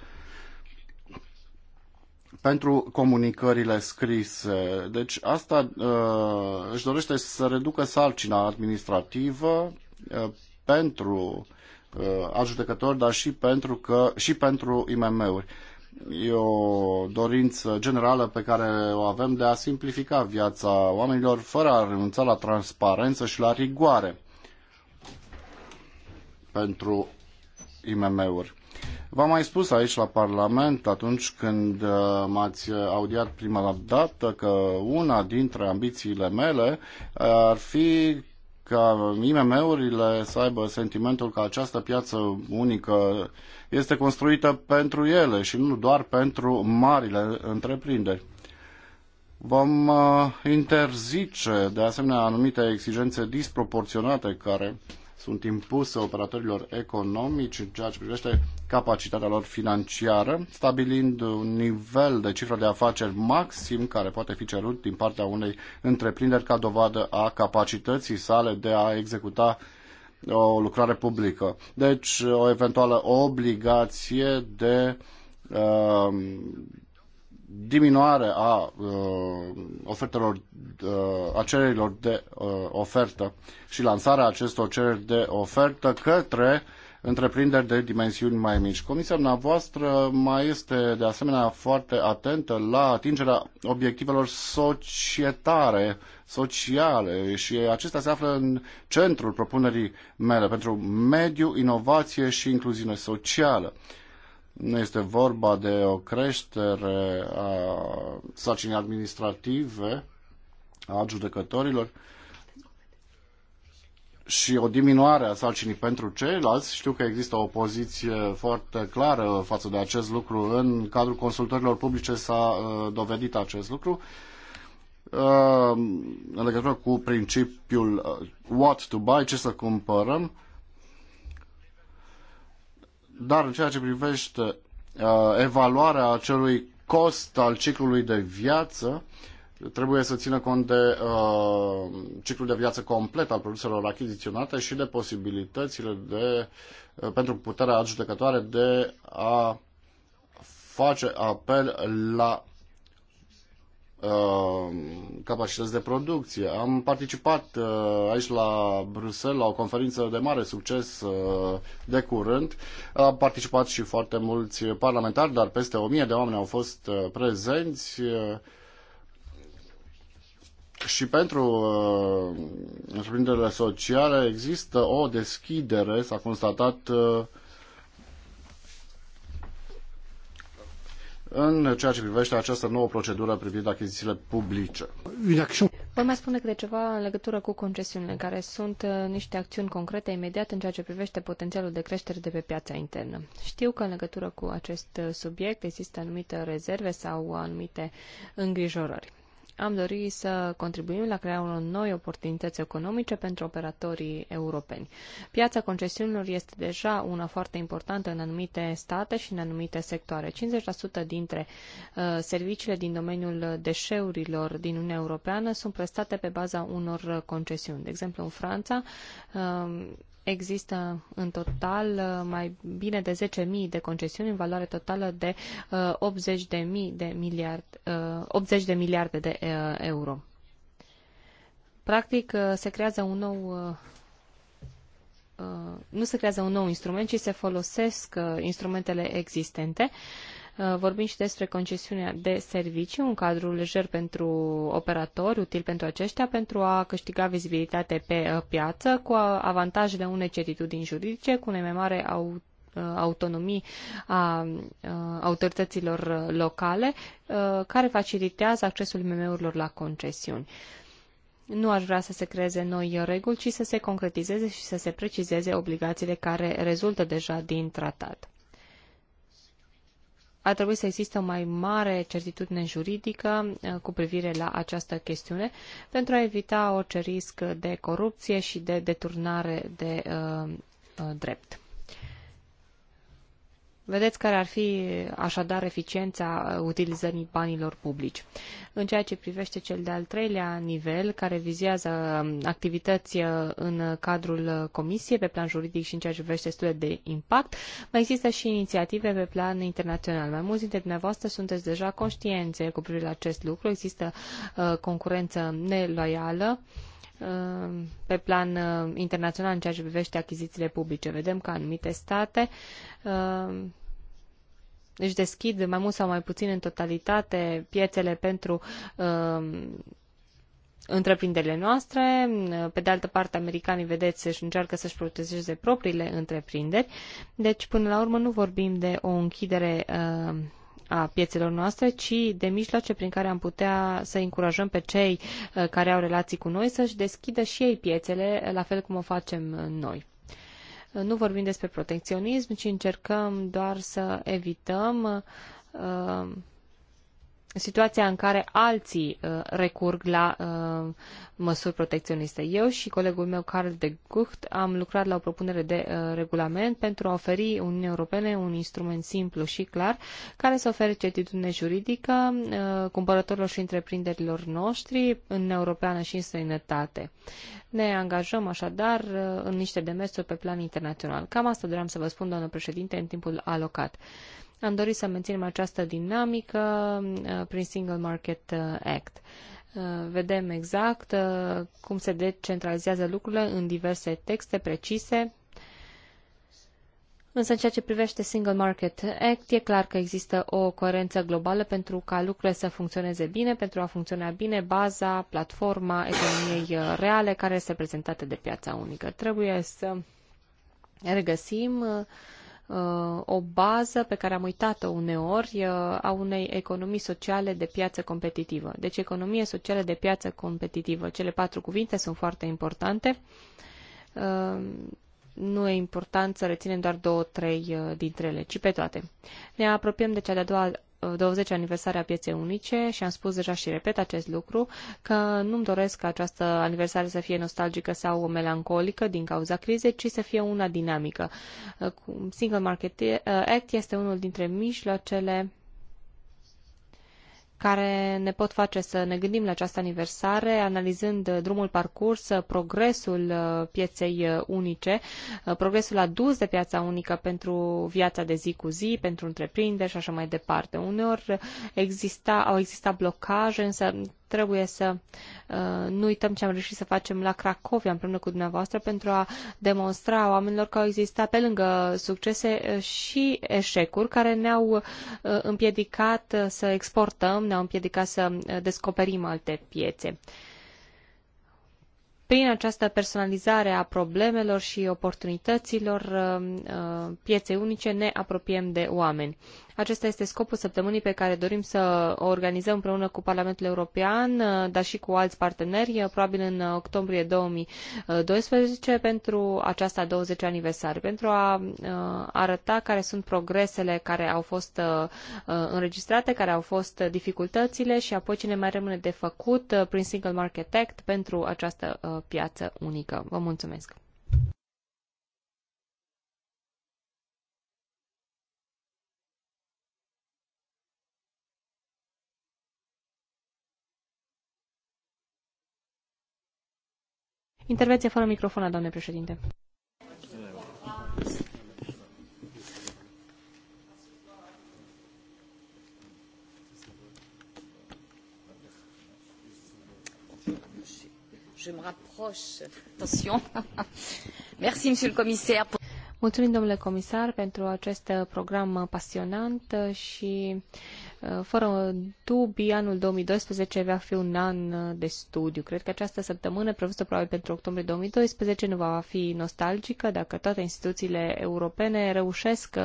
pentru comunicările scrise. Deci asta uh, își dorește să reducă sarcina administrativă uh, pentru uh, adjudecători, dar și pentru, că, și pentru IMM-uri. Uh, E o dorință generală pe care o avem de a simplifica viața oamenilor fără a renunța la transparență și la rigoare pentru IMM-uri. V-am mai spus aici la Parlament atunci când uh, m-ați audiat prima dată că una dintre ambițiile mele uh, ar fi ca IMM-urile să aibă sentimentul că această piață unică este construită pentru ele și nu doar pentru marile întreprinderi. Vom uh, interzice de asemenea anumite exigențe disproporționate care sunt impuse operatorilor economici în ceea ce privește capacitatea lor financiară, stabilind un nivel de cifră de afaceri maxim care poate fi cerut din partea unei întreprinderi ca dovadă a capacității sale de a executa o lucrare publică. Deci, o eventuală obligație de uh, diminuare a uh, ofertelor, uh, a cererilor de uh, ofertă și lansarea acestor cereri de ofertă către întreprinderi de dimensiuni mai mici. Comisia noastră mai este de asemenea foarte atentă la atingerea obiectivelor societare, sociale și acestea se află în centrul propunerii mele pentru mediu, inovație și incluziune socială. Uh, nu este vorba de o creștere a sarcinii administrative a judecătorilor și o diminuare a sarcinii pentru ceilalți. Știu că există o poziție foarte clară față de acest lucru. În cadrul consultărilor publice s-a uh, dovedit acest lucru uh, în legătură cu principiul uh, what to buy, ce să cumpărăm, dar în ceea ce privește uh, evaluarea acelui cost al ciclului de viață, trebuie să țină cont de uh, ciclul de viață complet al produselor achiziționate și de posibilitățile de, uh, pentru puterea adjudecătoare de a face apel la Uh, capacități de producție. Am participat uh, aici la Bruxelles la o conferință de mare succes uh, de curând. Am participat și foarte mulți parlamentari, dar peste o mie de oameni au fost prezenți. Și pentru întreprinderile sociale există o deschidere, s-a constatat în ceea ce privește această nouă procedură privind achizițiile publice. Vă mai spune câte ceva în legătură cu concesiunile, care sunt uh, niște acțiuni concrete imediat în ceea ce privește potențialul de creștere de pe piața internă. Știu că în legătură cu acest uh, subiect există anumite rezerve sau anumite îngrijorări am dori să contribuim la crearea unor noi oportunități economice pentru operatorii europeni. Piața concesiunilor este deja una foarte importantă în anumite state și în anumite sectoare. 50% dintre uh, serviciile din domeniul deșeurilor din Uniunea Europeană sunt prestate pe baza unor concesiuni. De exemplu, în Franța, uh, Există în total uh, mai bine de 10.000 de concesiuni în valoare totală de 80 uh, de, mii de miliard, 80 uh, de miliarde de euro. Practic, se creează un nou nu se creează un nou instrument, ci se folosesc instrumentele existente Uh, vorbim și despre concesiunea de servicii, un cadru lejer pentru operatori, util pentru aceștia, pentru a câștiga vizibilitate pe uh, piață, cu uh, avantajele unei certitudini juridice, cu unei mai mare autonomii a autorităților locale, care facilitează accesul MM-urilor la concesiuni. Nu aș vrea să se creeze noi reguli, ci să se concretizeze și să se precizeze obligațiile care rezultă deja din tratat ar trebui să existe o mai mare certitudine juridică uh, cu privire la această chestiune pentru a evita orice risc de corupție și de deturnare de uh, uh drept. Vedeți care ar fi așadar eficiența uh, utilizării banilor publici. În ceea ce privește cel de-al treilea nivel, care vizează um, activități uh, în cadrul uh, comisiei pe plan juridic și în ceea ce privește studiul de impact, mai există și inițiative pe plan internațional. Mai mulți dintre dumneavoastră sunteți deja conștiențe cu privire la acest lucru. Există uh, concurență neloială pe plan internațional în ceea ce privește achizițiile publice. Vedem că anumite state își deschid mai mult sau mai puțin în totalitate piețele pentru uh, întreprinderile noastre. Pe de altă parte, americanii, vedeți, își încearcă să-și protejeze propriile întreprinderi. Deci, până la urmă, nu vorbim de o închidere uh, a piețelor noastre, ci de mijloace prin care am putea să încurajăm pe cei uh, care au relații cu noi să-și deschidă și ei piețele, la fel cum o facem noi. Nu vorbim despre protecționism, ci încercăm doar să evităm uh, situația în care alții uh, recurg la uh, măsuri protecționiste. Eu și colegul meu, Carl de Gucht, am lucrat la o propunere de uh, regulament pentru a oferi Uniunii Europene un instrument simplu și clar care să ofere certitudine juridică uh, cumpărătorilor și întreprinderilor noștri în europeană și în străinătate. Ne angajăm așadar uh, în niște demersuri pe plan internațional. Cam asta doream să vă spun, doamnă președinte, în timpul alocat. Uh, am dorit să menținem această dinamică uh, prin Single Market uh, Act. Uh, vedem exact cum se decentralizează lucrurile în diverse texte precise. Însă în ceea ce privește Single Market Act, e clar că există o coerență globală pentru ca lucrurile să funcționeze bine, pentru a funcționa bine baza, platforma economiei reale care este prezentată de piața unică. Trebuie să regăsim uh, o bază pe care am uitat-o uneori uh, a unei economii sociale de piață competitivă. Deci economie socială de piață competitivă. Cele patru cuvinte sunt foarte importante. Uh, nu e important să reținem doar două, trei uh, dintre ele, ci pe toate. Ne apropiem de cea de-a doua 20 aniversare a pieței unice și am spus deja și repet acest lucru că nu-mi doresc ca această aniversare să fie nostalgică sau melancolică din cauza crizei, ci să fie una dinamică. Single Market Act este unul dintre mijloacele care ne pot face să ne gândim la această aniversare, analizând drumul parcurs, progresul uh, pieței uh, unice, uh, progresul adus de piața unică pentru viața de zi cu zi, pentru întreprinderi și așa mai departe. Uneori exista, au existat blocaje, însă trebuie să uh, nu uităm ce am reușit să facem la Cracovia împreună cu dumneavoastră pentru a demonstra oamenilor că au existat pe lângă succese uh, și eșecuri care ne-au uh, împiedicat să exportăm, ne-au împiedicat să descoperim alte piețe prin această personalizare a problemelor și oportunităților pieței unice ne apropiem de oameni. Acesta este scopul săptămânii pe care dorim să o organizăm împreună cu Parlamentul European, uh, dar și cu alți parteneri, uh, probabil în octombrie 2012, pentru aceasta 20 aniversare, pentru a uh, arăta care sunt progresele care au fost înregistrate, care au fost dificultățile și apoi ce ne mai rămâne de făcut prin Single Market Act pentru această piață unică. Vă mulțumesc! Intervenție fără microfon, doamne președinte. Je me rapproche. Attention. Merci, monsieur le commissaire. Mulțumim, domnule comisar, pentru acest uh, program pasionant uh, și, uh, fără dubii, anul 2012 va fi un an de studiu. Cred că această săptămână, prevăzută probabil pentru octombrie 2012, nu va fi nostalgică dacă toate instituțiile europene reușesc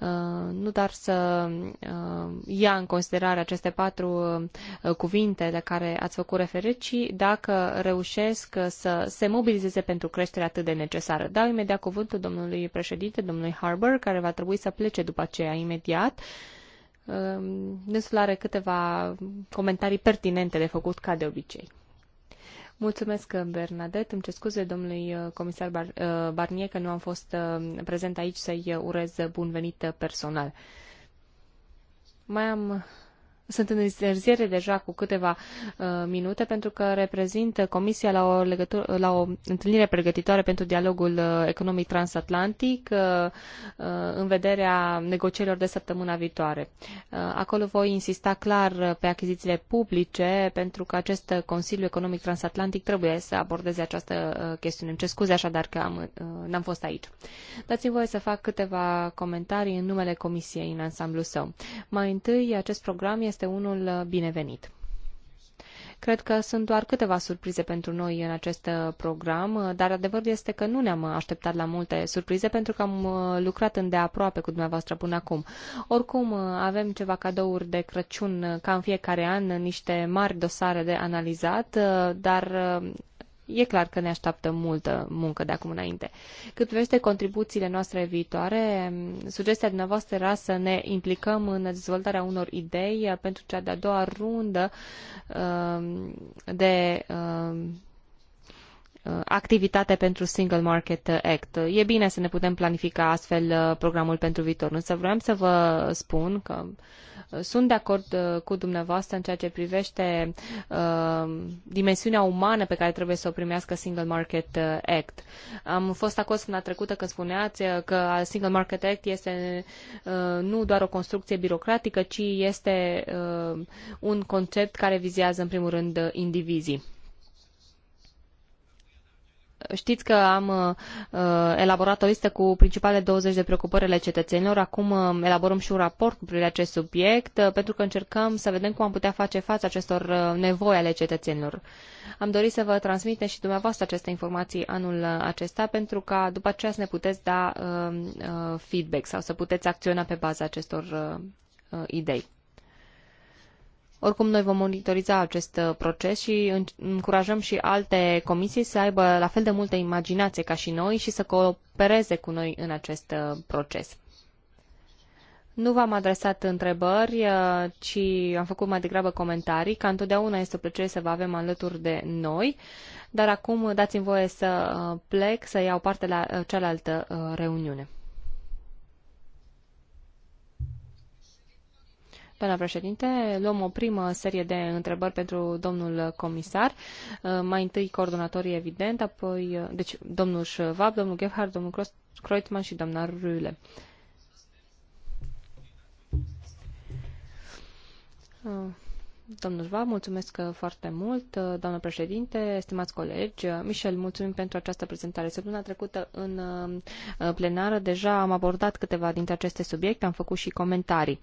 Uh, nu doar să uh, ia în considerare aceste patru uh, cuvinte la care ați făcut referire, ci dacă reușesc să se mobilizeze pentru creșterea atât de necesară. Dau imediat cuvântul domnului președinte, domnului Harbour, care va trebui să plece după aceea imediat. Dânsul are câteva comentarii pertinente de făcut, ca de obicei. Mulțumesc, Bernadette. Îmi cer scuze domnului uh, comisar Bar- uh, Barnier că nu am fost uh, prezent aici să-i urez bun venit personal. Mai am sunt în întârziere deja cu câteva uh, minute pentru că reprezint Comisia la o, legătură, la o întâlnire pregătitoare pentru dialogul uh, economic transatlantic uh, uh, în vederea negocierilor de săptămâna viitoare. Uh, acolo voi insista clar pe achizițiile publice pentru că acest Consiliu Economic Transatlantic trebuie să abordeze această uh, chestiune. Îmi cer scuze așadar că am, uh, n-am fost aici. Dați-mi voie să fac câteva comentarii în numele Comisiei în ansamblu său. Mai întâi, acest program este este unul uh, binevenit. Cred că sunt doar câteva surprize pentru noi în acest uh, program, uh, dar adevărul este că nu ne-am așteptat la multe surprize pentru că am lucrat îndeaproape cu dumneavoastră până acum. Oricum, avem ceva cadouri de Crăciun ca în fiecare an, niște mari dosare de analizat, dar e clar că ne așteaptă multă muncă de acum înainte. Cât privește contribuțiile noastre viitoare, sugestia dumneavoastră era să ne implicăm în dezvoltarea unor idei pentru cea de-a doua rundă uh, de uh, Uh, activitate pentru Single Market Act. E bine să ne putem planifica astfel uh, programul pentru viitor, însă vreau să vă spun că uh, sunt de acord cu dumneavoastră în ceea ce privește uh, dimensiunea umană pe care trebuie să o primească Single Market Act. Am fost acolo săptămâna trecută când spuneați că Single Market Act este uh, nu doar o construcție birocratică, ci este uh, un concept care vizează în primul rând indivizii. Știți că am uh, uh, elaborat o listă cu principalele 20 de preocupări ale cetățenilor. Acum uh, elaborăm și un raport cu privire acest subiect, uh, pentru că încercăm să vedem cum am putea face față acestor uh, nevoi ale cetățenilor. Am dorit să vă transmitem și dumneavoastră aceste informații anul uh, acesta, pentru ca după aceea să ne puteți da uh, uh, feedback sau să puteți acționa pe baza acestor uh, uh, idei. Oricum, noi vom monitoriza acest uh, proces și încurajăm și alte comisii să aibă la fel de multă imaginație ca și noi și să coopereze cu noi în acest uh, proces. Nu v-am adresat întrebări, uh, ci am făcut mai degrabă comentarii. Ca întotdeauna este o plăcere să vă avem alături de noi, dar acum dați-mi voie să plec, să iau parte la cealaltă reuniune. Doamna președinte, luăm o primă serie de întrebări pentru domnul comisar. Uh, mai întâi coordonatorii, evident, apoi uh, deci, domnul Șvab, domnul Gebhardt, domnul Kreutzmann și doamna Rüle. Uh, domnul Șvab, mulțumesc foarte mult, Doamna președinte, stimați colegi. Michel, mulțumim pentru această prezentare. Săptămâna trecută în plenară deja am abordat câteva dintre aceste subiecte, am făcut și comentarii.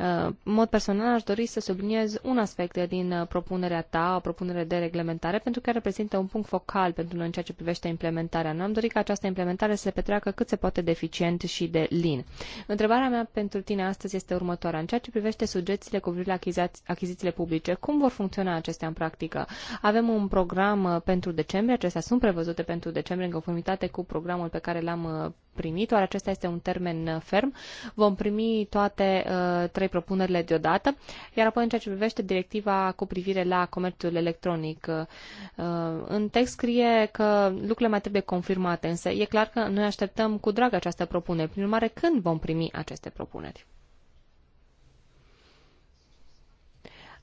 Uh, în mod personal aș dori să subliniez un aspect din uh, propunerea ta, o propunere de reglementare, pentru că reprezintă un punct focal pentru noi în ceea ce privește implementarea. Nu am dorit ca această implementare să se petreacă cât se poate de eficient și de lin. Întrebarea mea pentru tine astăzi este următoarea. În ceea ce privește sugestiile cu privire la achizițiile publice, cum vor funcționa acestea în practică? Avem un program uh, pentru decembrie, acestea sunt prevăzute pentru decembrie în conformitate cu programul pe care l-am primit, oare acesta este un termen uh, ferm. Vom primi toate uh, trei propunerile deodată, iar apoi în ceea ce privește directiva cu privire la comerțul electronic. Uh, uh, în text scrie că lucrurile mai trebuie confirmate, însă e clar că noi așteptăm cu drag această propunere. Prin urmare, când vom primi aceste propuneri?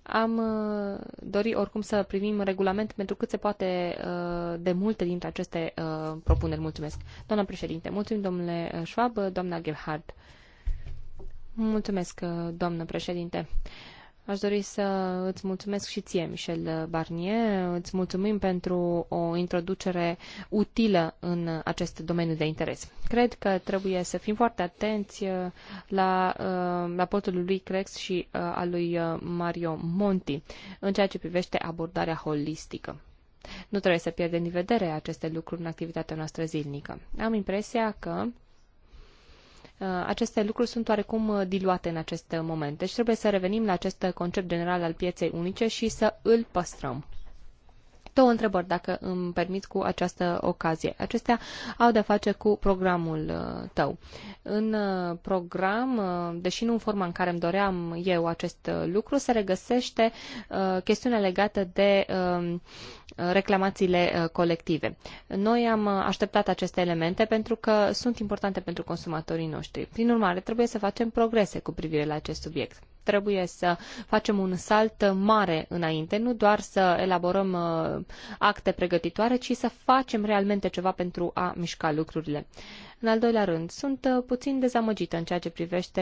Am uh, dori oricum să primim regulament pentru cât se poate uh, de multe dintre aceste uh, propuneri. Mulțumesc. Doamna președinte, mulțumim domnule Schwab, doamna Gerhard. Mulțumesc, doamnă președinte. Aș dori să îți mulțumesc și ție, Michel Barnier. Îți mulțumim pentru o introducere utilă în acest domeniu de interes. Cred că trebuie să fim foarte atenți uh, la raportul uh, lui Crex și uh, al lui Mario Monti în ceea ce privește abordarea holistică. Nu trebuie să pierdem din vedere aceste lucruri în activitatea noastră zilnică. Am impresia că Uh, aceste lucruri sunt oarecum uh, diluate în acest uh, moment. Deci trebuie să revenim la acest concept general al pieței unice și să îl păstrăm două întrebări, dacă îmi permit, cu această ocazie. Acestea au de-a face cu programul uh, tău. În uh, program, uh, deși nu în forma în care îmi doream eu acest lucru, se regăsește chestiunea legată de um, reclamațiile colective. Noi am așteptat aceste elemente pentru că sunt importante pentru consumatorii noștri. Prin urmare, trebuie să facem progrese cu privire la acest subiect trebuie să facem un salt mare înainte, nu doar să elaborăm uh, acte pregătitoare, ci să facem realmente ceva pentru a mișca lucrurile. În al doilea rând, sunt uh, puțin dezamăgită în ceea ce privește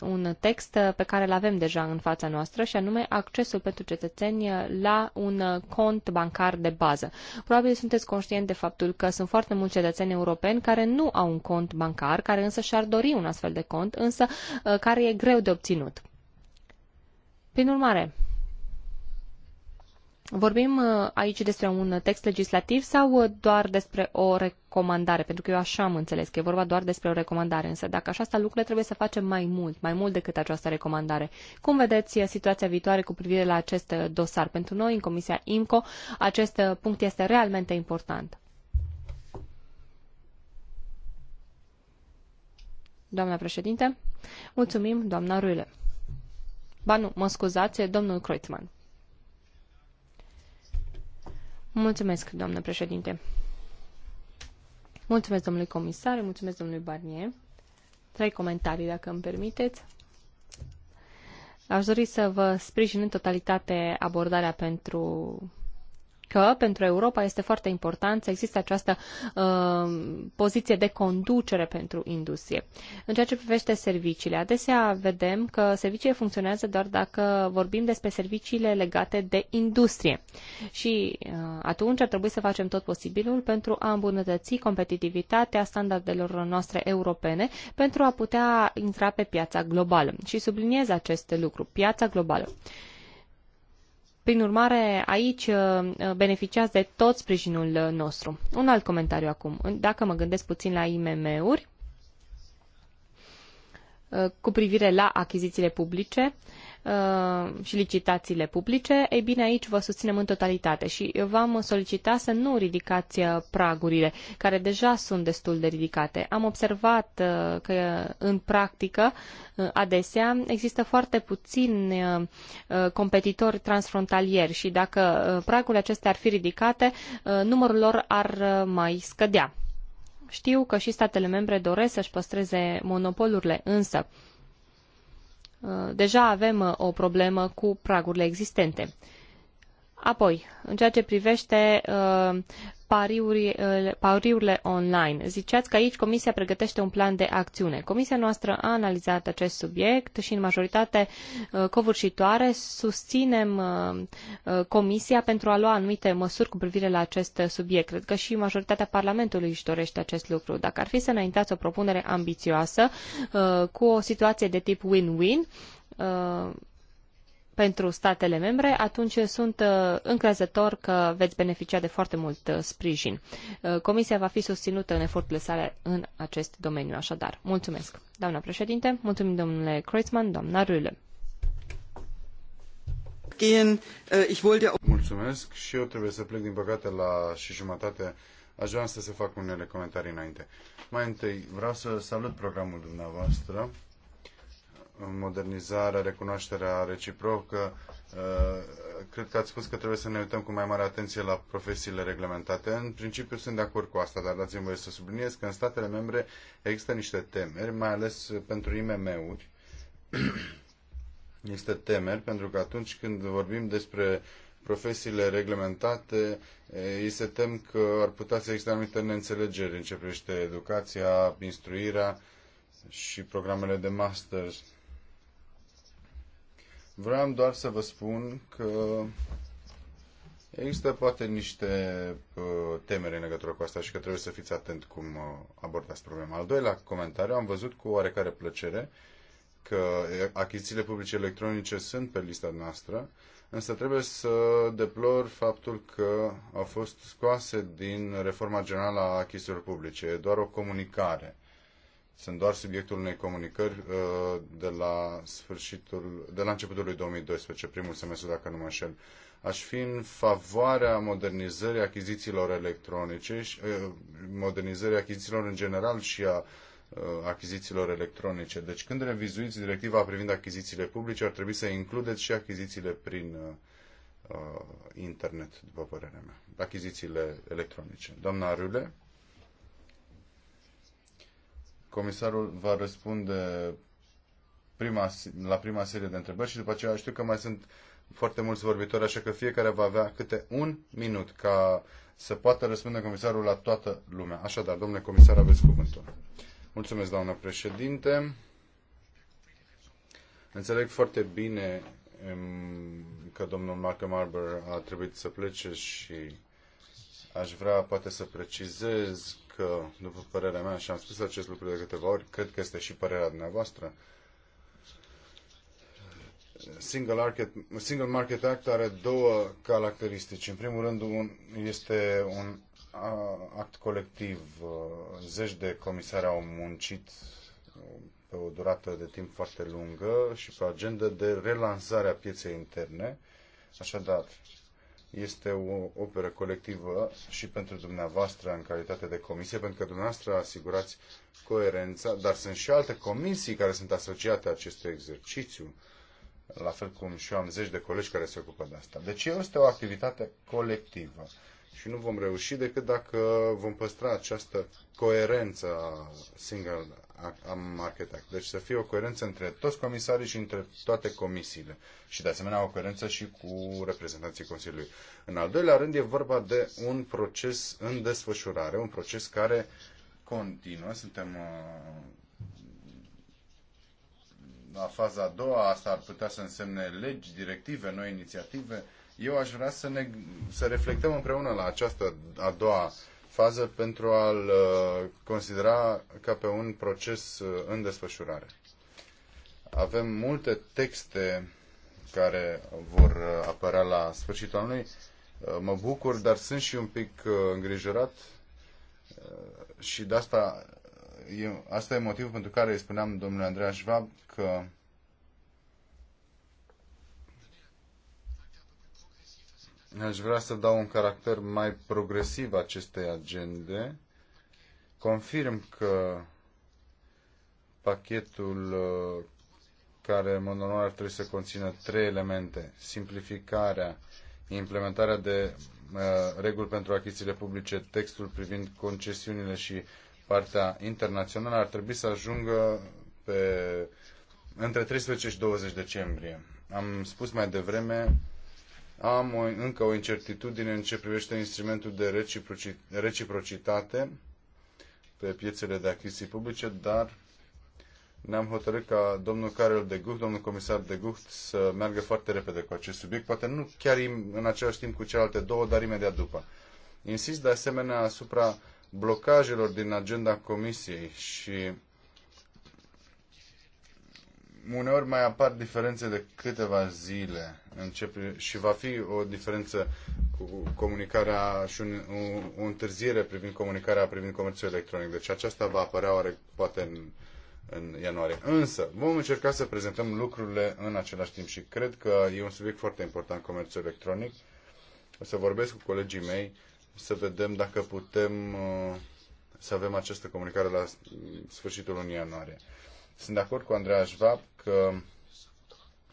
um, un text uh, pe care îl avem deja în fața noastră și anume accesul pentru cetățeni la un cont bancar de bază. Probabil sunteți conștient de faptul că sunt foarte mulți cetățeni europeni care nu au un cont bancar, care însă și-ar dori un astfel de cont, însă care e greu de obținut. Prin urmare, vorbim uh, aici despre un text legislativ sau uh, doar despre o recomandare? Pentru că eu așa am înțeles că e vorba doar despre o recomandare, însă dacă așa stau lucrurile, trebuie să facem mai mult, mai mult decât această recomandare. Cum vedeți uh, situația viitoare cu privire la acest dosar? Pentru noi, în Comisia IMCO, acest punct este realmente important. Doamna președinte, mulțumim, doamna Ruile. Ba nu, mă scuzați, domnul Kreutzmann. Mulțumesc, doamnă președinte. Mulțumesc, domnului comisar, mulțumesc, domnului Barnier. Trei comentarii, dacă îmi permiteți. Aș dori să vă sprijin în totalitate abordarea pentru că pentru Europa este foarte important să existe această uh, poziție de conducere pentru industrie. În ceea ce privește serviciile, adesea vedem că serviciile funcționează doar dacă vorbim despre serviciile legate de industrie. Și uh, atunci ar trebui să facem tot posibilul pentru a îmbunătăți competitivitatea standardelor noastre europene pentru a putea intra pe piața globală. Și subliniez acest lucru, piața globală. Prin urmare, aici uh, uh, beneficiați de tot sprijinul uh, nostru. Un alt comentariu acum. Dacă mă gândesc puțin la IMM-uri, cu privire la achizițiile publice, Uh, și licitațiile publice, ei bine, aici vă susținem în totalitate și v-am solicita să nu ridicați uh, pragurile, care deja sunt destul de ridicate. Am observat uh, că în practică, adesea, există foarte puțini competitori transfrontalieri și dacă pragurile acestea ar fi ridicate, numărul lor ar mai scădea. Știu că și statele membre doresc să-și păstreze monopolurile, însă Uh, deja avem uh, o problemă cu pragurile existente. Apoi, în ceea ce privește uh, pariurile, eh, pariurile online. Ziceați că aici Comisia pregătește un plan de acțiune. Comisia noastră a analizat acest subiect și în majoritate eh, covârșitoare susținem eh, Comisia pentru a lua anumite măsuri cu privire la acest subiect. Cred că și majoritatea Parlamentului își dorește acest lucru. Dacă ar fi să înaintați o propunere ambițioasă cu o situație de tip win-win, pentru statele membre, atunci sunt uh, încrezător că veți beneficia de foarte mult uh, sprijin. Uh, Comisia va fi susținută în eforturile sale în acest domeniu, așadar. Mulțumesc, doamna președinte, mulțumim domnule Kreutzmann, doamna Rühle. Mulțumesc și eu trebuie să plec din păcate la și jumătate. Aș vrea să se fac unele comentarii înainte. Mai întâi, vreau să salut programul dumneavoastră modernizarea, recunoașterea reciprocă. Uh, cred că ați spus că trebuie să ne uităm cu mai mare atenție la profesiile reglementate. În principiu sunt de acord cu asta, dar dați-mi voie să subliniez că în statele membre există niște temeri, mai ales pentru IMM-uri. Niște temeri pentru că atunci când vorbim despre profesiile reglementate, ei se tem că ar putea să existe anumite neînțelegeri în ce privește educația, instruirea și programele de master. Vreau doar să vă spun că există poate niște uh, temere în legătură cu asta și că trebuie să fiți atent cum uh, abordați problema. Al doilea comentariu, am văzut cu oarecare plăcere că achizițiile publice electronice sunt pe lista noastră, însă trebuie să deplor faptul că au fost scoase din reforma generală a achizițiilor publice. E doar o comunicare sunt doar subiectul unei comunicări uh, de la, sfârșitul, de la începutul lui 2012, primul semestru, dacă nu mă înșel. Aș fi în favoarea modernizării achizițiilor electronice, uh, modernizării achizițiilor în general și a uh, achizițiilor electronice. Deci când revizuiți directiva privind achizițiile publice, ar trebui să includeți și achizițiile prin uh, internet, după părerea mea. Achizițiile electronice. Doamna Rule? comisarul va răspunde prima, la prima serie de întrebări și după aceea știu că mai sunt foarte mulți vorbitori, așa că fiecare va avea câte un minut ca să poată răspunde comisarul la toată lumea. Așadar, domnule comisar, aveți cuvântul. Mulțumesc, doamnă președinte. Înțeleg foarte bine că domnul Mark Marber a trebuit să plece și aș vrea poate să precizez că, după părerea mea, și am spus acest lucru de câteva ori, cred că este și părerea dumneavoastră, Single Market, Single Market Act are două caracteristici. În primul rând, un, este un act colectiv. Zeci de comisari au muncit uh, pe o durată de timp foarte lungă și pe o agenda de relansare a pieței interne. Așadar, este o operă colectivă și pentru dumneavoastră în calitate de comisie, pentru că dumneavoastră asigurați coerența, dar sunt și alte comisii care sunt asociate acestui exercițiu, la fel cum și eu am zeci de colegi care se ocupă de asta. Deci este o activitate colectivă și nu vom reuși decât dacă vom păstra această coerență a Single a Market Act. Deci să fie o coerență între toți comisarii și între toate comisiile. Și de asemenea o coerență și cu reprezentanții Consiliului. În al doilea rând e vorba de un proces în desfășurare, un proces care continuă. Suntem uh, la faza a doua, asta ar putea să însemne legi, directive, noi inițiative, eu aș vrea să, ne, să reflectăm împreună la această a doua fază pentru a-l uh, considera ca pe un proces uh, în desfășurare. Avem multe texte care vor uh, apărea la sfârșitul anului. Mă bucur, dar sunt și un pic îngrijorat și de asta e, asta e motivul pentru care îi spuneam domnului Andreea Schwab că Aș vrea să dau un caracter mai progresiv acestei agende. Confirm că pachetul uh, care, în mod normal, ar trebui să conțină trei elemente. Simplificarea, implementarea de uh, reguli pentru achizițiile publice, textul privind concesiunile și partea internațională ar trebui să ajungă pe, între 13 și 20 decembrie. Am spus mai devreme am o, încă o incertitudine în ce privește instrumentul de reciprocitate pe piețele de achiziții publice, dar ne-am hotărât ca domnul Karel de Gucht, domnul comisar de Gucht, să meargă foarte repede cu acest subiect, poate nu chiar în același timp cu celelalte două, dar imediat după. Insist de asemenea asupra blocajelor din agenda Comisiei și uneori mai apar diferențe de câteva zile începe, și va fi o diferență cu comunicarea și un, o, o întârziere privind comunicarea privind comerțul electronic. Deci aceasta va apărea oare poate în, în ianuarie. Însă vom încerca să prezentăm lucrurile în același timp și cred că e un subiect foarte important comerțul electronic. O să vorbesc cu colegii mei să vedem dacă putem uh, să avem această comunicare la sfârșitul lunii ianuarie. Sunt de acord cu Andreea Schwab că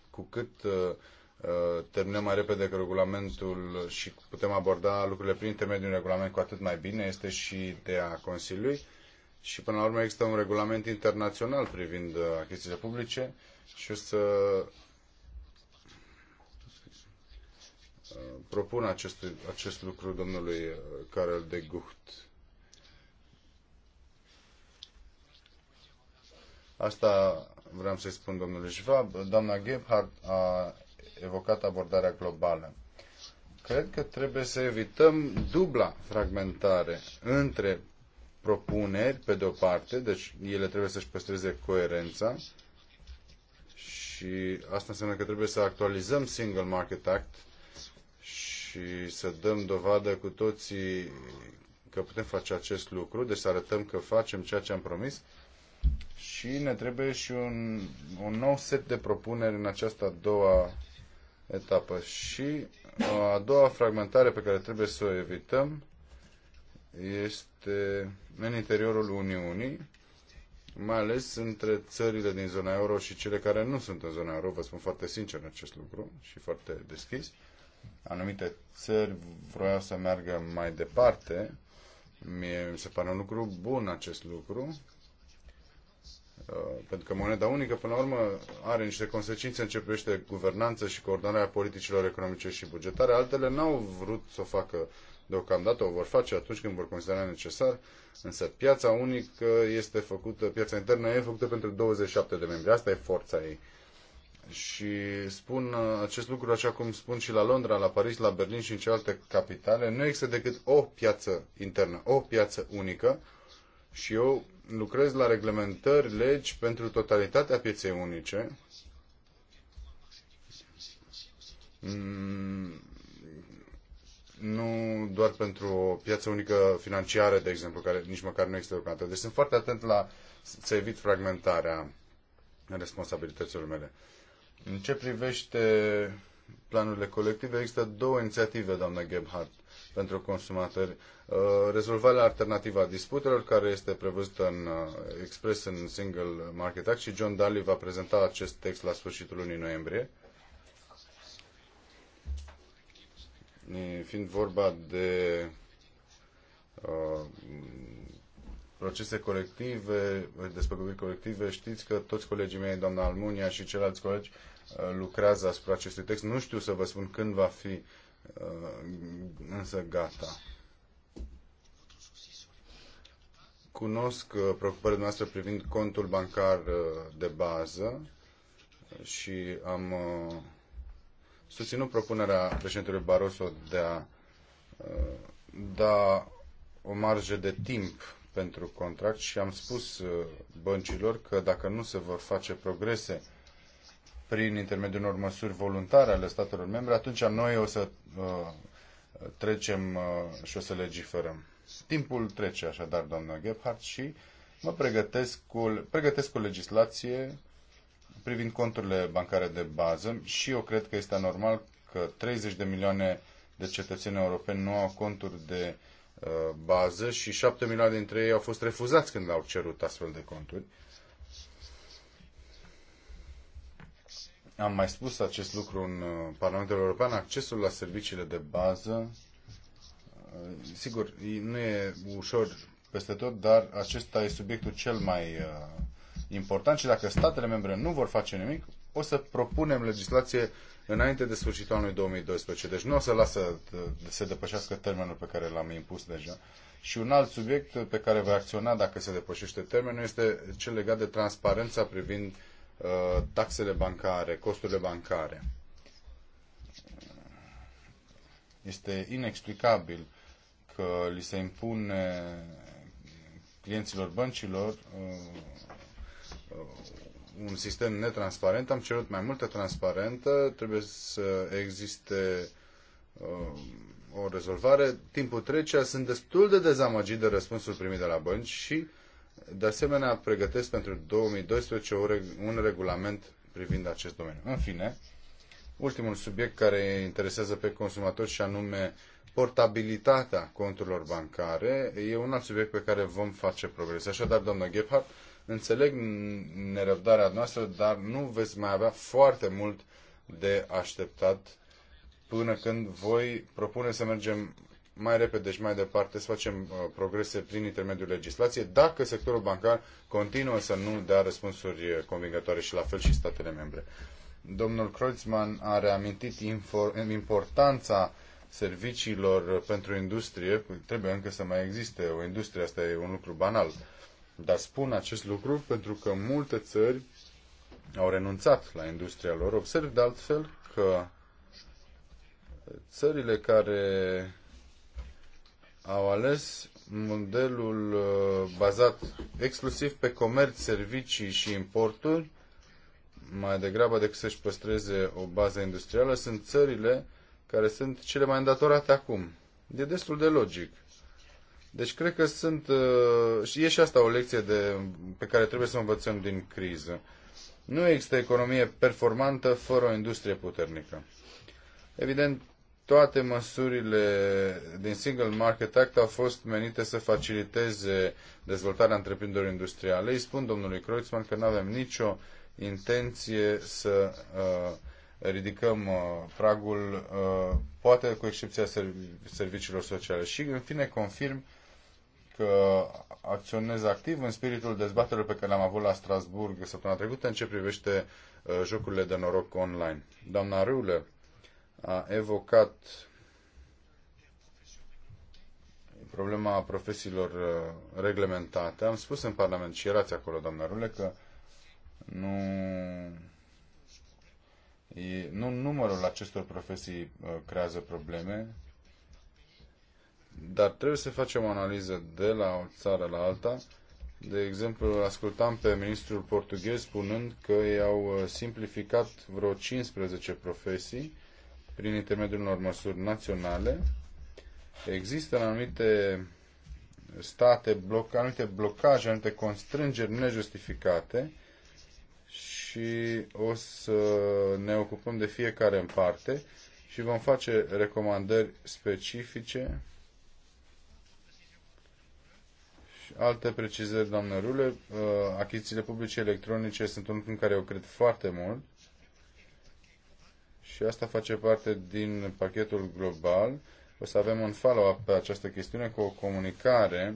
cu cât uh, uh, terminăm mai repede că regulamentul și putem aborda lucrurile prin intermediul regulament cu atât mai bine, este și ideea Consiliului și până la urmă există un regulament internațional privind uh, achizițiile publice și o să propun acest, acest lucru domnului Karel de Gucht. Asta vreau să-i spun domnului Schwab. Doamna Gebhardt a evocat abordarea globală. Cred că trebuie să evităm dubla fragmentare între propuneri, pe de o parte, deci ele trebuie să-și păstreze coerența și asta înseamnă că trebuie să actualizăm Single Market Act și să dăm dovadă cu toții că putem face acest lucru, deci să arătăm că facem ceea ce am promis, și ne trebuie și un, un nou set de propuneri în această a doua etapă. Și uh, a doua fragmentare pe care trebuie să o evităm este în interiorul Uniunii, mai ales între țările din zona euro și cele care nu sunt în zona euro, vă spun foarte sincer acest lucru și foarte deschis. Anumite țări vroiau să meargă mai departe. Mie mi se pare un lucru bun acest lucru, Uh, pentru că moneda unică, până la urmă, are niște consecințe în ce privește guvernanță și coordonarea politicilor economice și bugetare. Altele n-au vrut să o facă deocamdată, o vor face atunci când vor considera necesar, însă piața unică este făcută, piața internă e făcută pentru 27 de membri. Asta e forța ei. Și spun uh, acest lucru așa cum spun și la Londra, la Paris, la Berlin și în celelalte capitale. Nu există decât o piață internă, o piață unică și eu lucrez la reglementări, legi pentru totalitatea pieței unice. Mm, nu doar pentru o piață unică financiară, de exemplu, care nici măcar nu există deocamdată. Deci sunt foarte atent la să evit fragmentarea responsabilităților mele. În ce privește planurile colective, există două inițiative, doamna Gebhardt pentru consumatori, uh, rezolvarea alternativă a disputelor, care este prevăzută în uh, expres în Single Market Act și John Daly va prezenta acest text la sfârșitul lunii noiembrie. Fiind vorba de uh, procese colective, despăgubiri colective, știți că toți colegii mei, doamna Almunia și ceilalți colegi, lucrează asupra acestui text. Nu știu să vă spun când va fi Uh, însă gata. Cunosc uh, preocupările noastre privind contul bancar uh, de bază și am susținut propunerea președintelui Barroso de a da o marjă de timp pentru contract și am spus băncilor că dacă nu se vor face progrese prin intermediul unor măsuri voluntare ale statelor membre, atunci noi o să uh, trecem uh, și o să legiferăm. Timpul trece așadar, doamna Gebhardt, și mă pregătesc cu, pregătesc cu legislație privind conturile bancare de bază și eu cred că este normal că 30 de milioane de cetățeni europeni nu au conturi de uh, bază și 7 milioane dintre ei au fost refuzați când au cerut astfel de conturi. Uh, Am mai spus acest lucru în uh, Parlamentul European, accesul la serviciile de bază, uh, sigur, nu e ușor peste tot, dar acesta e subiectul cel mai uh, important și dacă statele membre nu vor face nimic, o să propunem legislație înainte de sfârșitul anului 2012. Deci nu o să lasă să se depășească termenul pe care l-am impus deja. Și un alt subiect pe care va acționa dacă se depășește termenul este cel legat de transparența privind Uh, taxele bancare, costurile bancare. Este inexplicabil că li se impune clienților băncilor uh, uh, un sistem netransparent. Am cerut mai multă transparentă, trebuie să existe o rezolvare. Timpul trece, sunt destul de dezamăgit de răspunsul primit de la bănci și uh, de asemenea, pregătesc pentru 2012 un regulament privind acest domeniu. În fine, ultimul subiect care interesează pe consumatori și anume portabilitatea conturilor bancare e un alt subiect pe care vom face progrese. Așadar, doamnă Gebhardt, înțeleg nerăbdarea noastră, dar nu veți mai avea foarte mult de așteptat până când voi propune să mergem mai repede și mai departe să facem uh, progrese prin intermediul legislației dacă sectorul bancar continuă să nu dea răspunsuri uh, convingătoare și la fel și statele membre. Domnul Kreutzmann a reamintit importanța serviciilor uh, pentru industrie. Trebuie încă să mai existe o industrie, asta e un lucru banal. Dar spun acest lucru pentru că multe țări au renunțat la industria lor. Observ de altfel că țările care au ales modelul uh, bazat exclusiv pe comerț, servicii și importuri, mai degrabă decât să-și păstreze o bază industrială, sunt țările care sunt cele mai îndatorate acum. E destul de logic. Deci cred că sunt, uh, și e și asta o lecție de, pe care trebuie să o învățăm din criză. Nu există economie performantă fără o industrie puternică. Evident, toate măsurile din Single Market Act au fost menite să faciliteze dezvoltarea întreprinderilor industriale. Îi spun domnului Kreutzmann că nu avem nicio intenție să uh, ridicăm uh, pragul, uh, poate cu excepția serviciilor sociale. Și, în fine, confirm că acționez activ în spiritul dezbaterilor pe care le-am avut la Strasburg săptămâna trecută în ce privește uh, jocurile de noroc online. Doamna Râule, a evocat problema profesiilor uh, reglementate. Am spus în Parlament și erați acolo, doamna Rule, că nu, nu numărul acestor profesii uh, creează probleme, dar trebuie să facem o analiză de la o țară la alta. De exemplu, ascultam pe ministrul portughez spunând că ei au uh, simplificat vreo 15 profesii prin intermediul unor măsuri naționale. Există în anumite state bloc, anumite blocaje, anumite constrângeri nejustificate și o să ne ocupăm de fiecare în parte și vom face recomandări specifice și alte precizări, doamnă Rule. Uh, achizițiile publice electronice sunt un lucru în care eu cred foarte mult și asta face parte din pachetul global. O să avem un follow-up pe această chestiune cu o comunicare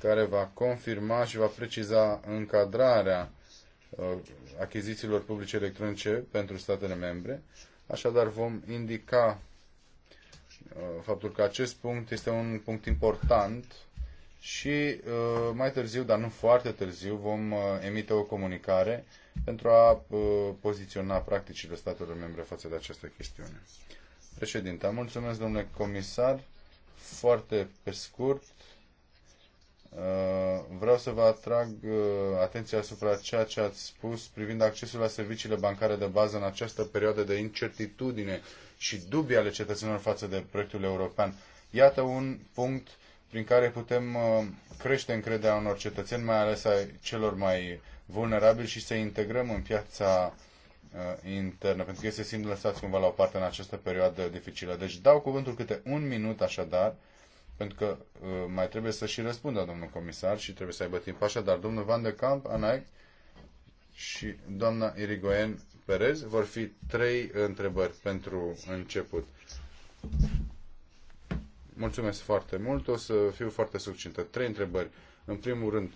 care va confirma și va preciza încadrarea uh, achizițiilor publice electronice pentru statele membre. Așadar vom indica uh, faptul că acest punct este un punct important și uh, mai târziu, dar nu foarte târziu, vom emite o comunicare pentru a uh, poziționa practicile statelor membre față de această chestiune. Președinte, mulțumesc, domnule comisar. Foarte pe scurt, uh, vreau să vă atrag uh, atenția asupra ceea ce ați spus privind accesul la serviciile bancare de bază în această perioadă de incertitudine și dubii ale cetățenilor față de proiectul european. Iată un punct prin care putem crește încrederea unor cetățeni, mai ales a celor mai vulnerabili și să integrăm în piața uh, internă, pentru că se simt lăsați cumva la o parte în această perioadă dificilă. Deci dau cuvântul câte un minut așadar, pentru că uh, mai trebuie să și răspundă domnul comisar și trebuie să aibă timp așa, dar domnul Van de Camp, Anaic și doamna Irigoen Perez vor fi trei întrebări pentru început. Mulțumesc foarte mult, o să fiu foarte succintă. Trei întrebări. În primul rând,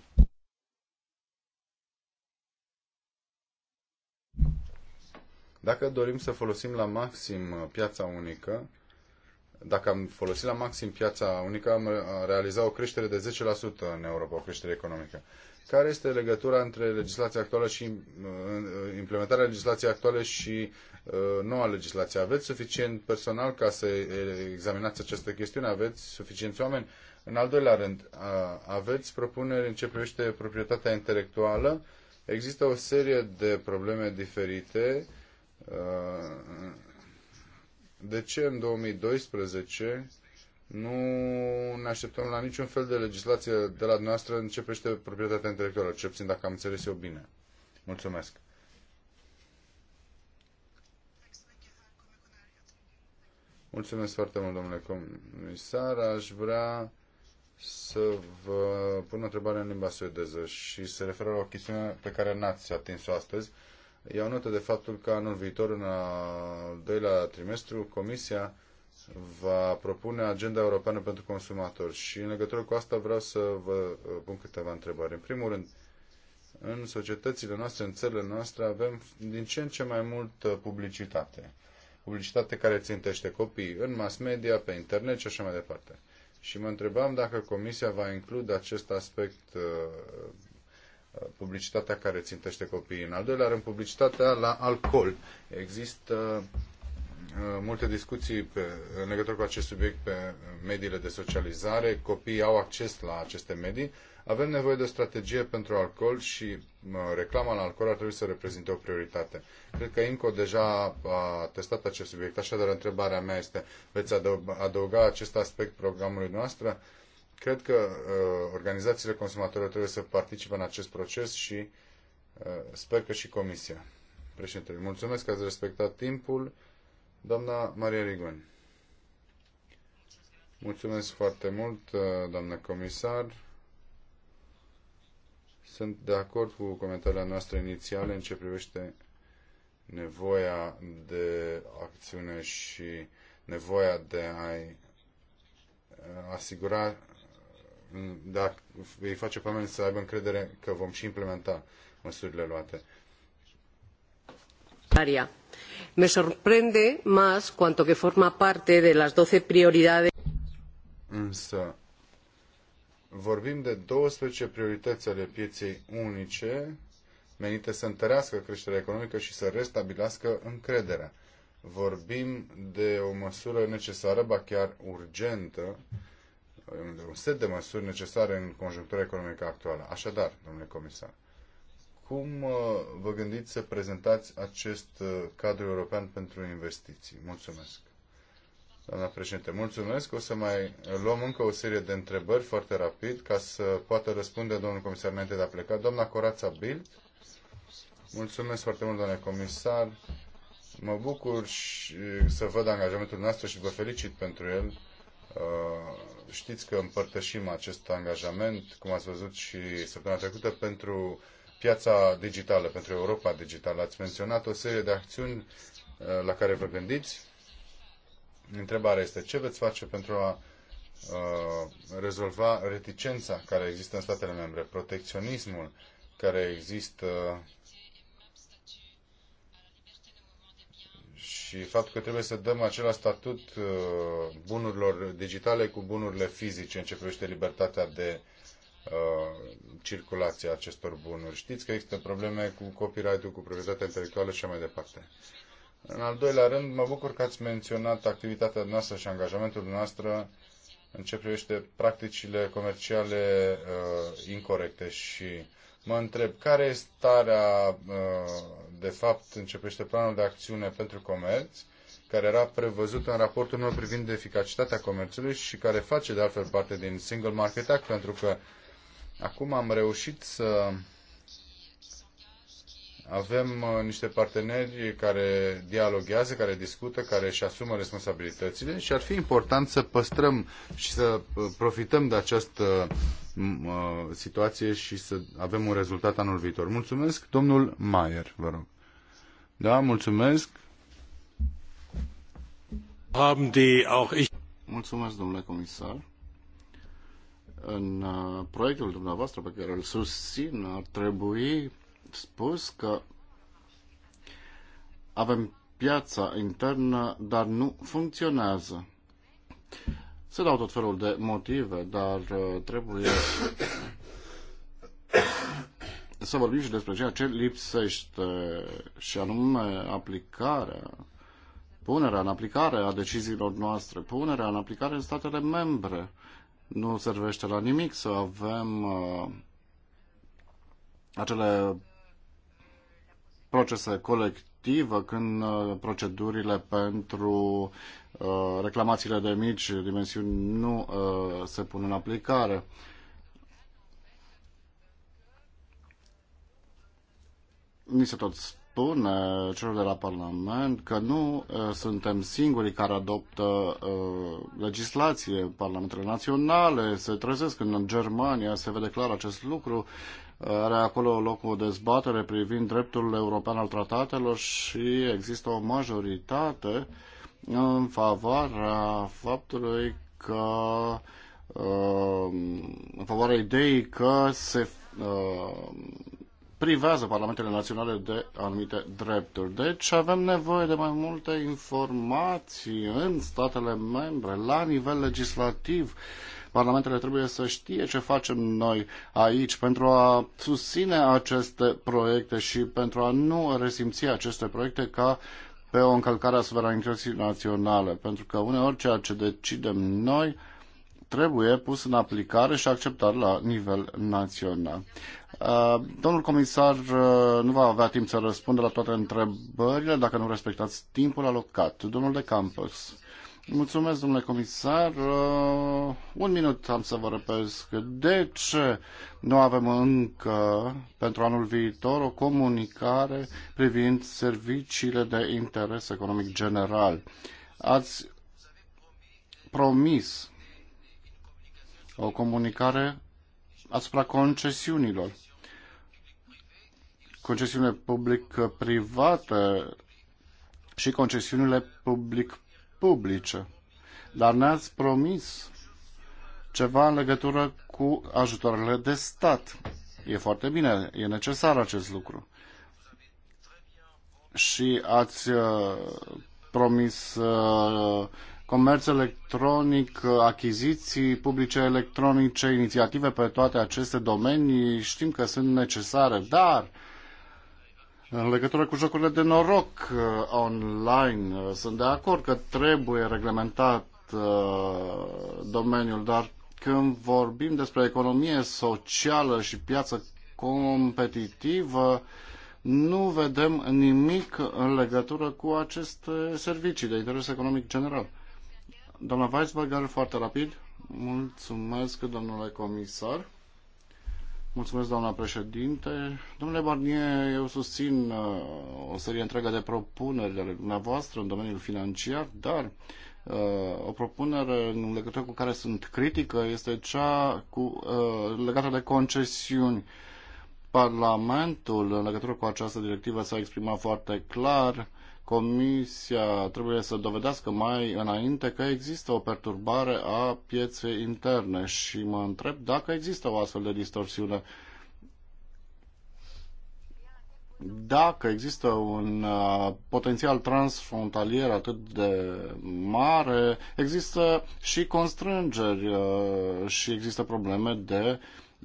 Dacă dorim să folosim la maxim uh, piața unică, dacă am folosit la maxim piața unică, am uh, realizat o creștere de 10% în Europa, o creștere economică. Care este legătura între legislația actuală și uh, implementarea legislației actuale și noua legislație? Aveți suficient personal ca să examinați această chestiune? Aveți suficienți oameni? În al doilea rând, aveți propuneri în ce privește proprietatea intelectuală? Există o serie de probleme diferite Uh, de ce în 2012 nu ne așteptăm la niciun fel de legislație de la noastră în ce privește proprietatea intelectuală, cel puțin dacă am înțeles eu bine. Mulțumesc. Mulțumesc foarte mult, domnule comisar. Aș vrea să vă pun o întrebare în limba suedeză și se referă la o chestiune pe care n-ați atins-o astăzi. Iau notă de faptul că anul viitor, în al doilea trimestru, Comisia va propune agenda europeană pentru consumatori și în legătură cu asta vreau să vă uh, pun câteva întrebări. În primul rând, în societățile noastre, în țările noastre, avem din ce în ce mai mult uh, publicitate. Publicitate care țintește copii în mass media, pe internet și așa mai departe. Și mă întrebam dacă Comisia va include acest aspect uh, publicitatea care țintește copiii. În al doilea rând, publicitatea la alcool. Există uh, multe discuții pe, în legătură cu acest subiect pe mediile de socializare. Copiii au acces la aceste medii. Avem nevoie de o strategie pentru alcool și uh, reclama la alcool ar trebui să reprezinte o prioritate. Cred că INCO deja a testat acest subiect, așadar întrebarea mea este, veți adăuga acest aspect programului noastră? Uh, Cred că uh, organizațiile consumatorilor trebuie să participe în acest proces și uh, sper că și Comisia. Președintele, mulțumesc că ați respectat timpul. Doamna Maria Rigon. Mulțumesc foarte mult, uh, doamnă comisar. Sunt de acord cu comentariile noastre inițiale în ce privește nevoia de acțiune și nevoia de a uh, asigura dacă îi face pe oameni să aibă încredere că vom și implementa măsurile luate. Aria. Me sorprende más cuanto que forma parte de las 12 prioridades. Însă, vorbim de 12 priorități ale pieței unice menite să întărească creșterea economică și să restabilească încrederea. Vorbim de o măsură necesară, ba chiar urgentă, de un set de măsuri necesare în conjunctura economică actuală. Așadar, domnule comisar, cum uh, vă gândiți să prezentați acest uh, cadru european pentru investiții? Mulțumesc. Doamna președinte, mulțumesc. O să mai luăm încă o serie de întrebări foarte rapid ca să poată răspunde domnul comisar înainte de a pleca. Doamna Corața Bild, mulțumesc foarte mult, domnule comisar. Mă bucur și să văd angajamentul nostru și vă felicit pentru el. Uh, știți că împărtășim acest angajament, cum ați văzut și săptămâna trecută, pentru piața digitală, pentru Europa digitală. Ați menționat o serie de acțiuni uh, la care vă gândiți. Întrebarea este ce veți face pentru a uh, rezolva reticența care există în statele membre, protecționismul care există și faptul că trebuie să dăm același statut uh, bunurilor digitale cu bunurile fizice în ce privește libertatea de uh, circulație a acestor bunuri. Știți că există probleme cu copyright-ul, cu proprietatea intelectuală și așa mai departe. În al doilea rând, mă bucur că ați menționat activitatea noastră și angajamentul noastră în ce privește practicile comerciale uh, incorrecte și Mă întreb care este starea, uh, de fapt, începește planul de acțiune pentru comerț, care era prevăzut în raportul meu privind eficacitatea comerțului și care face de altfel parte din Single Market Act, pentru că acum am reușit să avem uh, niște parteneri care dialoguează, care discută, care își asumă responsabilitățile și ar fi important să păstrăm și să uh, profităm de această uh, situație și să avem un rezultat anul viitor. Mulțumesc, domnul Maier, vă rog. Da, mulțumesc. Mulțumesc, domnule comisar. În proiectul dumneavoastră pe care îl susțin ar trebui spus că avem piața internă, dar nu funcționează. Se dau tot felul de motive, dar uh, trebuie să vorbim și despre ceea ce lipsește și anume aplicarea, punerea în aplicare a deciziilor noastre, punerea în aplicare în statele membre. Nu servește la nimic să avem uh, acele procese colectivă, când uh, procedurile pentru uh, reclamațiile de mici dimensiuni nu uh, se pun în aplicare. Ni se tot spune celor de la Parlament că nu suntem singurii care adoptă legislație. Parlamentele naționale se trezesc în Germania, se vede clar acest lucru are acolo loc o dezbatere privind dreptul european al tratatelor și există o majoritate în favoarea faptului că uh, în favoarea ideii că se uh, privează Parlamentele Naționale de anumite drepturi. Deci avem nevoie de mai multe informații în statele membre, la nivel legislativ, uh, Parlamentele trebuie să știe ce facem noi aici pentru a susține aceste proiecte și pentru a nu resimți aceste proiecte ca pe o încălcare a suveranității naționale, pentru că uneori ceea ce decidem noi trebuie pus în aplicare și acceptat la nivel național. Uh, domnul comisar uh, nu va avea timp să răspundă la toate întrebările dacă nu respectați timpul alocat. Domnul de Campos. Mulțumesc, domnule comisar. Uh, un minut am să vă răpesc. De ce nu avem încă, pentru anul viitor, o comunicare privind serviciile de interes economic general? Ați promis o comunicare asupra concesiunilor. Concesiunile public-private și concesiunile public publice. Dar ne-ați promis ceva în legătură cu ajutoarele de stat. E foarte bine, e necesar acest lucru. Și ați uh, promis uh, comerț electronic, achiziții publice electronice, inițiative pe toate aceste domenii, știm că sunt necesare, dar uh, în legătură cu jocurile de noroc uh, online, uh, sunt de acord că trebuie reglementat uh, domeniul, dar când vorbim despre economie socială și piață competitivă, nu vedem nimic în legătură cu aceste servicii de interes economic general. Doamna Weisberger, foarte rapid. Mulțumesc, domnule comisar. Mulțumesc, doamna președinte. Domnule Barnier, eu susțin uh, o serie întreagă de propuneri ale dumneavoastră în domeniul financiar, dar uh, o propunere în legătură cu care sunt critică este cea cu, uh, legată de concesiuni. Parlamentul, în legătură cu această directivă, s-a exprimat foarte clar Comisia trebuie să dovedească mai înainte că există o perturbare a pieței interne și mă întreb dacă există o astfel de distorsiune. Dacă există un uh, potențial transfrontalier atât de mare, există și constrângeri uh, și există probleme de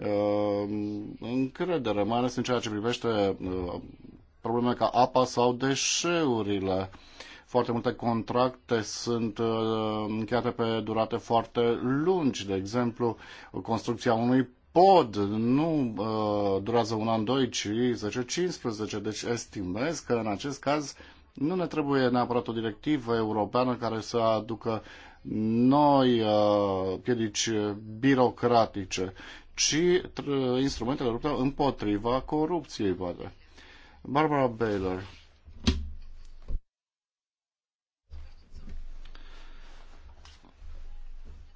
uh, încredere, mai ales în ceea ce privește probleme ca apa sau deșeurile. Foarte multe contracte sunt uh, încheiate pe durate foarte lungi. De exemplu, construcția unui pod nu uh, durează un an, doi, ci 10-15. Deci estimez că în acest caz nu ne trebuie neapărat o directivă europeană care să aducă noi uh, piedici birocratice, ci instrumentele luptă împotriva corupției, poate. Barbara Baylor.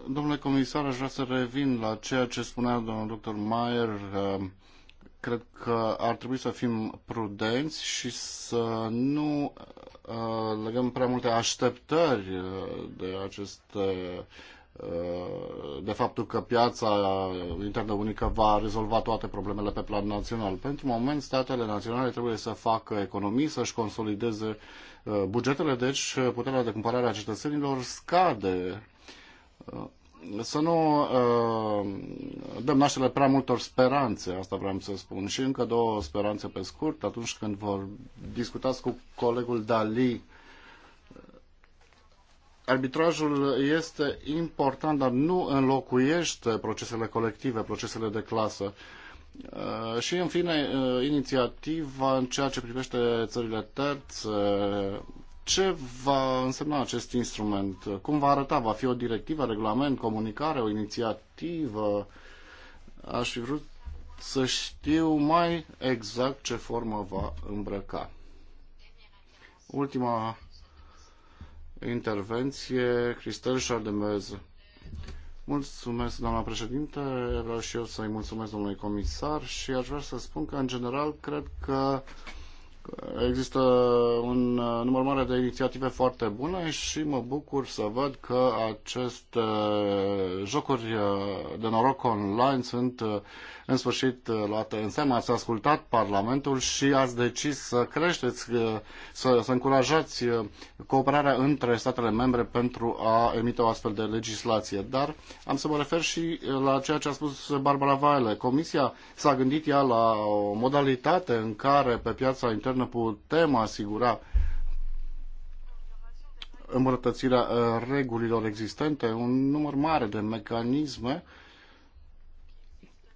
Domnule comisar, aș vrea să revin la ceea ce spunea domnul doctor Mayer. Uh, cred că ar trebui să fim prudenți și să nu uh, legăm prea multe așteptări uh, de aceste Uh, de faptul că piața internă unică va rezolva toate problemele pe plan național. Pentru moment, statele naționale trebuie să facă economii, să-și consolideze uh, bugetele, deci uh, puterea de cumpărare a cetățenilor scade. Să nu dăm naștere prea multor speranțe, asta vreau să spun. Și încă două speranțe pe scurt, atunci când vor discutați cu colegul Dali, arbitrajul este important, dar nu înlocuiește procesele colective, procesele de clasă. Uh, și, în fine, uh, inițiativa în ceea ce privește țările terțe, ce va însemna acest instrument? Cum va arăta? Va fi o directivă, regulament, comunicare, o inițiativă? Aș fi vrut să știu mai exact ce formă va îmbrăca. Ultima intervenție, Cristel Șardemez. Mulțumesc, doamna președinte. Vreau și eu să-i mulțumesc domnului comisar și aș vrea să spun că, în general, cred că există un număr mare de inițiative foarte bune și mă bucur să văd că aceste jocuri de noroc online sunt în sfârșit uh, luată în seamă, ați ascultat Parlamentul și ați decis să creșteți, uh, să, să încurajați uh, cooperarea între statele membre pentru a emite o astfel de legislație. Dar am să mă refer și la ceea ce a spus Barbara Vaile. Comisia s-a gândit ea la o modalitate în care pe piața internă putem asigura îmbunătățirea regulilor existente, un număr mare de mecanisme uh,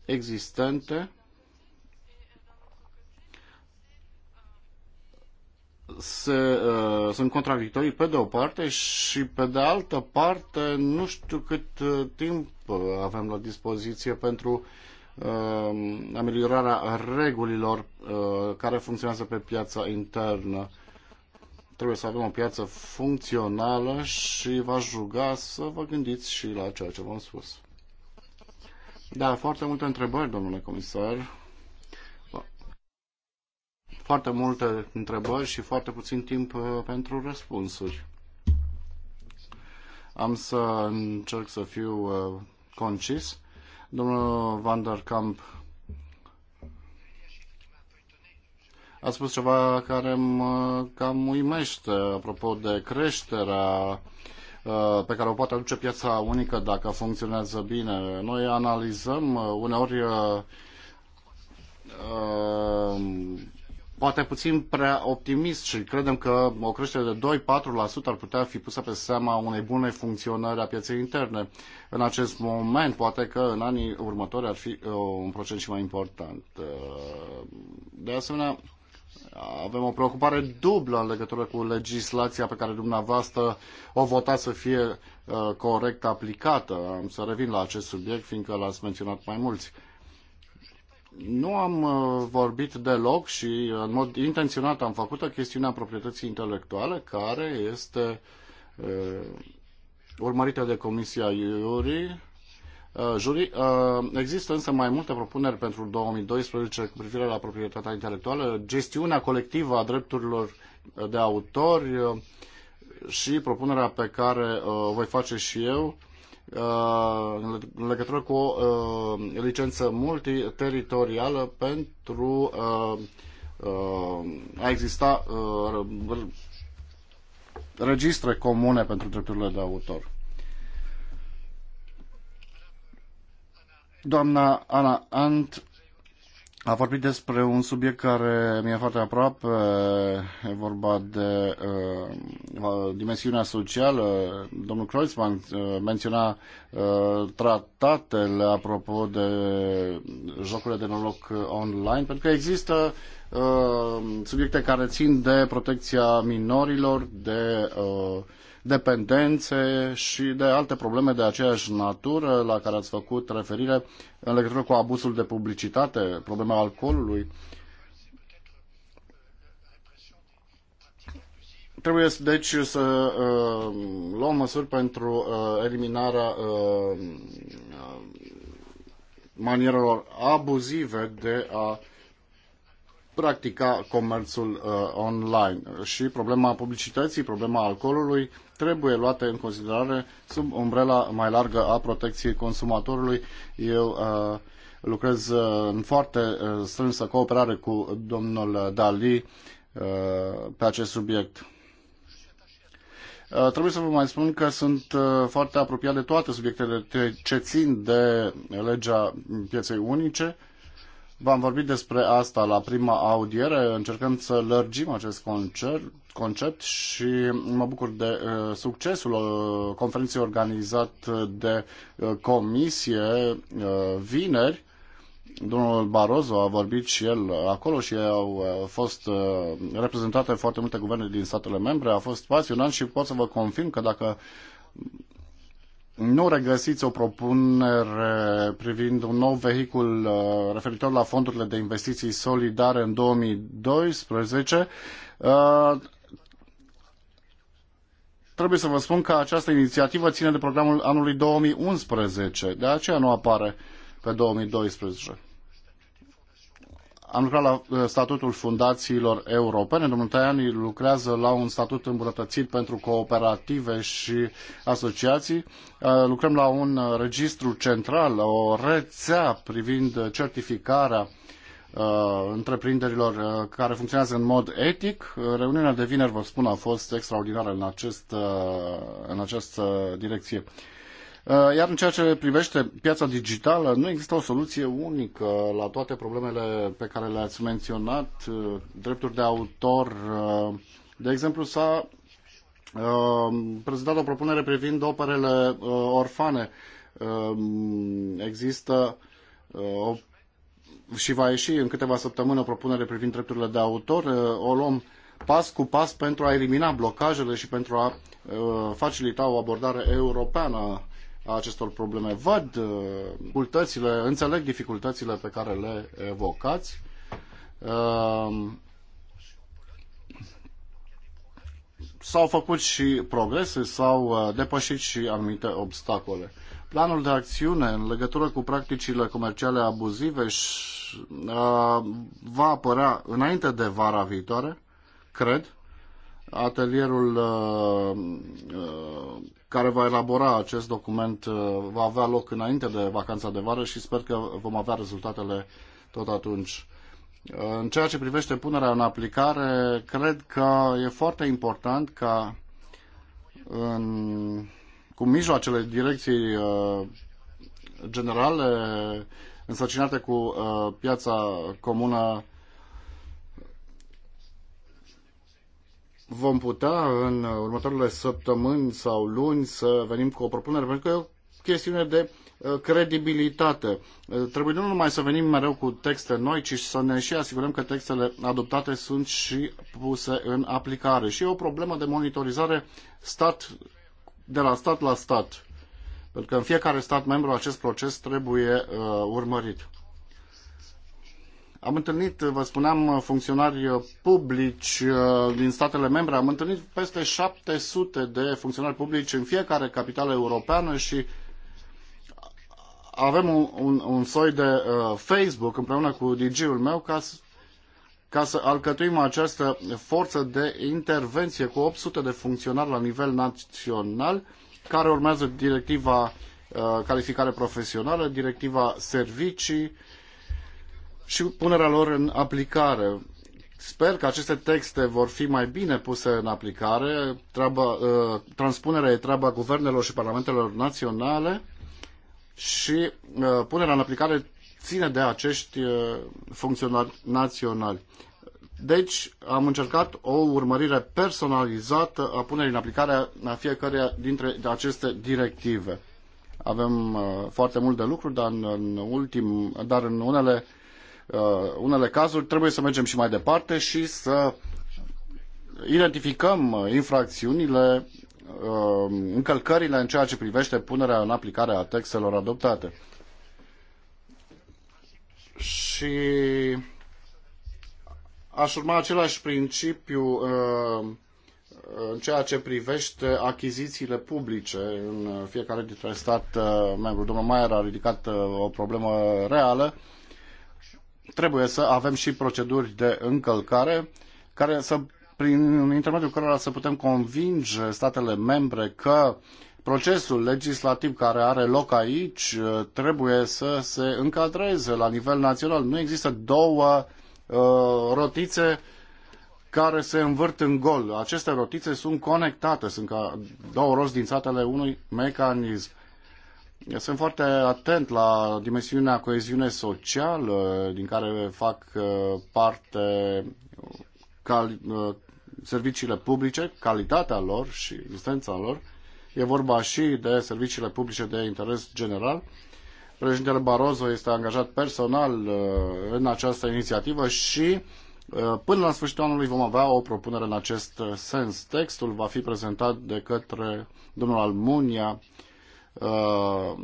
existente se, uh, sunt contradictorii pe de o parte și pe de altă parte nu știu cât uh, timp uh, avem la dispoziție pentru uh, ameliorarea regulilor uh, care funcționează pe piața internă. Trebuie să avem o piață funcțională și v-aș ruga să vă gândiți și la ceea ce v-am spus. Da, foarte multe întrebări, domnule comisar. Foarte multe întrebări și foarte puțin timp uh, pentru răspunsuri. Am să încerc să fiu uh, concis. Domnul Van der Kamp a spus ceva care mă cam uimește apropo de creșterea Uh, pe care o poate aduce piața unică dacă funcționează bine. Noi analizăm uh, uneori uh, poate puțin prea optimist și credem că o creștere de 2-4% ar putea fi pusă pe seama unei bune funcționări a pieței interne. În acest moment, poate că în anii următori ar fi un procent și mai important. De asemenea, avem o preocupare dublă în legătură cu legislația pe care dumneavoastră o votați să fie uh, corect aplicată. Am să revin la acest subiect, fiindcă l-ați menționat mai mulți. Nu am uh, vorbit deloc și în mod intenționat am făcut o chestiune a proprietății intelectuale care este uh, urmărită de Comisia Iurii Uh, juri, uh, există însă mai multe propuneri pentru 2012 cu privire la proprietatea intelectuală, gestiunea colectivă a drepturilor de autor uh, și propunerea pe care o voi face și eu în legătură cu o licență multiteritorială pentru a exista registre comune pentru drepturile de autor. Doamna Ana Ant a vorbit despre un subiect care mi-e foarte aproape, e vorba de uh, dimensiunea socială. Domnul Kreuzmann uh, menționa uh, tratatele apropo de jocurile de noroc online, pentru că există uh, subiecte care țin de protecția minorilor, de uh, dependențe și de alte probleme de aceeași natură la care ați făcut referire în legătură cu abuzul de publicitate, problema alcoolului. Trebuie, deci, să uh, luăm măsuri pentru uh, eliminarea uh, uh manierelor abuzive de a uh, practica comerțul uh, online și problema publicității, problema alcoolului trebuie luate în considerare sub umbrela mai largă a protecției consumatorului. Eu uh, lucrez uh, în foarte uh, strânsă cooperare cu domnul Dali uh, pe acest subiect. Uh, trebuie să vă mai spun că sunt uh, foarte apropiat de toate subiectele ce țin de legea pieței unice, uh, V-am vorbit despre asta la prima audiere, încercăm să lărgim acest concert, concept și mă bucur de uh, succesul uh, conferinței organizat de uh, comisie uh, vineri. Domnul Barroso a vorbit și el acolo și au uh, fost uh, reprezentate foarte multe guverne din statele membre. A fost pasionant și pot să vă confirm că dacă nu regăsiți o propunere privind un nou vehicul uh, referitor la fondurile de investiții solidare în 2012. Uh, trebuie să vă spun că această inițiativă ține de programul anului 2011, de aceea nu apare pe 2012. Am lucrat la uh, statutul fundațiilor europene. Domnul Tăiani lucrează la un statut îmbunătățit pentru cooperative și asociații. Uh, lucrăm la un uh, registru central, o rețea privind certificarea întreprinderilor care funcționează în mod etic. Reuniunea de vineri, vă spun, a fost extraordinară în, acest, în această direcție. Uh, iar în ceea ce privește piața digitală, nu există o soluție unică la toate problemele pe care le-ați menționat, uh, drepturi de autor. Uh, de exemplu, s-a prezentat o propunere privind operele orfane. Există o și va ieși în câteva săptămâni o propunere privind drepturile de autor. O luăm pas cu pas pentru a elimina blocajele și pentru a facilita o abordare europeană a acestor probleme. Văd uh, dificultățile, înțeleg dificultățile pe care le evocați. Uh, s-au făcut și progrese, s-au uh, depășit și anumite obstacole. Planul de acțiune în legătură cu practicile comerciale abuzive va apărea înainte de vara viitoare, cred, Atelierul uh, uh, care va elabora acest document uh, va avea loc înainte de vacanța de vară și sper că vom avea rezultatele tot atunci. În ceea ce privește punerea în aplicare, cred că e foarte important ca în, cu mijloacele direcției uh, generale însăcinate cu uh, piața comună vom putea în următoarele săptămâni sau luni să venim cu o propunere, pentru că e o chestiune de uh, credibilitate. Uh, trebuie nu numai să venim mereu cu texte noi, ci să ne și asigurăm că textele adoptate sunt și puse în aplicare. Și e o problemă de monitorizare stat, de la stat la stat. Pentru că în fiecare stat membru acest proces trebuie uh, urmărit. Am întâlnit, vă spuneam, funcționari publici uh, din statele membre, am întâlnit peste 700 de funcționari publici în fiecare capitală europeană și avem un, un, un soi de uh, Facebook împreună cu DG-ul meu ca să, ca să alcătuim această forță de intervenție cu 800 de funcționari la nivel național care urmează directiva uh, calificare profesională, directiva servicii, și punerea lor în aplicare. Sper că aceste texte vor fi mai bine puse în aplicare. Treaba, uh, transpunerea e treaba guvernelor și parlamentelor naționale și uh, punerea în aplicare ține de acești uh, funcționari naționali. Deci am încercat o urmărire personalizată a punerii în aplicare a fiecăreia dintre aceste directive. Avem foarte mult de lucru, dar în, ultim, dar în unele Uh, unele cazuri trebuie să mergem și mai departe și să identificăm uh, infracțiunile, uh, încălcările în ceea ce privește punerea în aplicare a textelor adoptate. Și aș urma același principiu în ceea ce privește achizițiile publice în fiecare dintre stat membru. Domnul Maier a ridicat o problemă reală trebuie să avem și proceduri de încălcare care să, prin intermediul cărora să putem convinge statele membre că procesul legislativ care are loc aici uh, trebuie să se încadreze la nivel național. Nu există două uh, rotițe care se învârt în gol. Aceste rotițe sunt conectate, sunt ca două roți din satele unui mecanism. Sunt foarte atent la dimensiunea coeziune socială din care fac uh, parte cal, uh, serviciile publice, calitatea lor și existența lor. E vorba și de serviciile publice de interes general. Președintele Barozo este angajat personal uh, în această inițiativă și până la sfârșitul anului vom avea o propunere în acest sens. Textul va fi prezentat de către domnul Almunia Uh,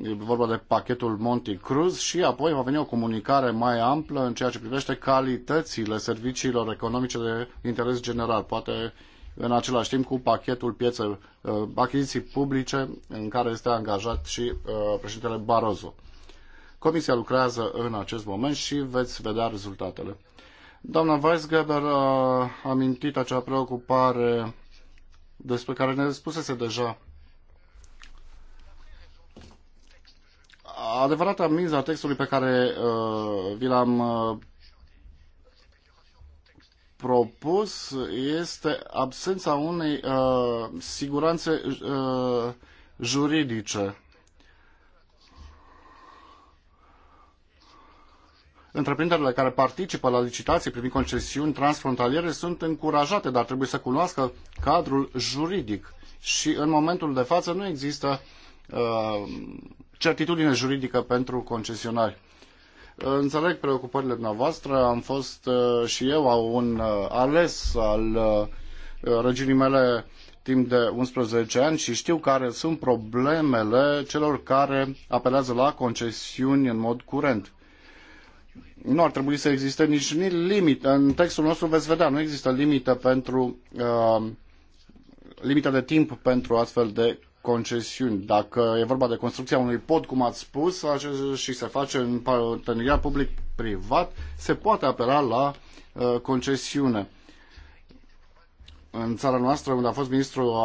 e vorba de pachetul Monte Cruz și apoi va veni o comunicare mai amplă în ceea ce privește calitățile serviciilor economice de interes general, poate în același timp cu pachetul piețe, uh, achiziții publice în care este angajat și uh, președintele Barroso. Comisia lucrează în acest moment și veți vedea rezultatele. Doamna Weisgeber a amintit acea preocupare despre care ne spusese deja adevărata miza a textului pe care uh, vi l-am uh, propus este absența unei uh, siguranțe uh, juridice. Întreprinderile care participă la licitații privind concesiuni transfrontaliere sunt încurajate, dar trebuie să cunoască cadrul juridic. Și în momentul de față nu există uh, certitudine juridică pentru concesionari. Înțeleg preocupările dumneavoastră, am fost uh, și eu un uh, ales al uh, regiunii mele timp de 11 ani și știu care sunt problemele celor care apelează la concesiuni în mod curent. Nu ar trebui să existe nici limită. În textul nostru veți vedea, nu există limită pentru uh, limită de timp pentru astfel de concesiuni. Dacă e vorba de construcția unui pod, cum ați spus, și se face în parteneriat public-privat, se poate apela la uh, concesiune. În țara noastră, unde a fost ministrul.